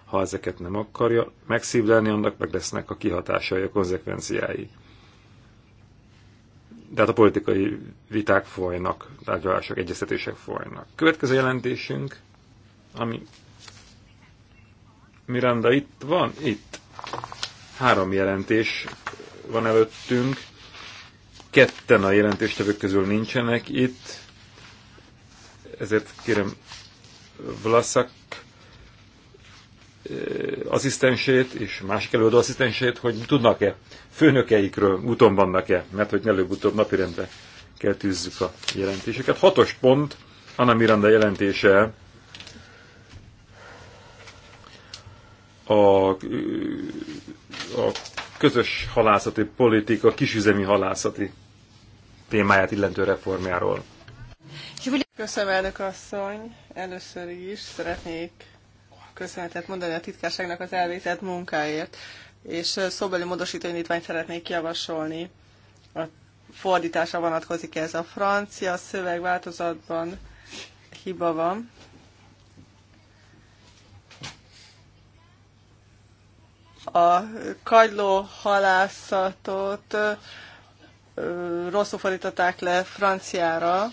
Ha ezeket nem akarja megszívlelni, annak meg lesznek a kihatásai, a konzekvenciái de hát a politikai viták folynak, tárgyalások, egyeztetések folynak. Következő jelentésünk, ami Miranda itt van, itt. Három jelentés van előttünk. Ketten a jelentéstevők közül nincsenek itt. Ezért kérem Vlaszak asszisztensét és másik előadó asszisztensét, hogy tudnak-e főnökeikről, úton vannak-e, mert hogy előbb-utóbb napirendre kell tűzzük a jelentéseket. Hatos pont, Anna Miranda jelentése a, a közös halászati politika, kisüzemi halászati témáját illető reformjáról.
Köszönöm, elnök asszony! Először is szeretnék köszönetet mondani a titkárságnak az elvégzett munkáért, és szóbeli módosító indítványt szeretnék javasolni. A fordítása vonatkozik ez a francia szövegváltozatban hiba van. A kagyló halászatot rosszul fordították le franciára,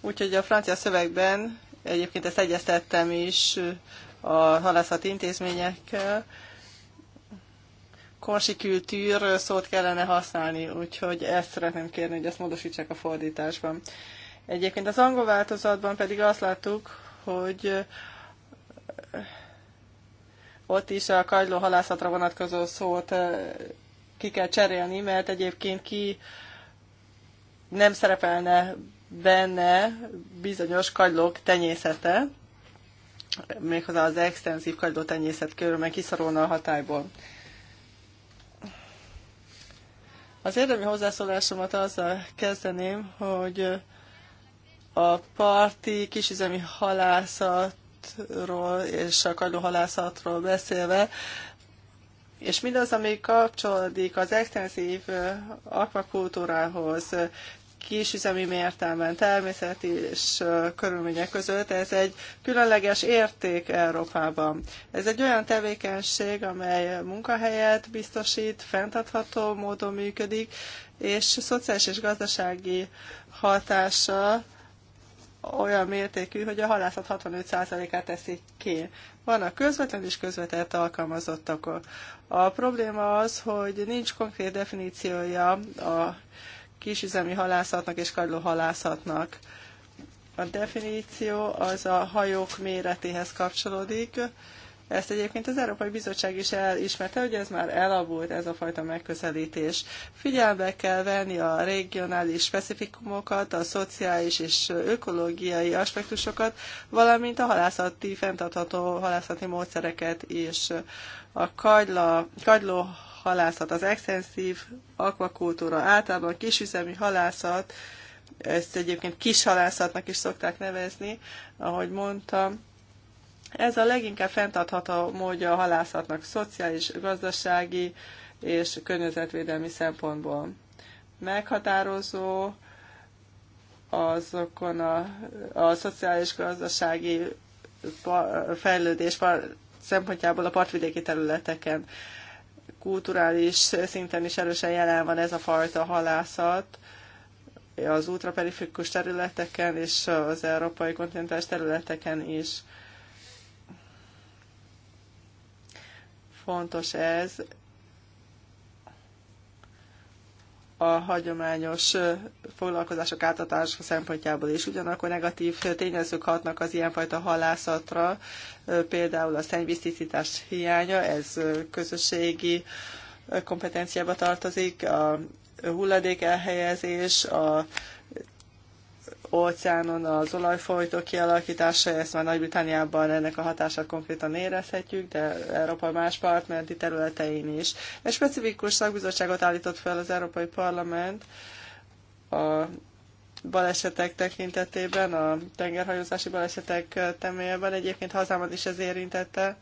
úgyhogy a francia szövegben Egyébként ezt egyeztettem is a halászati intézményekkel. Konsikültűr szót kellene használni, úgyhogy ezt szeretném kérni, hogy ezt módosítsák a fordításban. Egyébként az angol változatban pedig azt láttuk, hogy ott is a kagyló halászatra vonatkozó szót eh, ki kell cserélni, mert egyébként ki nem szerepelne benne bizonyos kagylók tenyészete, méghozzá az extenzív kagyló tenyészet körülbelül kiszorulna a hatályból. Az érdemi hozzászólásomat azzal kezdeném, hogy a parti kisüzemi halászatról és a kagylóhalászatról beszélve, és mindaz, ami kapcsolódik az extenzív eh, akvakultúrához, kisüzemi mértelmen, természeti és körülmények között. Ez egy különleges érték Európában. Ez egy olyan tevékenység, amely munkahelyet biztosít, fenntartható módon működik, és szociális és gazdasági hatása olyan mértékű, hogy a halászat 65%-át teszik ki. van a közvetlen és közvetett alkalmazottak. A probléma az, hogy nincs konkrét definíciója a kisüzemi halászatnak és kagyló halászatnak. A definíció az a hajók méretéhez kapcsolódik. Ezt egyébként az Európai Bizottság is elismerte, hogy ez már elavult ez a fajta megközelítés. Figyelbe kell venni a regionális specifikumokat, a szociális és ökológiai aspektusokat, valamint a halászati, fenntartható halászati módszereket is. A kagyla, kagyló halászat, az extenzív akvakultúra, általában kisüzemi halászat, ezt egyébként kis halászatnak is szokták nevezni, ahogy mondtam, ez a leginkább fenntartható módja a halászatnak szociális, gazdasági és környezetvédelmi szempontból. Meghatározó azokon a, a szociális gazdasági fejlődés szempontjából a partvidéki területeken kulturális szinten is erősen jelen van ez a fajta halászat az ultraperifikus területeken és az európai kontinentális területeken is. Fontos ez, a hagyományos foglalkozások átadás szempontjából is. Ugyanakkor negatív tényezők hatnak az ilyenfajta halászatra, például a szennyvíztisztítás hiánya, ez közösségi kompetenciába tartozik, a hulladék elhelyezés, a óceánon az olajfolytó kialakítása, ezt már Nagy-Britániában ennek a hatását konkrétan érezhetjük, de Európa más partnerdi területein is. Egy specifikus szakbizottságot állított fel az Európai Parlament a balesetek tekintetében, a tengerhajózási balesetek temélyében. Egyébként hazámat is ez érintette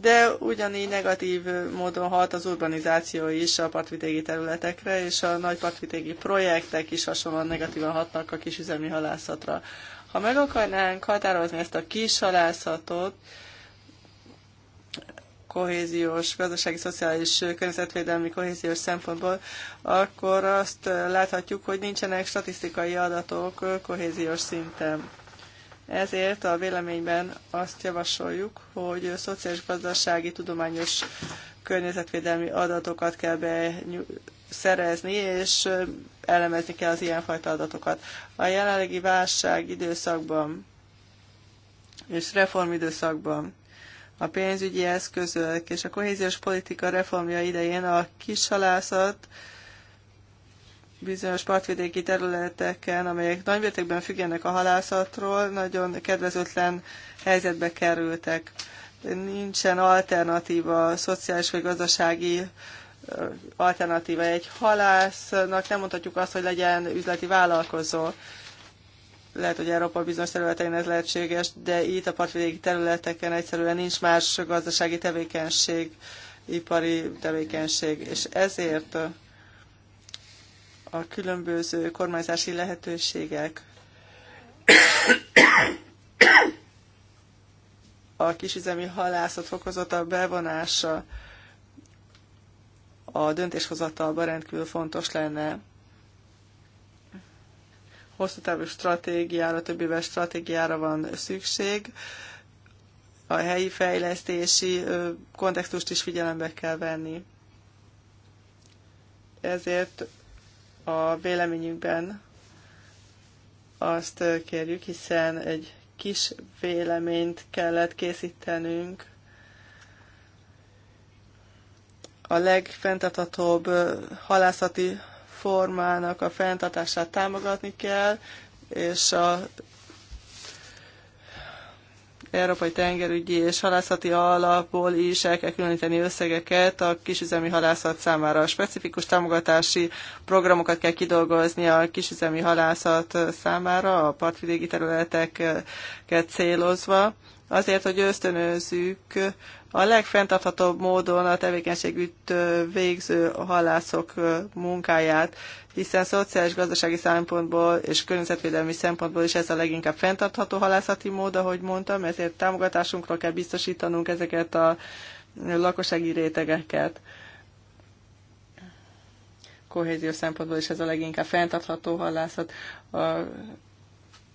de ugyanígy negatív módon hat az urbanizáció is a partvidéki területekre, és a nagy partvidéki projektek is hasonlóan negatívan hatnak a kisüzemi halászatra. Ha meg akarnánk határozni ezt a kis halászatot, kohéziós, gazdasági, szociális, környezetvédelmi kohéziós szempontból, akkor azt láthatjuk, hogy nincsenek statisztikai adatok kohéziós szinten. Ezért a véleményben azt javasoljuk, hogy szociális-gazdasági tudományos környezetvédelmi adatokat kell be szerezni, és elemezni kell az ilyenfajta adatokat. A jelenlegi válság időszakban és reformidőszakban a pénzügyi eszközök és a kohéziós politika reformja idején a kishalászat bizonyos partvidéki területeken, amelyek nagymértékben függenek a halászatról, nagyon kedvezőtlen helyzetbe kerültek. Nincsen alternatíva, szociális vagy gazdasági alternatíva. Egy halásznak nem mondhatjuk azt, hogy legyen üzleti vállalkozó. Lehet, hogy Európa bizonyos területein ez lehetséges, de itt a partvidéki területeken egyszerűen nincs más gazdasági tevékenység, ipari tevékenység, és ezért a különböző kormányzási lehetőségek, a kisüzemi halászat fokozata bevonása a döntéshozatalban rendkívül fontos lenne. Hosszú távú stratégiára, több éves stratégiára van szükség. A helyi fejlesztési kontextust is figyelembe kell venni. Ezért a véleményükben azt kérjük, hiszen egy kis véleményt kellett készítenünk a legfenntartatóbb halászati formának a fenntartását támogatni kell, és a Európai Tengerügyi és Halászati Alapból is el kell különíteni összegeket a kisüzemi halászat számára. A specifikus támogatási programokat kell kidolgozni a kisüzemi halászat számára, a partvidéki területeket célozva azért, hogy ösztönözzük a legfenntarthatóbb módon a tevékenységütt végző halászok munkáját, hiszen szociális gazdasági szempontból és környezetvédelmi szempontból is ez a leginkább fenntartható halászati mód, ahogy mondtam, ezért támogatásunkra kell biztosítanunk ezeket a lakossági rétegeket. Kohézió szempontból is ez a leginkább fenntartható halászat. A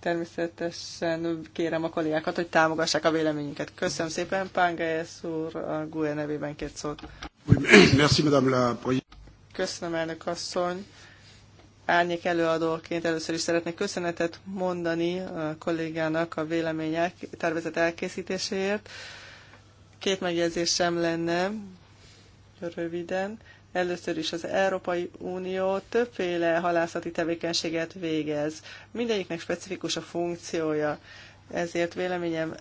természetesen kérem a kollégákat, hogy támogassák a véleményünket. Köszönöm szépen, Pángelyes úr, a GUE nevében két szót. Köszönöm, elnök asszony. Árnyék előadóként először is szeretnék köszönetet mondani a kollégának a vélemények tervezet elkészítéséért. Két megjegyzésem lenne röviden. Először is az Európai Unió többféle halászati tevékenységet végez. Mindegyiknek specifikus a funkciója, ezért véleményem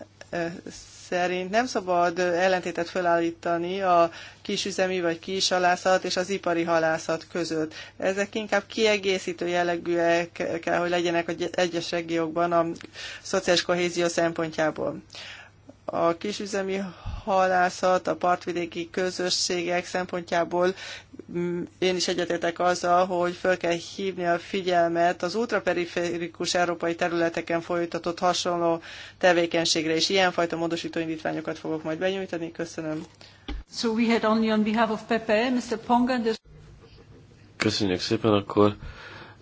szerint nem szabad ellentétet felállítani a kisüzemi vagy kis halászat és az ipari halászat között. Ezek inkább kiegészítő jellegűek kell, hogy legyenek az egyes regiókban a szociális kohézió szempontjából a kisüzemi halászat, a partvidéki közösségek szempontjából mm, én is egyetértek azzal, hogy föl kell hívni a figyelmet az ultraperiférikus európai területeken folytatott hasonló tevékenységre, és ilyenfajta módosító indítványokat fogok majd benyújtani. Köszönöm. So we had only on behalf of Pepe, Mr. Ponga. The...
Köszönjük szépen, akkor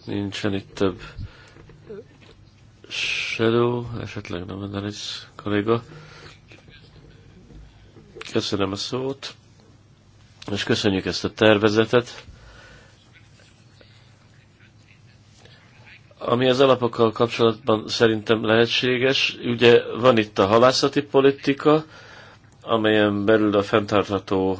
nincsen itt több Shadow, esetleg nem Mendelis kolléga. Köszönöm a szót, és köszönjük ezt a tervezetet. Ami az alapokkal kapcsolatban szerintem lehetséges, ugye van itt a halászati politika, amelyen belül a fenntartható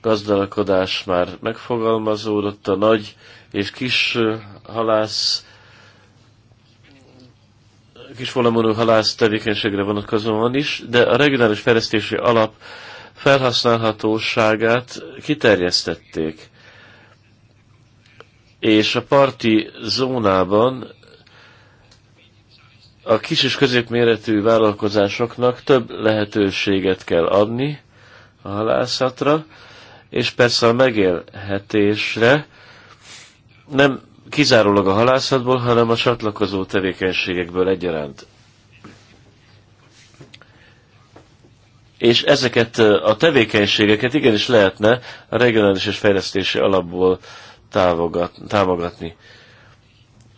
gazdálkodás már megfogalmazódott, a nagy és kis halász, kis volumenű halász tevékenységre vonatkozóan is, de a regionális fejlesztési alap felhasználhatóságát kiterjesztették. És a parti zónában a kis és középméretű vállalkozásoknak több lehetőséget kell adni a halászatra, és persze a megélhetésre nem kizárólag a halászatból, hanem a csatlakozó tevékenységekből egyaránt. és ezeket a tevékenységeket igenis lehetne a regionális és fejlesztési alapból távogat, támogatni.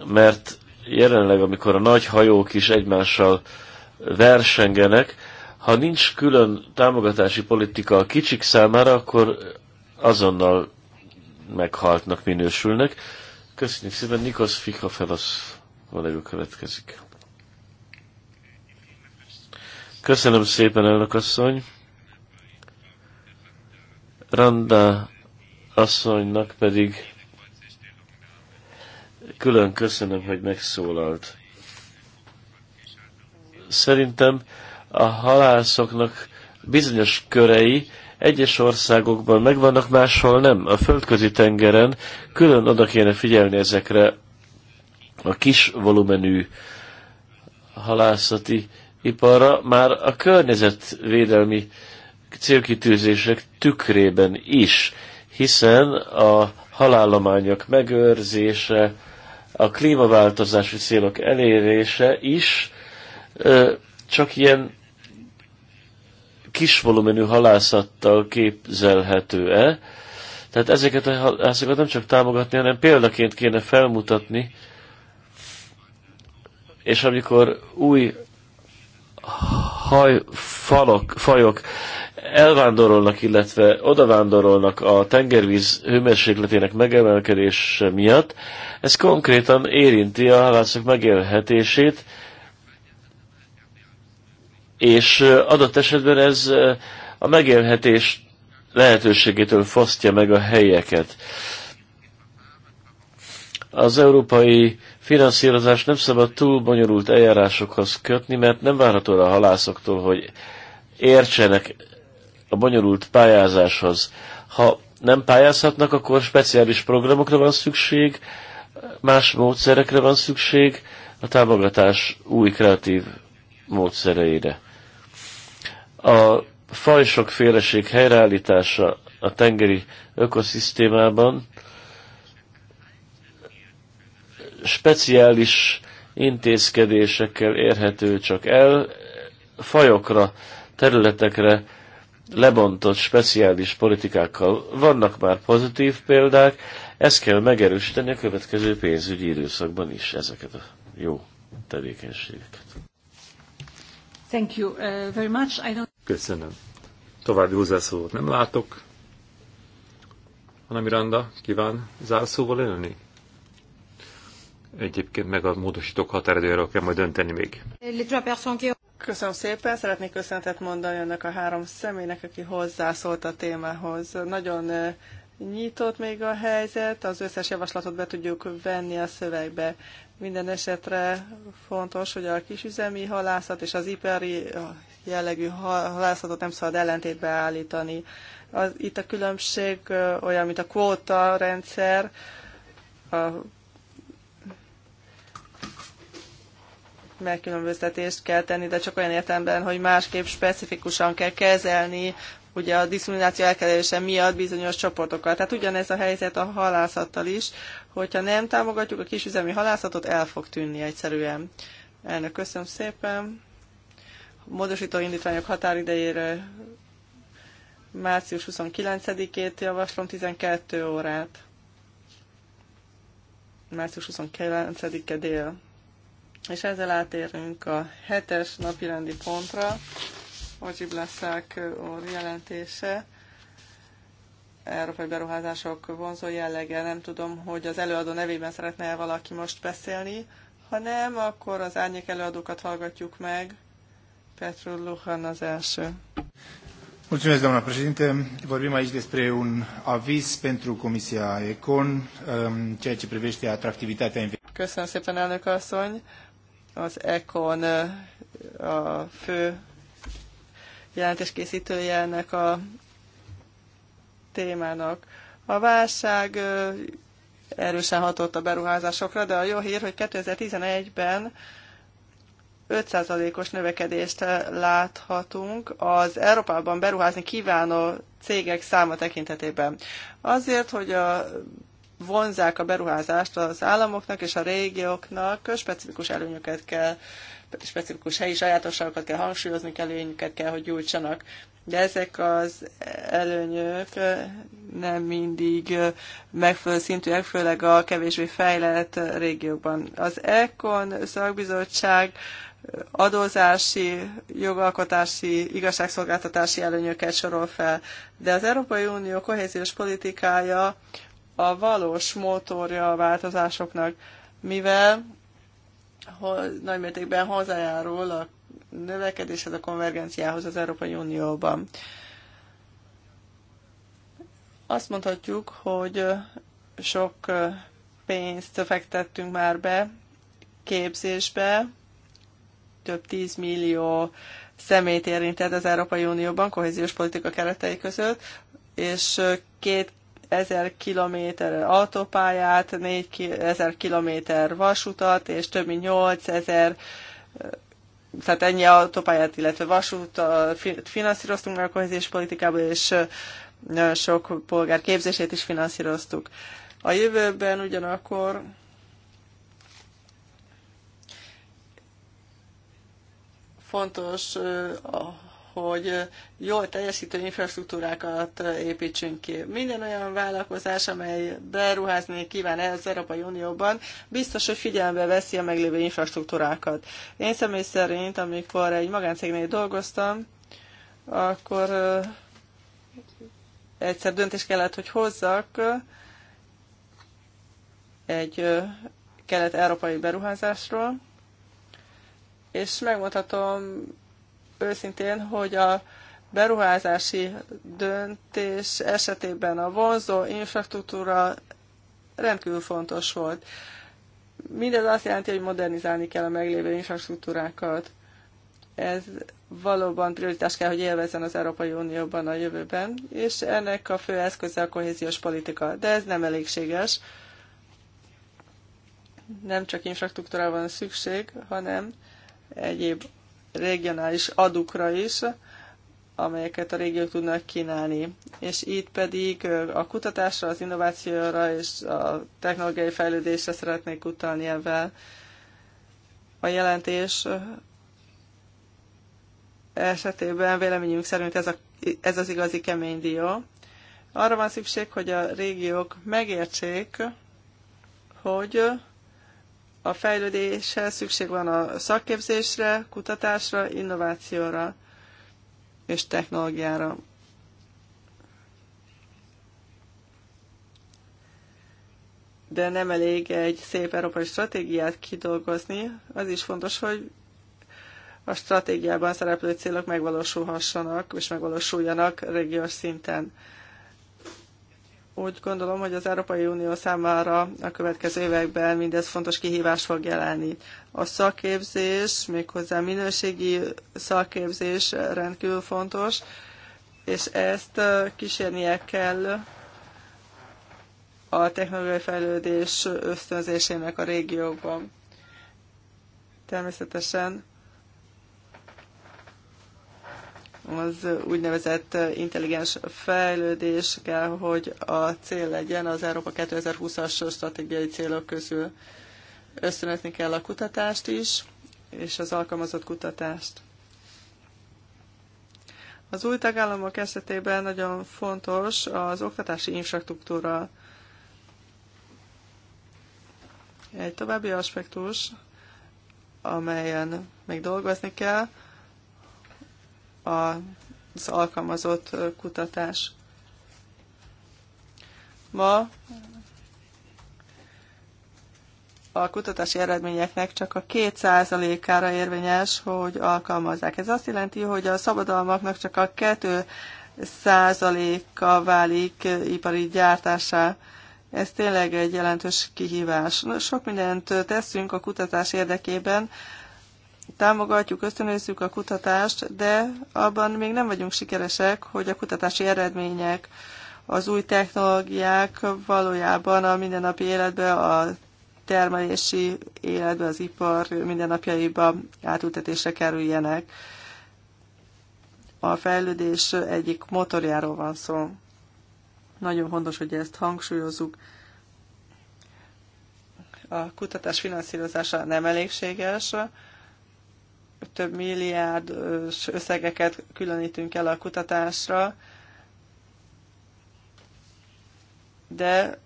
Mert jelenleg, amikor a nagy hajók is egymással versengenek, ha nincs külön támogatási politika a kicsik számára, akkor azonnal meghaltnak minősülnek. Köszönjük szépen, Nikos Fikafelasz, Felasz következik. Köszönöm szépen, elnök asszony. Randa asszonynak pedig külön köszönöm, hogy megszólalt. Szerintem a halászoknak bizonyos körei egyes országokban megvannak, máshol nem. A földközi tengeren külön oda kéne figyelni ezekre a kis volumenű halászati iparra már a környezetvédelmi célkitűzések tükrében is, hiszen a halállományok megőrzése, a klímaváltozási célok elérése is ö, csak ilyen kis volumenű halászattal képzelhető-e. Tehát ezeket a halászokat nem csak támogatni, hanem példaként kéne felmutatni, és amikor új haj, falok, fajok elvándorolnak, illetve odavándorolnak a tengervíz hőmérsékletének megemelkedése miatt, ez konkrétan érinti a halászok megélhetését, és adott esetben ez a megélhetés lehetőségétől fosztja meg a helyeket. Az Európai finanszírozás nem szabad túl bonyolult eljárásokhoz kötni, mert nem várható a halászoktól, hogy értsenek a bonyolult pályázáshoz. Ha nem pályázhatnak, akkor speciális programokra van szükség, más módszerekre van szükség, a támogatás új kreatív módszereire. A fajsok féleség helyreállítása a tengeri ökoszisztémában speciális intézkedésekkel érhető csak el, fajokra, területekre lebontott speciális politikákkal. Vannak már pozitív példák, ezt kell megerősíteni a következő pénzügyi időszakban is ezeket a jó tevékenységeket.
Thank you uh, very much. I don't... Köszönöm. További hozzászólót nem látok. Hanem Miranda, kíván zárszóval élni? Egyébként meg a módosítók határidőről kell majd dönteni még.
Köszönöm szépen, szeretnék köszönetet mondani önnek a három személynek, aki hozzászólt a témához. Nagyon nyitott még a helyzet, az összes javaslatot be tudjuk venni a szövegbe. Minden esetre fontos, hogy a kisüzemi halászat és az ipari jellegű halászatot nem szabad ellentétbe állítani. Az, itt a különbség olyan, mint a kvóta rendszer, a megkülönböztetést kell tenni, de csak olyan értelemben, hogy másképp specifikusan kell kezelni ugye a diszkrimináció elkerülése miatt bizonyos csoportokkal. Tehát ugyanez a helyzet a halászattal is, hogyha nem támogatjuk a kisüzemi halászatot, el fog tűnni egyszerűen. Elnök, köszönöm szépen. A módosító indítványok határidejére március 29-ét javaslom 12 órát. Március 29-e dél. És ezzel átérünk a hetes napirendi pontra, Ogyib Leszák úr jelentése. Európai beruházások vonzó jellege. Nem tudom, hogy az előadó nevében szeretne -e valaki most beszélni. Ha nem, akkor az árnyék előadókat hallgatjuk meg. Petru Luhan az első. Mulțumesc, doamna președinte.
Vorbim aici despre un aviz pentru Comisia Econ, um, ceea ce privește atractivitatea investițiilor.
Köszönöm szépen, elnök asszony az ECON a fő jelentéskészítője ennek a témának. A válság erősen hatott a beruházásokra, de a jó hír, hogy 2011-ben 5%-os növekedést láthatunk az Európában beruházni kívánó cégek száma tekintetében. Azért, hogy a vonzák a beruházást az államoknak és a régióknak, specifikus előnyöket kell, specifikus helyi sajátosságokat kell hangsúlyozni, kell, előnyöket kell, hogy gyújtsanak. De ezek az előnyök nem mindig megfelelő szintűek, főleg a kevésbé fejlett régiókban. Az ECON szakbizottság adózási, jogalkotási, igazságszolgáltatási előnyöket sorol fel. De az Európai Unió kohéziós politikája a valós motorja a változásoknak, mivel nagymértékben hozzájárul a növekedéshez, a konvergenciához az Európai Unióban. Azt mondhatjuk, hogy sok pénzt fektettünk már be képzésbe, több 10 millió szemét érintett az Európai Unióban kohéziós politika keretei között, és két ezer kilométer autópályát, 4000 kilométer vasutat, és több mint 8000 tehát ennyi autópályát, illetve vasút finanszíroztunk a kohéziós politikából, és nagyon sok polgár képzését is finanszíroztuk. A jövőben ugyanakkor fontos hogy jól teljesítő infrastruktúrákat építsünk ki. Minden olyan vállalkozás, amely beruházni kíván el az Európai Unióban, biztos, hogy figyelembe veszi a meglévő infrastruktúrákat. Én személy szerint, amikor egy magáncégnél dolgoztam, akkor egyszer döntés kellett, hogy hozzak egy kelet-európai beruházásról, és megmutatom őszintén, hogy a beruházási döntés esetében a vonzó infrastruktúra rendkívül fontos volt. Mindez azt jelenti, hogy modernizálni kell a meglévő infrastruktúrákat. Ez valóban prioritás kell, hogy élvezzen az Európai Unióban a jövőben, és ennek a fő eszköze a kohéziós politika. De ez nem elégséges. Nem csak infrastruktúra van szükség, hanem egyéb regionális adukra is, amelyeket a régiók tudnak kínálni. És itt pedig a kutatásra, az innovációra és a technológiai fejlődésre szeretnék utalni ebben. A jelentés esetében véleményünk szerint ez, a, ez az igazi kemény dió. Arra van szükség, hogy a régiók megértsék, hogy a fejlődéshez szükség van a szakképzésre, kutatásra, innovációra és technológiára. De nem elég egy szép európai stratégiát kidolgozni, az is fontos, hogy a stratégiában szereplő célok megvalósulhassanak és megvalósuljanak régiós szinten úgy gondolom, hogy az Európai Unió számára a következő években mindez fontos kihívás fog jelenni. A szakképzés, méghozzá minőségi szakképzés rendkívül fontos, és ezt kísérnie kell a technológiai fejlődés ösztönzésének a régiókban. Természetesen az úgynevezett intelligens fejlődés kell, hogy a cél legyen az Európa 2020-as stratégiai célok közül. Összönetni kell a kutatást is, és az alkalmazott kutatást. Az új tagállamok esetében nagyon fontos az oktatási infrastruktúra. Egy további aspektus, amelyen még dolgozni kell, az alkalmazott kutatás. Ma a kutatási eredményeknek csak a 2 százalékára érvényes, hogy alkalmazzák. Ez azt jelenti, hogy a szabadalmaknak csak a 2 százaléka válik ipari gyártásá. Ez tényleg egy jelentős kihívás. Sok mindent teszünk a kutatás érdekében, támogatjuk, ösztönözzük a kutatást, de abban még nem vagyunk sikeresek, hogy a kutatási eredmények, az új technológiák valójában a mindennapi életbe, a termelési életbe, az ipar mindennapjaiba átültetésre kerüljenek. A fejlődés egyik motorjáról van szó. Nagyon fontos, hogy ezt hangsúlyozzuk a kutatás finanszírozása nem elégséges, több milliárd összegeket különítünk el a kutatásra, de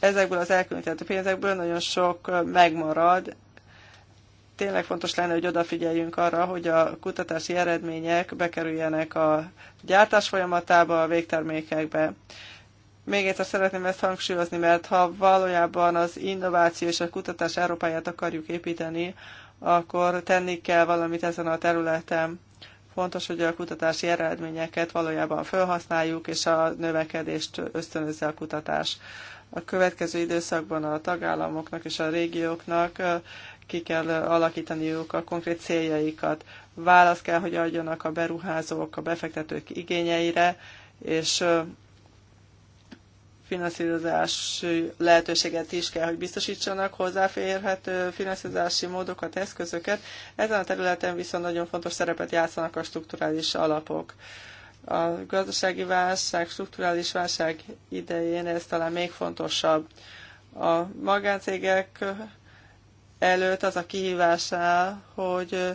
ezekből az elkülönített pénzekből nagyon sok megmarad. Tényleg fontos lenne, hogy odafigyeljünk arra, hogy a kutatási eredmények bekerüljenek a gyártás folyamatába, a végtermékekbe. Még egyszer szeretném ezt hangsúlyozni, mert ha valójában az innováció és a kutatás Európáját akarjuk építeni, akkor tenni kell valamit ezen a területen. Fontos, hogy a kutatási eredményeket valójában felhasználjuk, és a növekedést ösztönözze a kutatás. A következő időszakban a tagállamoknak és a régióknak ki kell alakítaniuk a konkrét céljaikat. Válasz kell, hogy adjanak a beruházók, a befektetők igényeire, és finanszírozási lehetőséget is kell, hogy biztosítsanak, hozzáférhető finanszírozási módokat, eszközöket. Ezen a területen viszont nagyon fontos szerepet játszanak a strukturális alapok. A gazdasági válság, strukturális válság idején ez talán még fontosabb. A magáncégek előtt az a kihívás áll, hogy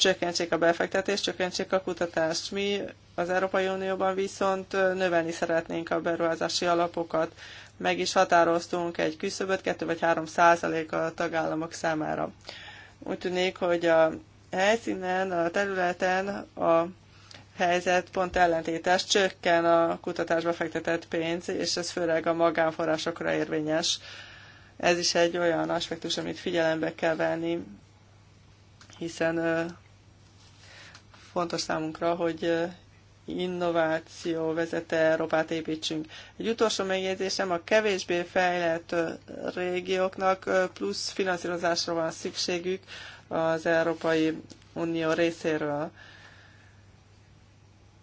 csökkentsék a befektetést, csökkentsék a kutatást. Mi az Európai Unióban viszont növelni szeretnénk a beruházási alapokat. Meg is határoztunk egy küszöböt, 2 vagy 3 százalék a tagállamok számára. Úgy tűnik, hogy a helyszínen, a területen a helyzet pont ellentétes, csökken a kutatásba fektetett pénz, és ez főleg a magánforrásokra érvényes. Ez is egy olyan aspektus, amit figyelembe kell venni, hiszen fontos számunkra, hogy innováció vezete Európát építsünk. Egy utolsó megjegyzésem, a kevésbé fejlett régióknak plusz finanszírozásra van szükségük az Európai Unió részéről.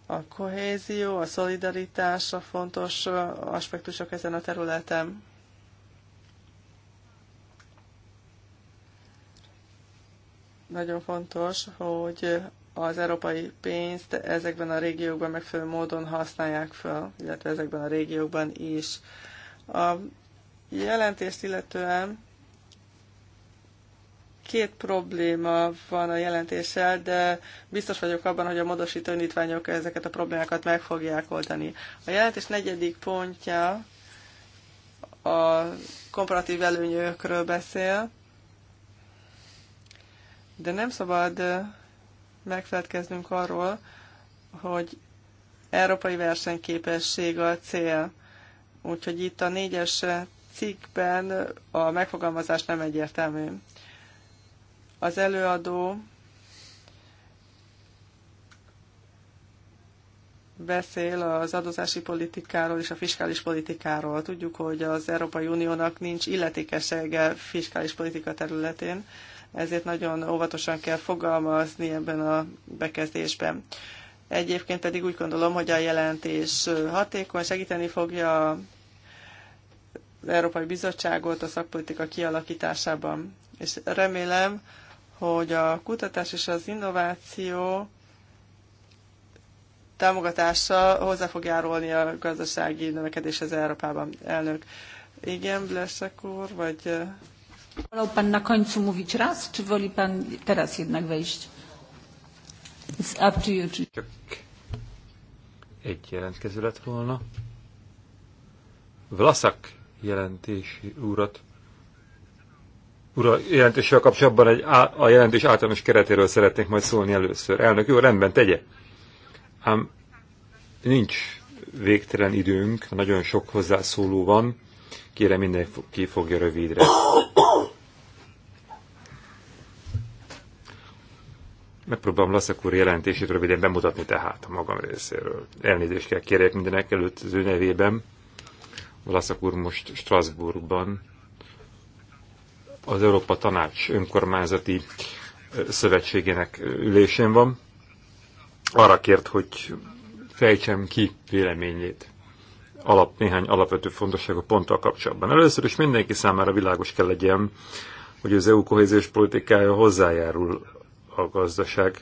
A kohézió, a szolidaritás a fontos aspektusok ezen a területen. Nagyon fontos, hogy az európai pénzt ezekben a régiókban megfelelő módon használják fel, illetve ezekben a régiókban is. A jelentést illetően két probléma van a jelentéssel, de biztos vagyok abban, hogy a módosító indítványok ezeket a problémákat meg fogják oldani. A jelentés negyedik pontja a komparatív előnyökről beszél, de nem szabad megfeledkeznünk arról, hogy európai versenyképesség a cél. Úgyhogy itt a négyes cikkben a megfogalmazás nem egyértelmű. Az előadó beszél az adózási politikáról és a fiskális politikáról. Tudjuk, hogy az Európai Uniónak nincs illetékessége fiskális politika területén, ezért nagyon óvatosan kell fogalmazni ebben a bekezdésben. Egyébként pedig úgy gondolom, hogy a jelentés hatékony segíteni fogja az Európai Bizottságot a szakpolitika kialakításában. És remélem, hogy a kutatás és az innováció támogatása hozzá fog járulni a gazdasági növekedéshez Európában. Elnök, igen, Blesek úr, vagy Wolał pan na końcu mówić raz, czy woli pan teraz jednak wejść? It's up to you. Csak
egy jelentkező lett volna. Vlaszak jelentési úrat. Ura, jelentéssel kapcsolatban egy á, a jelentés általános keretéről szeretnék majd szólni először. Elnök, jó, rendben, tegye. Ám nincs végtelen időnk, nagyon sok hozzászóló van. Kérem, mindenki fogja rövidre. Megpróbálom Laszak úr jelentését röviden bemutatni tehát a magam részéről. Elnézést kell kérjek mindenek előtt az ő nevében. Laszak úr most Strasbourgban az Európa Tanács önkormányzati szövetségének ülésén van. Arra kért, hogy fejtsem ki véleményét alap, néhány alapvető fontosságú ponttal kapcsolatban. Először is mindenki számára világos kell legyen, hogy az EU kohéziós politikája hozzájárul a gazdasághoz.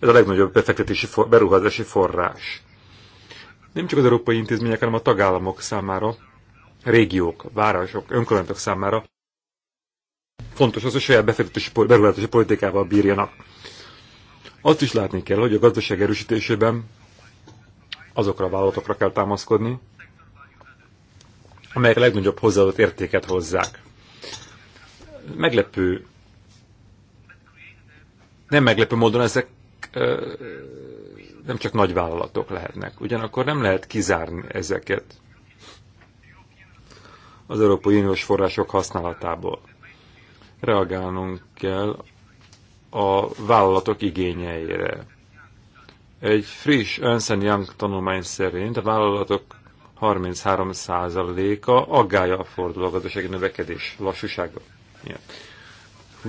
Ez a legnagyobb befektetési for, beruházási forrás. Nem csak az európai intézmények, hanem a tagállamok számára, régiók, városok, önkormányzatok számára fontos az, hogy saját befektetési beruházási politikával bírjanak. Azt is látni kell, hogy a gazdaság erősítésében azokra a vállalatokra kell támaszkodni, amelyek a legnagyobb hozzáadott értéket hozzák. Meglepő nem meglepő módon ezek nem csak nagy vállalatok lehetnek. Ugyanakkor nem lehet kizárni ezeket az Európai Uniós források használatából. Reagálnunk kell a vállalatok igényeire. Egy friss Ernst Young tanulmány szerint a vállalatok 33%-a aggája fordul a gazdasági növekedés lassúsága miatt.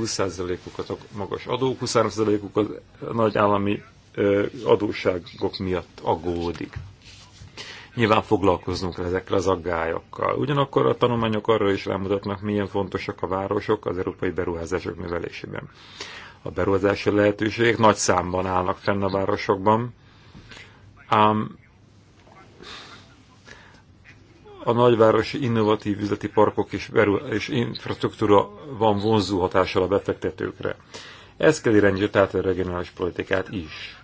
20%-uk a magas adók, 23%-uk az nagy állami adósságok miatt agódik. Nyilván foglalkoznunk ezekkel az aggályokkal. Ugyanakkor a tanulmányok arra is rámutatnak, milyen fontosak a városok az európai beruházások növelésében. A beruházási lehetőségek nagy számban állnak fenn a városokban, ám a nagyvárosi innovatív üzleti parkok és, és infrastruktúra van vonzó hatással a befektetőkre. Ez kell irányítja tehát a regionális politikát is.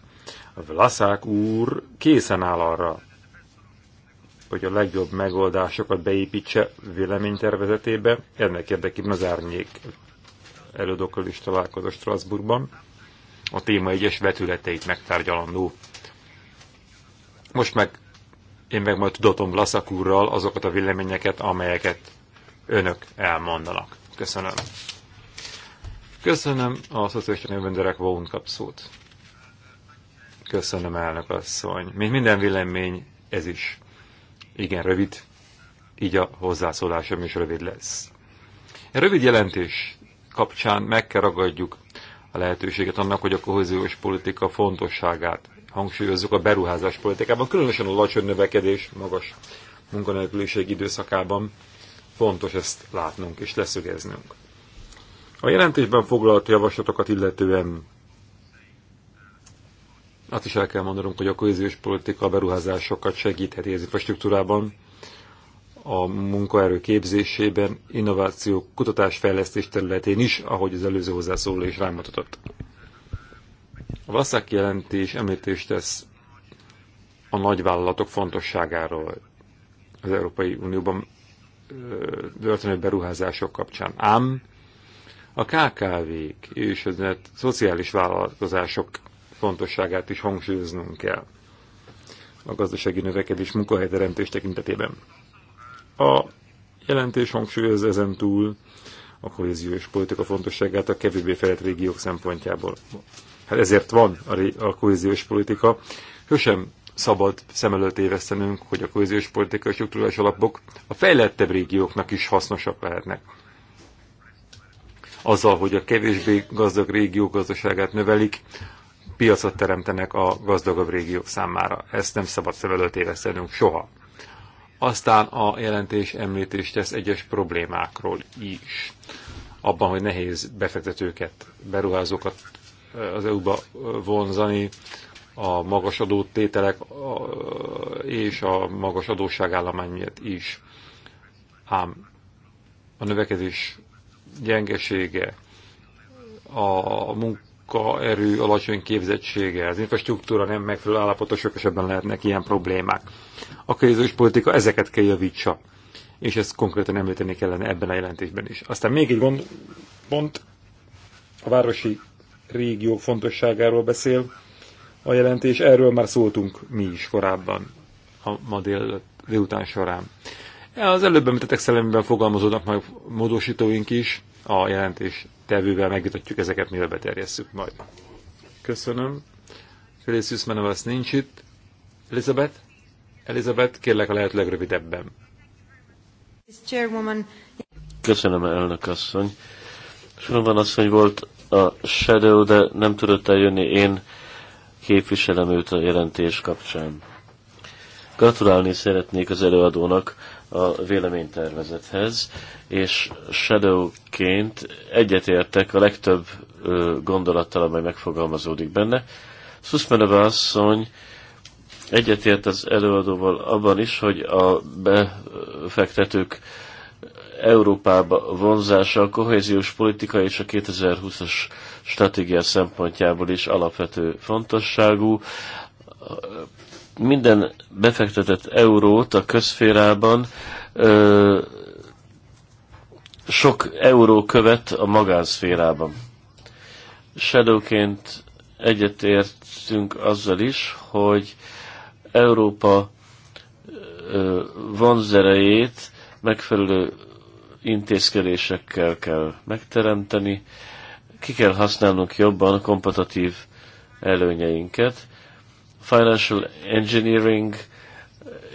A Vlaszák úr készen áll arra, hogy a legjobb megoldásokat beépítse véleménytervezetébe, ennek érdekében az árnyék előadókkal is találkozott Strasbourgban, a téma egyes vetületeit megtárgyalandó. Most meg én meg majd tudatom Laszak úrral azokat a véleményeket, amelyeket önök elmondanak. Köszönöm. Köszönöm a szociális nővenderek Vón kap szót. Köszönöm, elnök asszony. Mint minden vélemény, ez is igen rövid, így a hozzászólásom is rövid lesz. A rövid jelentés kapcsán meg kell ragadjuk a lehetőséget annak, hogy a kohéziós politika fontosságát hangsúlyozzuk a beruházás politikában, különösen a lacsony növekedés, magas munkanélküliség időszakában fontos ezt látnunk és leszögeznünk. A jelentésben foglalt javaslatokat illetően azt is el kell mondanunk, hogy a kohéziós politika beruházásokat segítheti az infrastruktúrában, a munkaerő képzésében, innováció, kutatás, fejlesztés területén is, ahogy az előző hozzászóló is rámutatott. A Vlaszák jelentés említést tesz a nagyvállalatok fontosságáról az Európai Unióban történő beruházások kapcsán. Ám a KKV-k és az szociális vállalkozások fontosságát is hangsúlyoznunk kell a gazdasági növekedés munkahelyteremtés tekintetében. A jelentés hangsúlyoz ezen túl a kohéziós politika fontosságát a kevésbé fejlett régiók szempontjából hát ezért van a, a kohéziós politika. Sosem szabad szem előtt évesztenünk, hogy a kohéziós és struktúrás alapok a fejlettebb régióknak is hasznosak lehetnek. Azzal, hogy a kevésbé gazdag régió gazdaságát növelik, piacot teremtenek a gazdagabb régiók számára. Ezt nem szabad szem előtt évesztenünk soha. Aztán a jelentés említést tesz egyes problémákról is. Abban, hogy nehéz befektetőket, beruházókat az EU-ba vonzani, a magas adótételek és a magas állomány miatt is. Ám a növekedés gyengesége, a munkaerő alacsony képzettsége, az infrastruktúra nem megfelelő állapota, sok esetben lehetnek ilyen problémák. A közös politika ezeket kell javítsa, és ezt konkrétan említeni kellene ebben a jelentésben is. Aztán még egy gond, pont, a városi régiók fontosságáról beszél a jelentés, erről már szóltunk mi is korábban, a ma délután dél során. Az előbb említettek szellemben fogalmazódnak majd módosítóink is, a jelentés tevővel megvitatjuk ezeket, mivel beterjesszük majd. Köszönöm. Felicius Menevas nincs itt. Elizabeth? Elizabeth, kérlek a lehető legrövidebben.
Köszönöm, elnök asszony. Sorban van asszony volt a Shadow, de nem tudott eljönni, én képviselem őt a jelentés kapcsán. Gratulálni szeretnék az előadónak a véleménytervezethez, és Shadowként egyetértek a legtöbb gondolattal, amely megfogalmazódik benne. Szuszmeneve asszony egyetért az előadóval abban is, hogy a befektetők Európába vonzása a kohéziós politika és a 2020-as stratégia szempontjából is alapvető fontosságú. Minden befektetett eurót a közférában ö, sok euró követ a magánszférában. Shadowként egyetértünk azzal is, hogy Európa vonzerejét megfelelő intézkedésekkel kell megteremteni, ki kell használnunk jobban a kompetitív előnyeinket. Financial engineering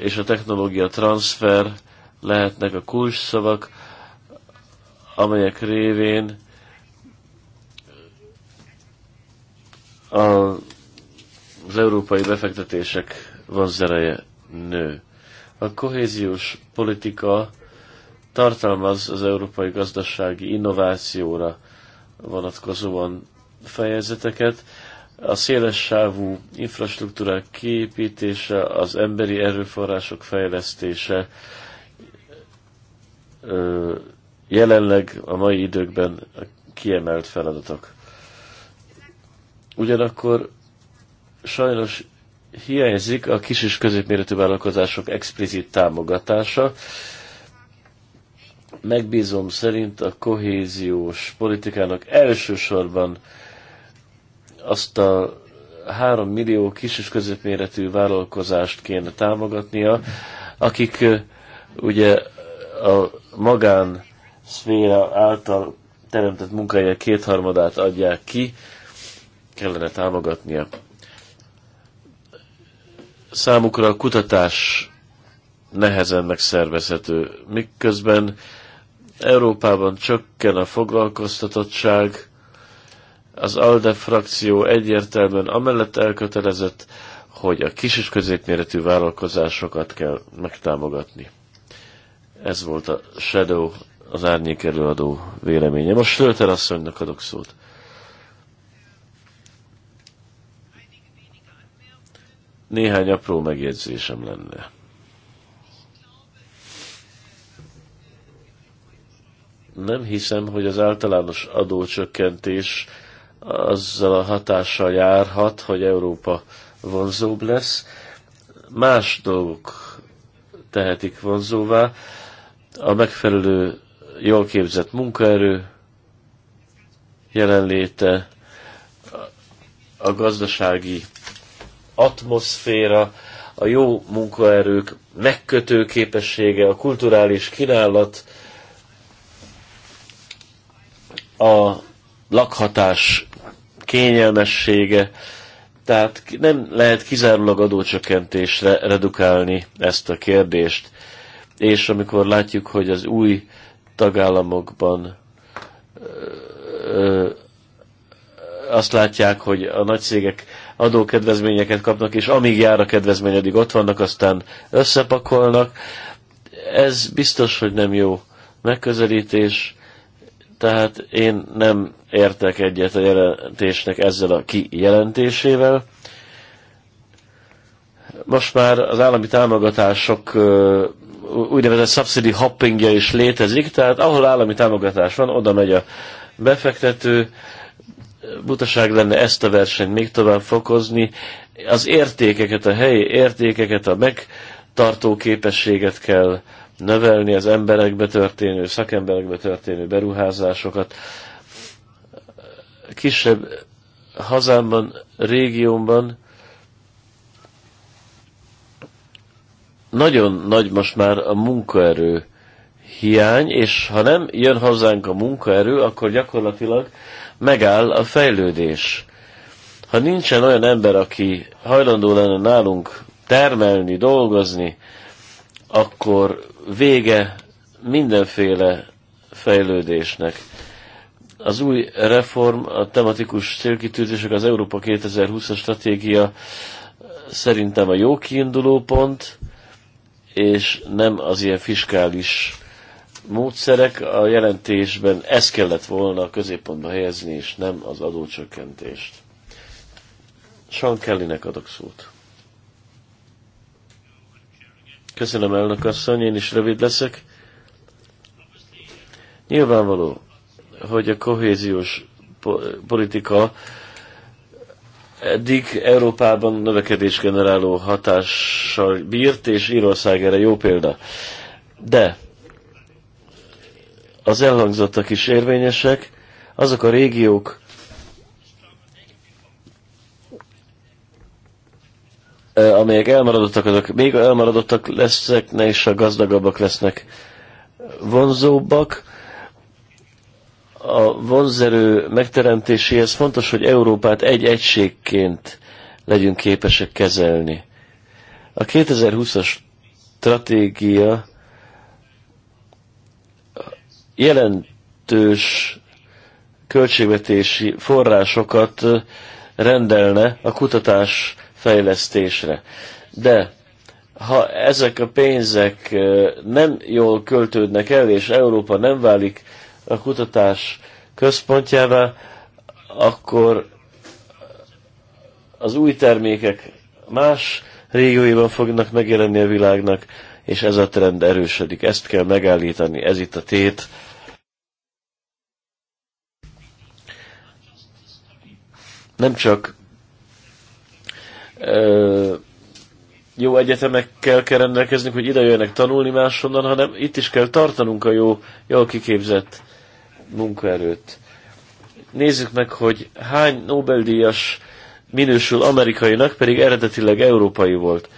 és a technológia transfer lehetnek a kulcsszavak, amelyek révén az európai befektetések vonzereje nő. A kohéziós politika tartalmaz az európai gazdasági innovációra vonatkozóan fejezeteket. A széles sávú infrastruktúrák kiépítése, az emberi erőforrások fejlesztése jelenleg a mai időkben kiemelt feladatok. Ugyanakkor sajnos hiányzik a kis és középméretű vállalkozások explicit támogatása, megbízom szerint a kohéziós politikának elsősorban azt a három millió kis és középméretű vállalkozást kéne támogatnia, akik ugye a magán szféra által teremtett munkája kétharmadát adják ki, kellene támogatnia. Számukra a kutatás nehezen megszervezhető, miközben Európában csökken a foglalkoztatottság, az ALDE frakció egyértelműen amellett elkötelezett, hogy a kis és középméretű vállalkozásokat kell megtámogatni. Ez volt a Shadow, az árnyék előadó véleménye. Most Sölter asszonynak adok szót. Néhány apró megjegyzésem lenne. nem hiszem, hogy az általános adócsökkentés azzal a hatással járhat, hogy Európa vonzóbb lesz. Más dolgok tehetik vonzóvá. A megfelelő, jól képzett munkaerő jelenléte, a gazdasági atmoszféra, a jó munkaerők megkötő képessége, a kulturális kínálat, a lakhatás kényelmessége, tehát nem lehet kizárólag adócsökkentésre redukálni ezt a kérdést. És amikor látjuk, hogy az új tagállamokban ö, azt látják, hogy a nagy cégek adókedvezményeket kapnak, és amíg jár a kedvezmény, addig ott vannak, aztán összepakolnak. Ez biztos, hogy nem jó megközelítés. Tehát én nem értek egyet a jelentésnek ezzel a kijelentésével. Most már az állami támogatások úgynevezett subsidy hoppingja is létezik, tehát ahol állami támogatás van, oda megy a befektető, butaság lenne ezt a versenyt még tovább fokozni, az értékeket, a helyi értékeket, a megtartó képességet kell növelni az emberekbe történő, szakemberekbe történő beruházásokat. Kisebb hazámban, régiómban nagyon nagy most már a munkaerő hiány, és ha nem jön hazánk a munkaerő, akkor gyakorlatilag megáll a fejlődés. Ha nincsen olyan ember, aki hajlandó lenne nálunk termelni, dolgozni, akkor vége mindenféle fejlődésnek. Az új reform, a tematikus célkitűzések, az Európa 2020-as stratégia szerintem a jó kiinduló pont, és nem az ilyen fiskális módszerek. A jelentésben ezt kellett volna a középpontba helyezni, és nem az adócsökkentést. Sean Kellynek adok szót. Köszönöm, elnök asszony, én is rövid leszek. Nyilvánvaló, hogy a kohéziós politika eddig Európában növekedés generáló hatással bírt, és Írország erre jó példa. De az elhangzottak is érvényesek, azok a régiók, amelyek elmaradottak, azok még elmaradottak lesznek, is a gazdagabbak lesznek vonzóbbak. A vonzerő megteremtéséhez fontos, hogy Európát egy egységként legyünk képesek kezelni. A 2020-as stratégia jelentős költségvetési forrásokat rendelne a kutatás fejlesztésre. De ha ezek a pénzek nem jól költődnek el, és Európa nem válik a kutatás központjává, akkor az új termékek más régióiban fognak megjelenni a világnak, és ez a trend erősödik. Ezt kell megállítani, ez itt a tét. Nem csak jó egyetemekkel kell rendelkeznünk, hogy ide jöjjenek tanulni máshonnan, hanem itt is kell tartanunk a jó, jól kiképzett munkaerőt. Nézzük meg, hogy hány Nobel-díjas minősül amerikainak, pedig eredetileg európai volt.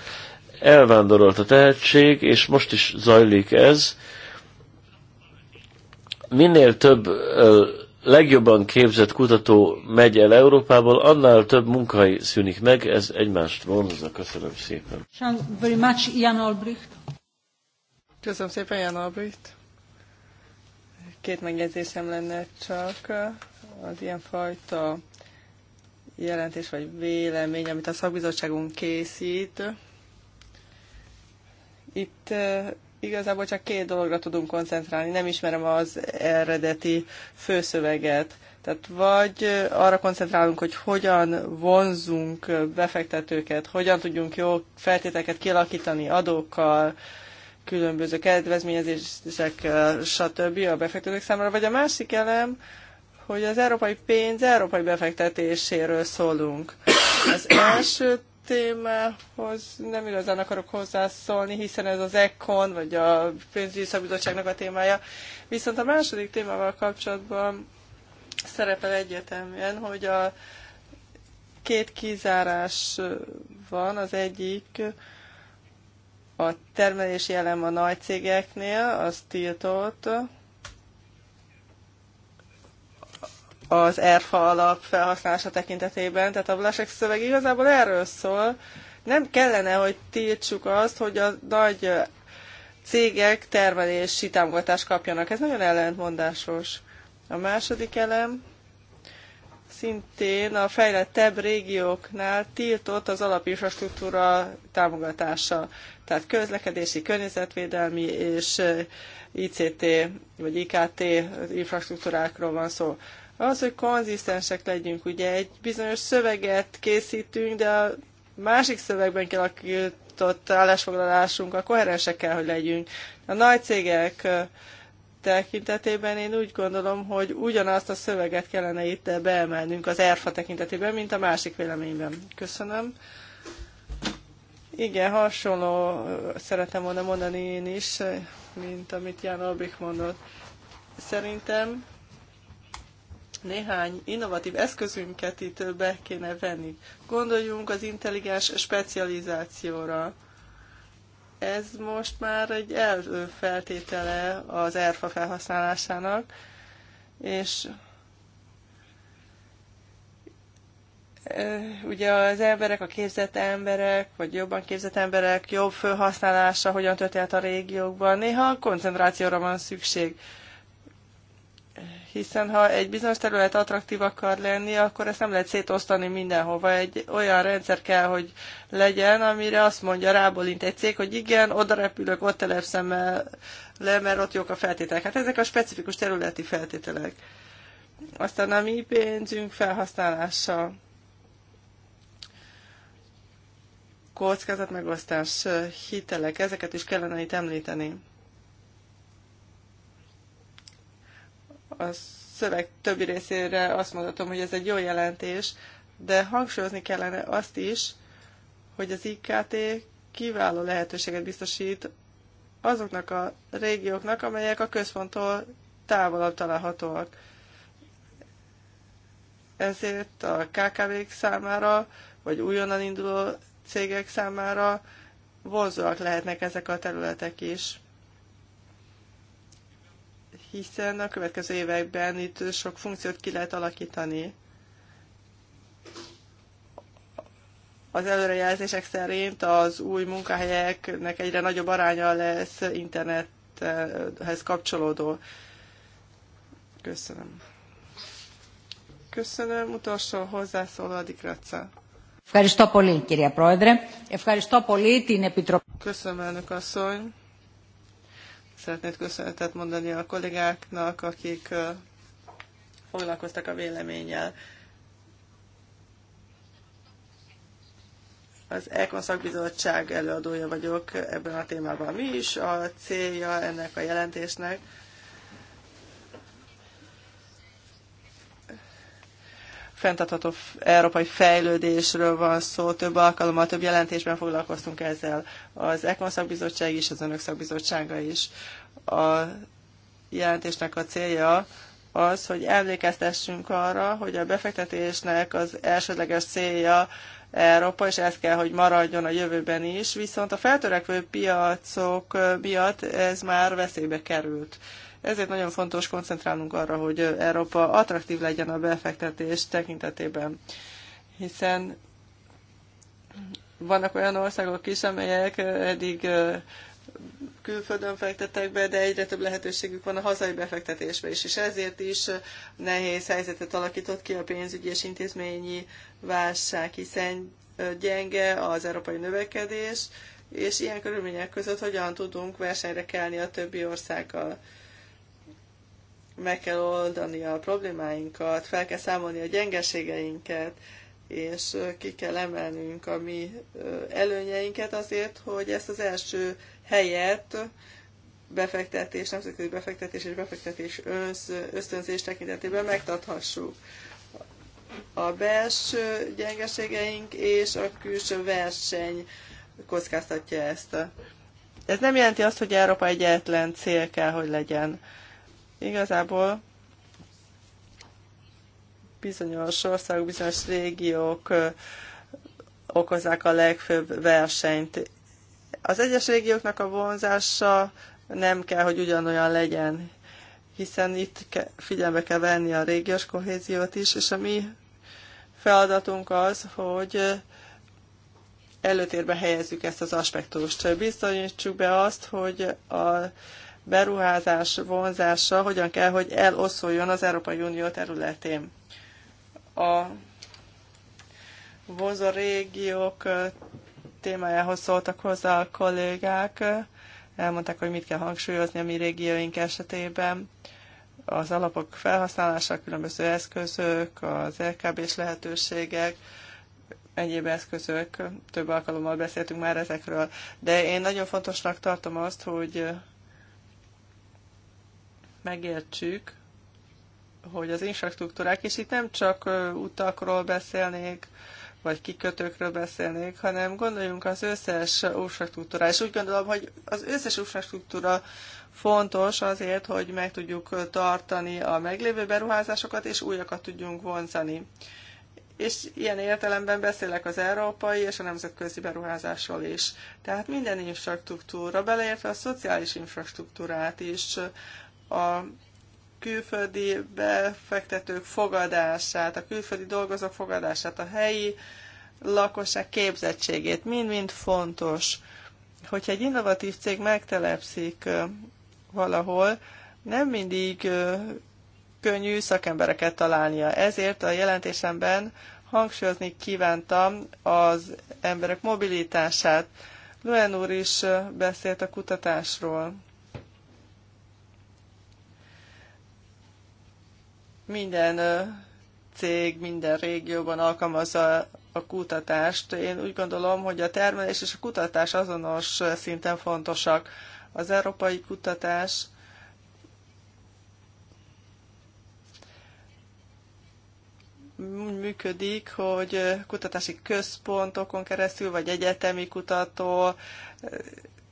Elvándorolt a tehetség, és most is zajlik ez. Minél több legjobban képzett kutató megy el Európából, annál több munkai szűnik meg, ez egymást vonzza. Köszönöm szépen.
Köszönöm szépen, Jan Albrecht. Két megjegyzésem lenne csak az ilyenfajta jelentés vagy vélemény, amit a szakbizottságunk készít. Itt Igazából csak két dologra tudunk koncentrálni, nem ismerem az eredeti főszöveget. Tehát vagy arra koncentrálunk, hogy hogyan vonzunk befektetőket, hogyan tudjunk jó feltételeket kialakítani adókkal, különböző kedvezményezések, stb. a befektetők számára, vagy a másik elem, hogy az európai pénz európai befektetéséről szólunk. Az első témához nem igazán akarok hozzászólni, hiszen ez az ECON, vagy a pénzügyi szabadságnak a témája. Viszont a második témával kapcsolatban szerepel egyértelműen, hogy a két kizárás van, az egyik a termelési elem a nagy cégeknél, az tiltott, az ERFA alap felhasználása tekintetében. Tehát a Vlasek szöveg igazából erről szól. Nem kellene, hogy tiltsuk azt, hogy a nagy cégek termelési támogatást kapjanak. Ez nagyon ellentmondásos. A második elem szintén a fejlettebb régióknál tiltott az alapinfrastruktúra támogatása, tehát közlekedési, környezetvédelmi és eh, ICT vagy IKT infrastruktúrákról van szó. Az, hogy konzisztensek legyünk, ugye egy bizonyos szöveget készítünk, de a másik szövegben kell a kiutott állásfoglalásunk, a koherensek kell, hogy legyünk. A nagy cégek tekintetében én úgy gondolom, hogy ugyanazt a szöveget kellene itt beemelnünk az ERFA tekintetében, mint a másik véleményben. Köszönöm. Igen, hasonló szeretem volna mondani én is, mint amit Jan Albik mondott. Szerintem néhány innovatív eszközünket itt be kéne venni. Gondoljunk az intelligens specializációra. Ez most már egy elfeltétele az ERFA felhasználásának, és ugye az emberek, a képzett emberek, vagy jobban képzett emberek jobb felhasználása hogyan történt a régiókban. Néha koncentrációra van szükség hiszen ha egy bizonyos terület attraktív akar lenni, akkor ezt nem lehet szétosztani mindenhova. Egy olyan rendszer kell, hogy legyen, amire azt mondja, rábólint egy cég, hogy igen, oda repülök, ott telepszem el, le, mert ott jók a feltételek. Hát ezek a specifikus területi feltételek. Aztán a mi pénzünk felhasználása, megosztás, hitelek, ezeket is kellene itt említeni. a szöveg többi részére azt mondhatom, hogy ez egy jó jelentés, de hangsúlyozni kellene azt is, hogy az IKT kiváló lehetőséget biztosít azoknak a régióknak, amelyek a központtól távolabb találhatóak. Ezért a KKV-k számára, vagy újonnan induló cégek számára vonzóak lehetnek ezek a területek is hiszen a következő években itt sok funkciót ki lehet alakítani. Az előrejelzések szerint az új munkahelyeknek egyre nagyobb aránya lesz internethez kapcsolódó. Köszönöm. Köszönöm. Utolsó hozzászóló a Dikraca. Köszönöm, elnök asszony. Szeretnék köszönetet mondani a kollégáknak, akik foglalkoztak a véleménnyel. az Ekon szakbizottság előadója vagyok ebben a témában. Mi is a célja ennek a jelentésnek? fenntartható európai fejlődésről van szó, több alkalommal, több jelentésben foglalkoztunk ezzel. Az ECON szakbizottság is, az önök szakbizottsága is. A jelentésnek a célja az, hogy emlékeztessünk arra, hogy a befektetésnek az elsődleges célja Európa, és ez kell, hogy maradjon a jövőben is, viszont a feltörekvő piacok miatt ez már veszélybe került. Ezért nagyon fontos koncentrálnunk arra, hogy Európa attraktív legyen a befektetés tekintetében, hiszen vannak olyan országok is, amelyek eddig külföldön fektettek be, de egyre több lehetőségük van a hazai befektetésbe is, és ezért is nehéz helyzetet alakított ki a pénzügyi és intézményi válság, hiszen gyenge az európai növekedés, és ilyen körülmények között hogyan tudunk versenyre kelni a többi országgal meg kell oldani a problémáinkat, fel kell számolni a gyengeségeinket, és ki kell emelnünk a mi előnyeinket azért, hogy ezt az első helyet befektetés, nemzetközi befektetés és befektetés ösztönzés tekintetében megtarthassuk. A belső gyengeségeink és a külső verseny kockáztatja ezt. Ez nem jelenti azt, hogy Európa egyetlen cél kell, hogy legyen. Igazából bizonyos országok, bizonyos régiók okozzák a legfőbb versenyt. Az egyes régióknak a vonzása nem kell, hogy ugyanolyan legyen, hiszen itt figyelme kell venni a régiós kohéziót is, és a mi feladatunk az, hogy előtérbe helyezzük ezt az aspektust. Bizonyítsuk be azt, hogy a beruházás vonzása hogyan kell, hogy eloszoljon az Európai Unió területén. A vonzó régiók témájához szóltak hozzá a kollégák, elmondták, hogy mit kell hangsúlyozni a mi régióink esetében. Az alapok felhasználása, a különböző eszközök, az lkb és lehetőségek, egyéb eszközök, több alkalommal beszéltünk már ezekről, de én nagyon fontosnak tartom azt, hogy megértsük, hogy az infrastruktúrák, és itt nem csak utakról beszélnék, vagy kikötőkről beszélnék, hanem gondoljunk az összes infrastruktúra. És úgy gondolom, hogy az összes infrastruktúra fontos azért, hogy meg tudjuk tartani a meglévő beruházásokat, és újakat tudjunk vonzani. És ilyen értelemben beszélek az európai és a nemzetközi beruházásról is. Tehát minden infrastruktúra, beleértve a szociális infrastruktúrát is, a külföldi befektetők fogadását, a külföldi dolgozók fogadását, a helyi lakosság képzettségét, mind-mind fontos. Hogyha egy innovatív cég megtelepszik valahol, nem mindig könnyű szakembereket találnia. Ezért a jelentésemben hangsúlyozni kívántam az emberek mobilitását. Luen úr is beszélt a kutatásról. Minden cég, minden régióban alkalmazza a kutatást. Én úgy gondolom, hogy a termelés és a kutatás azonos szinten fontosak. Az európai kutatás úgy működik, hogy kutatási központokon keresztül, vagy egyetemi kutató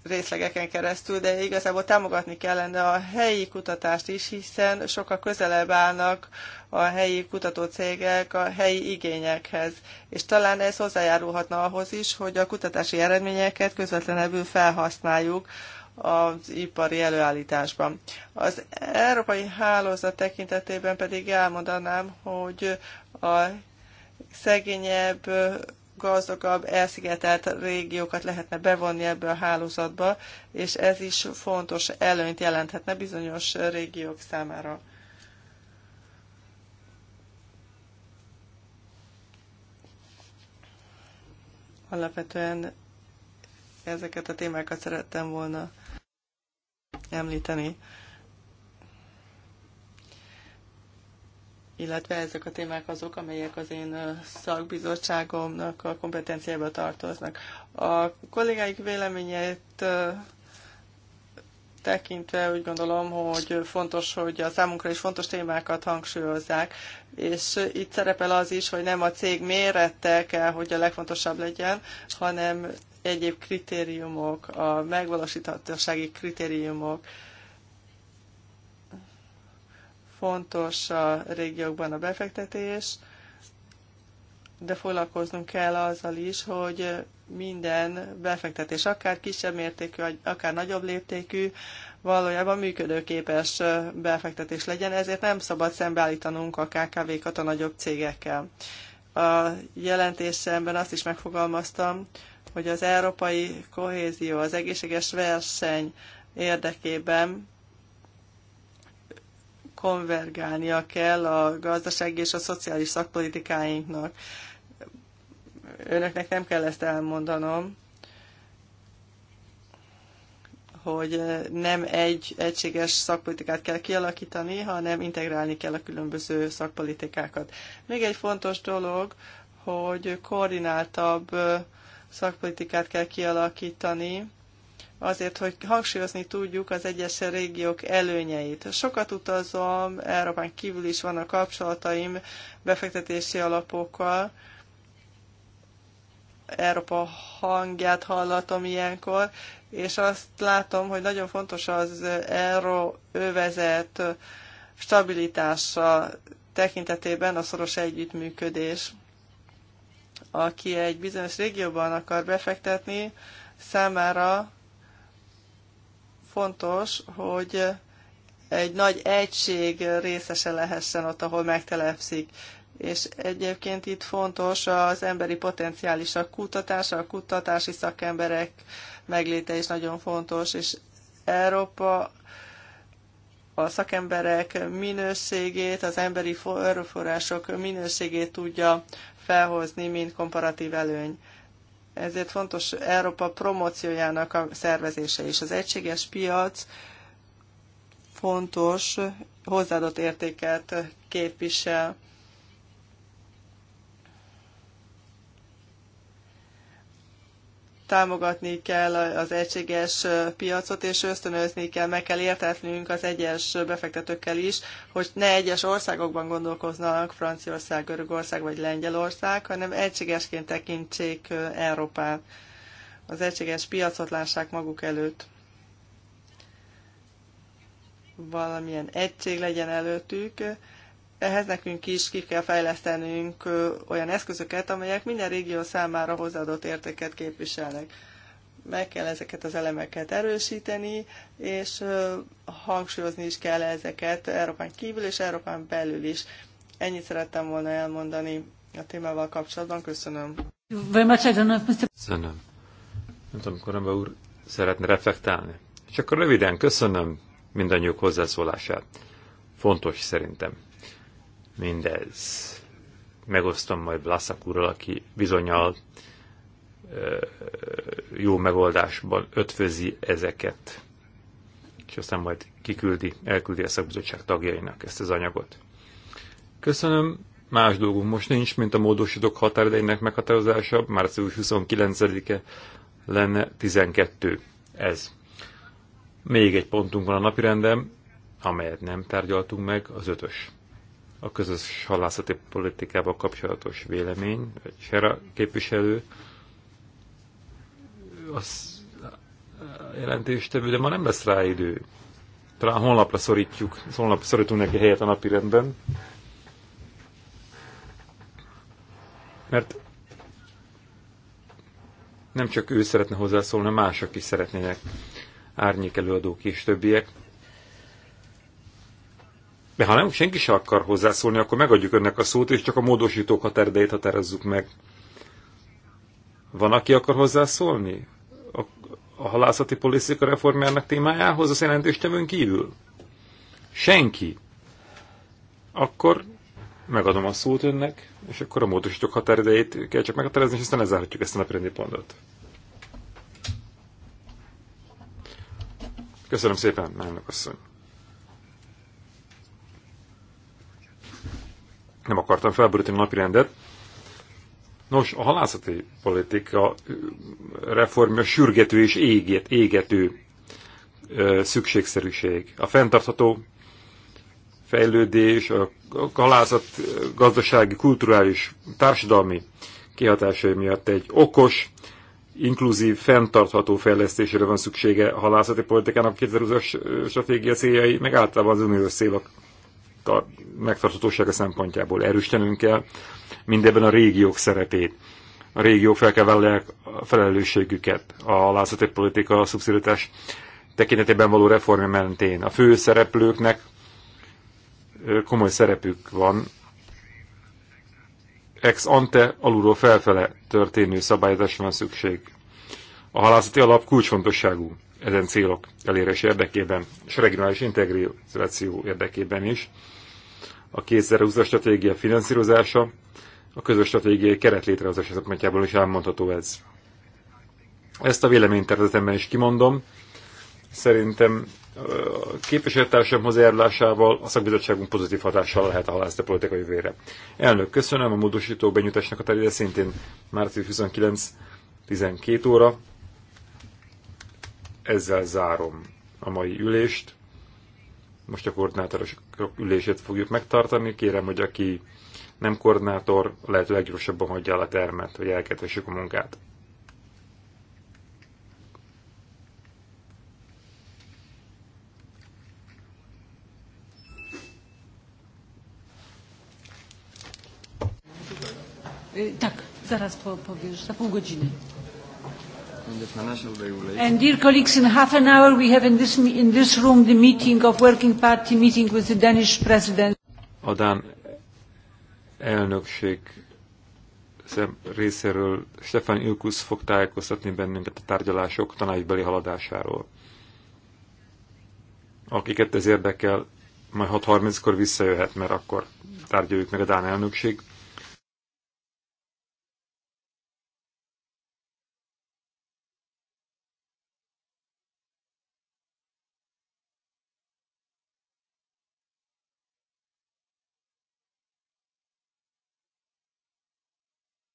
részlegeken keresztül, de igazából támogatni kellene a helyi kutatást is, hiszen sokkal közelebb állnak a helyi kutatócégek a helyi igényekhez. És talán ez hozzájárulhatna ahhoz is, hogy a kutatási eredményeket közvetlenebbül felhasználjuk az ipari előállításban. Az európai hálózat tekintetében pedig elmondanám, hogy a szegényebb gazdagabb, elszigetelt régiókat lehetne bevonni ebbe a hálózatba, és ez is fontos előnyt jelenthetne bizonyos régiók számára. Alapvetően ezeket a témákat szerettem volna említeni. illetve ezek a témák azok, amelyek az én szakbizottságomnak a kompetenciába tartoznak. A kollégáik véleményét tekintve úgy gondolom, hogy fontos, hogy a számunkra is fontos témákat hangsúlyozzák, és itt szerepel az is, hogy nem a cég mérete kell, hogy a legfontosabb legyen, hanem egyéb kritériumok, a megvalósíthatósági kritériumok, Fontos a régiókban a befektetés, de foglalkoznunk kell azzal is, hogy minden befektetés, akár kisebb mértékű, akár nagyobb léptékű, valójában működőképes befektetés legyen, ezért nem szabad szembeállítanunk a KKV-kat a nagyobb cégekkel. A jelentésemben azt is megfogalmaztam, hogy az európai kohézió, az egészséges verseny érdekében konvergálnia kell a gazdasági és a szociális szakpolitikáinknak. Önöknek nem kell ezt elmondanom, hogy nem egy egységes szakpolitikát kell kialakítani, hanem integrálni kell a különböző szakpolitikákat. Még egy fontos dolog, hogy koordináltabb szakpolitikát kell kialakítani, azért, hogy hangsúlyozni tudjuk az egyes régiók előnyeit. Sokat utazom, Európán kívül is vannak kapcsolataim befektetési alapokkal, Európa hangját hallatom ilyenkor, és azt látom, hogy nagyon fontos az euró övezet stabilitása tekintetében a szoros együttműködés. Aki egy bizonyos régióban akar befektetni, számára fontos, hogy egy nagy egység részese lehessen ott, ahol megtelepszik. És egyébként itt fontos az emberi potenciális a kutatás, a kutatási szakemberek megléte is nagyon fontos, és Európa a szakemberek minőségét, az emberi erőforrások minőségét tudja felhozni, mint komparatív előny ezért fontos Európa promóciójának a szervezése is. Az egységes piac fontos hozzáadott értéket képvisel támogatni kell az egységes piacot, és ösztönözni kell, meg kell értetnünk az egyes befektetőkkel is, hogy ne egyes országokban gondolkoznak, Franciaország, Görögország vagy Lengyelország, hanem egységesként tekintsék Európát. Az egységes piacot lássák maguk előtt. Valamilyen egység legyen előttük, ehhez nekünk is ki kell fejlesztenünk olyan eszközöket, amelyek minden régió számára hozzáadott értéket képviselnek. Meg kell ezeket az elemeket erősíteni, és hangsúlyozni is kell ezeket Európán kívül és Európán belül is. Ennyit szerettem volna elmondani a témával kapcsolatban. Köszönöm.
Köszönöm. Nem tudom, Koramba úr szeretne reflektálni. Csak röviden köszönöm mindannyiuk hozzászólását. Fontos szerintem mindez. Megosztom majd Blaszak úrral, aki bizonyal jó megoldásban ötvözi ezeket. És aztán majd kiküldi, elküldi a szakbizottság tagjainak ezt az anyagot. Köszönöm, más dolgunk most nincs, mint a módosítók határidejének meghatározása, március 29-e lenne 12. Ez. Még egy pontunk van a napirendem, amelyet nem tárgyaltunk meg, az ötös a közös halászati politikával kapcsolatos vélemény, Sera képviselő, az jelentéstevő, de ma nem lesz rá idő. Talán honlapra szorítjuk, honlapra szorítunk neki helyet a napi rendben. Mert nem csak ő szeretne hozzászólni, mások is szeretnének, árnyék előadók és többiek. De ha nem, senki sem akar hozzászólni, akkor megadjuk önnek a szót, és csak a módosítók határidejét határozzuk meg. Van, aki akar hozzászólni? A, a halászati politika reformjának témájához az jelentőstevőn kívül? Senki. Akkor megadom a szót önnek, és akkor a módosítók határidejét kell csak meghatározni, és aztán lezárhatjuk ezt a napirendi pontot. Köszönöm szépen, elnök asszony. nem akartam felborítani a napirendet. Nos, a halászati politika reformja sürgető és éget, égető szükségszerűség. A fenntartható fejlődés, a halászat gazdasági, kulturális, társadalmi kihatásai miatt egy okos, inkluzív, fenntartható fejlesztésére van szüksége a halászati politikának 2020-as stratégia céljai, meg általában az uniós célok a megtarthatósága szempontjából erősítenünk kell mindebben a régiók szerepét. A régiók fel kell vállalják a felelősségüket a lázati politika, a szubszidiaritás tekintetében való reform mentén. A fő szereplőknek komoly szerepük van ex ante alulról felfele történő szabályozásra van szükség. A halászati alap kulcsfontosságú ezen célok elérés érdekében, és a regionális integráció érdekében is a 2020 stratégia finanszírozása, a közös stratégiai keret létrehozása szakmátjából is elmondható ez. Ezt a véleménytervezetemben is kimondom. Szerintem a képviselőtársam hozzájárulásával a szakbizottságunk pozitív hatással lehet a halászta politikai vére. Elnök, köszönöm a módosító benyújtásnak a terület szintén március 29 12 óra. Ezzel zárom a mai ülést. Most a koordinátoros ülését fogjuk megtartani. Kérem, hogy aki nem koordinátor, lehet leggyorsabban hagyja el a termet, hogy elkezdhessük a munkát.
Tak, zaraz po, powiesz, za pół godziny. And dear colleagues, in half an hour we have in this, in this room the meeting of working party meeting with the Danish president.
A elnökség részéről Stefan Ilkusz fog tájékoztatni bennünket a tárgyalások tanácsbeli haladásáról. Akiket ez érdekel, majd 6.30-kor visszajöhet, mert akkor tárgyaljuk meg a Dán elnökség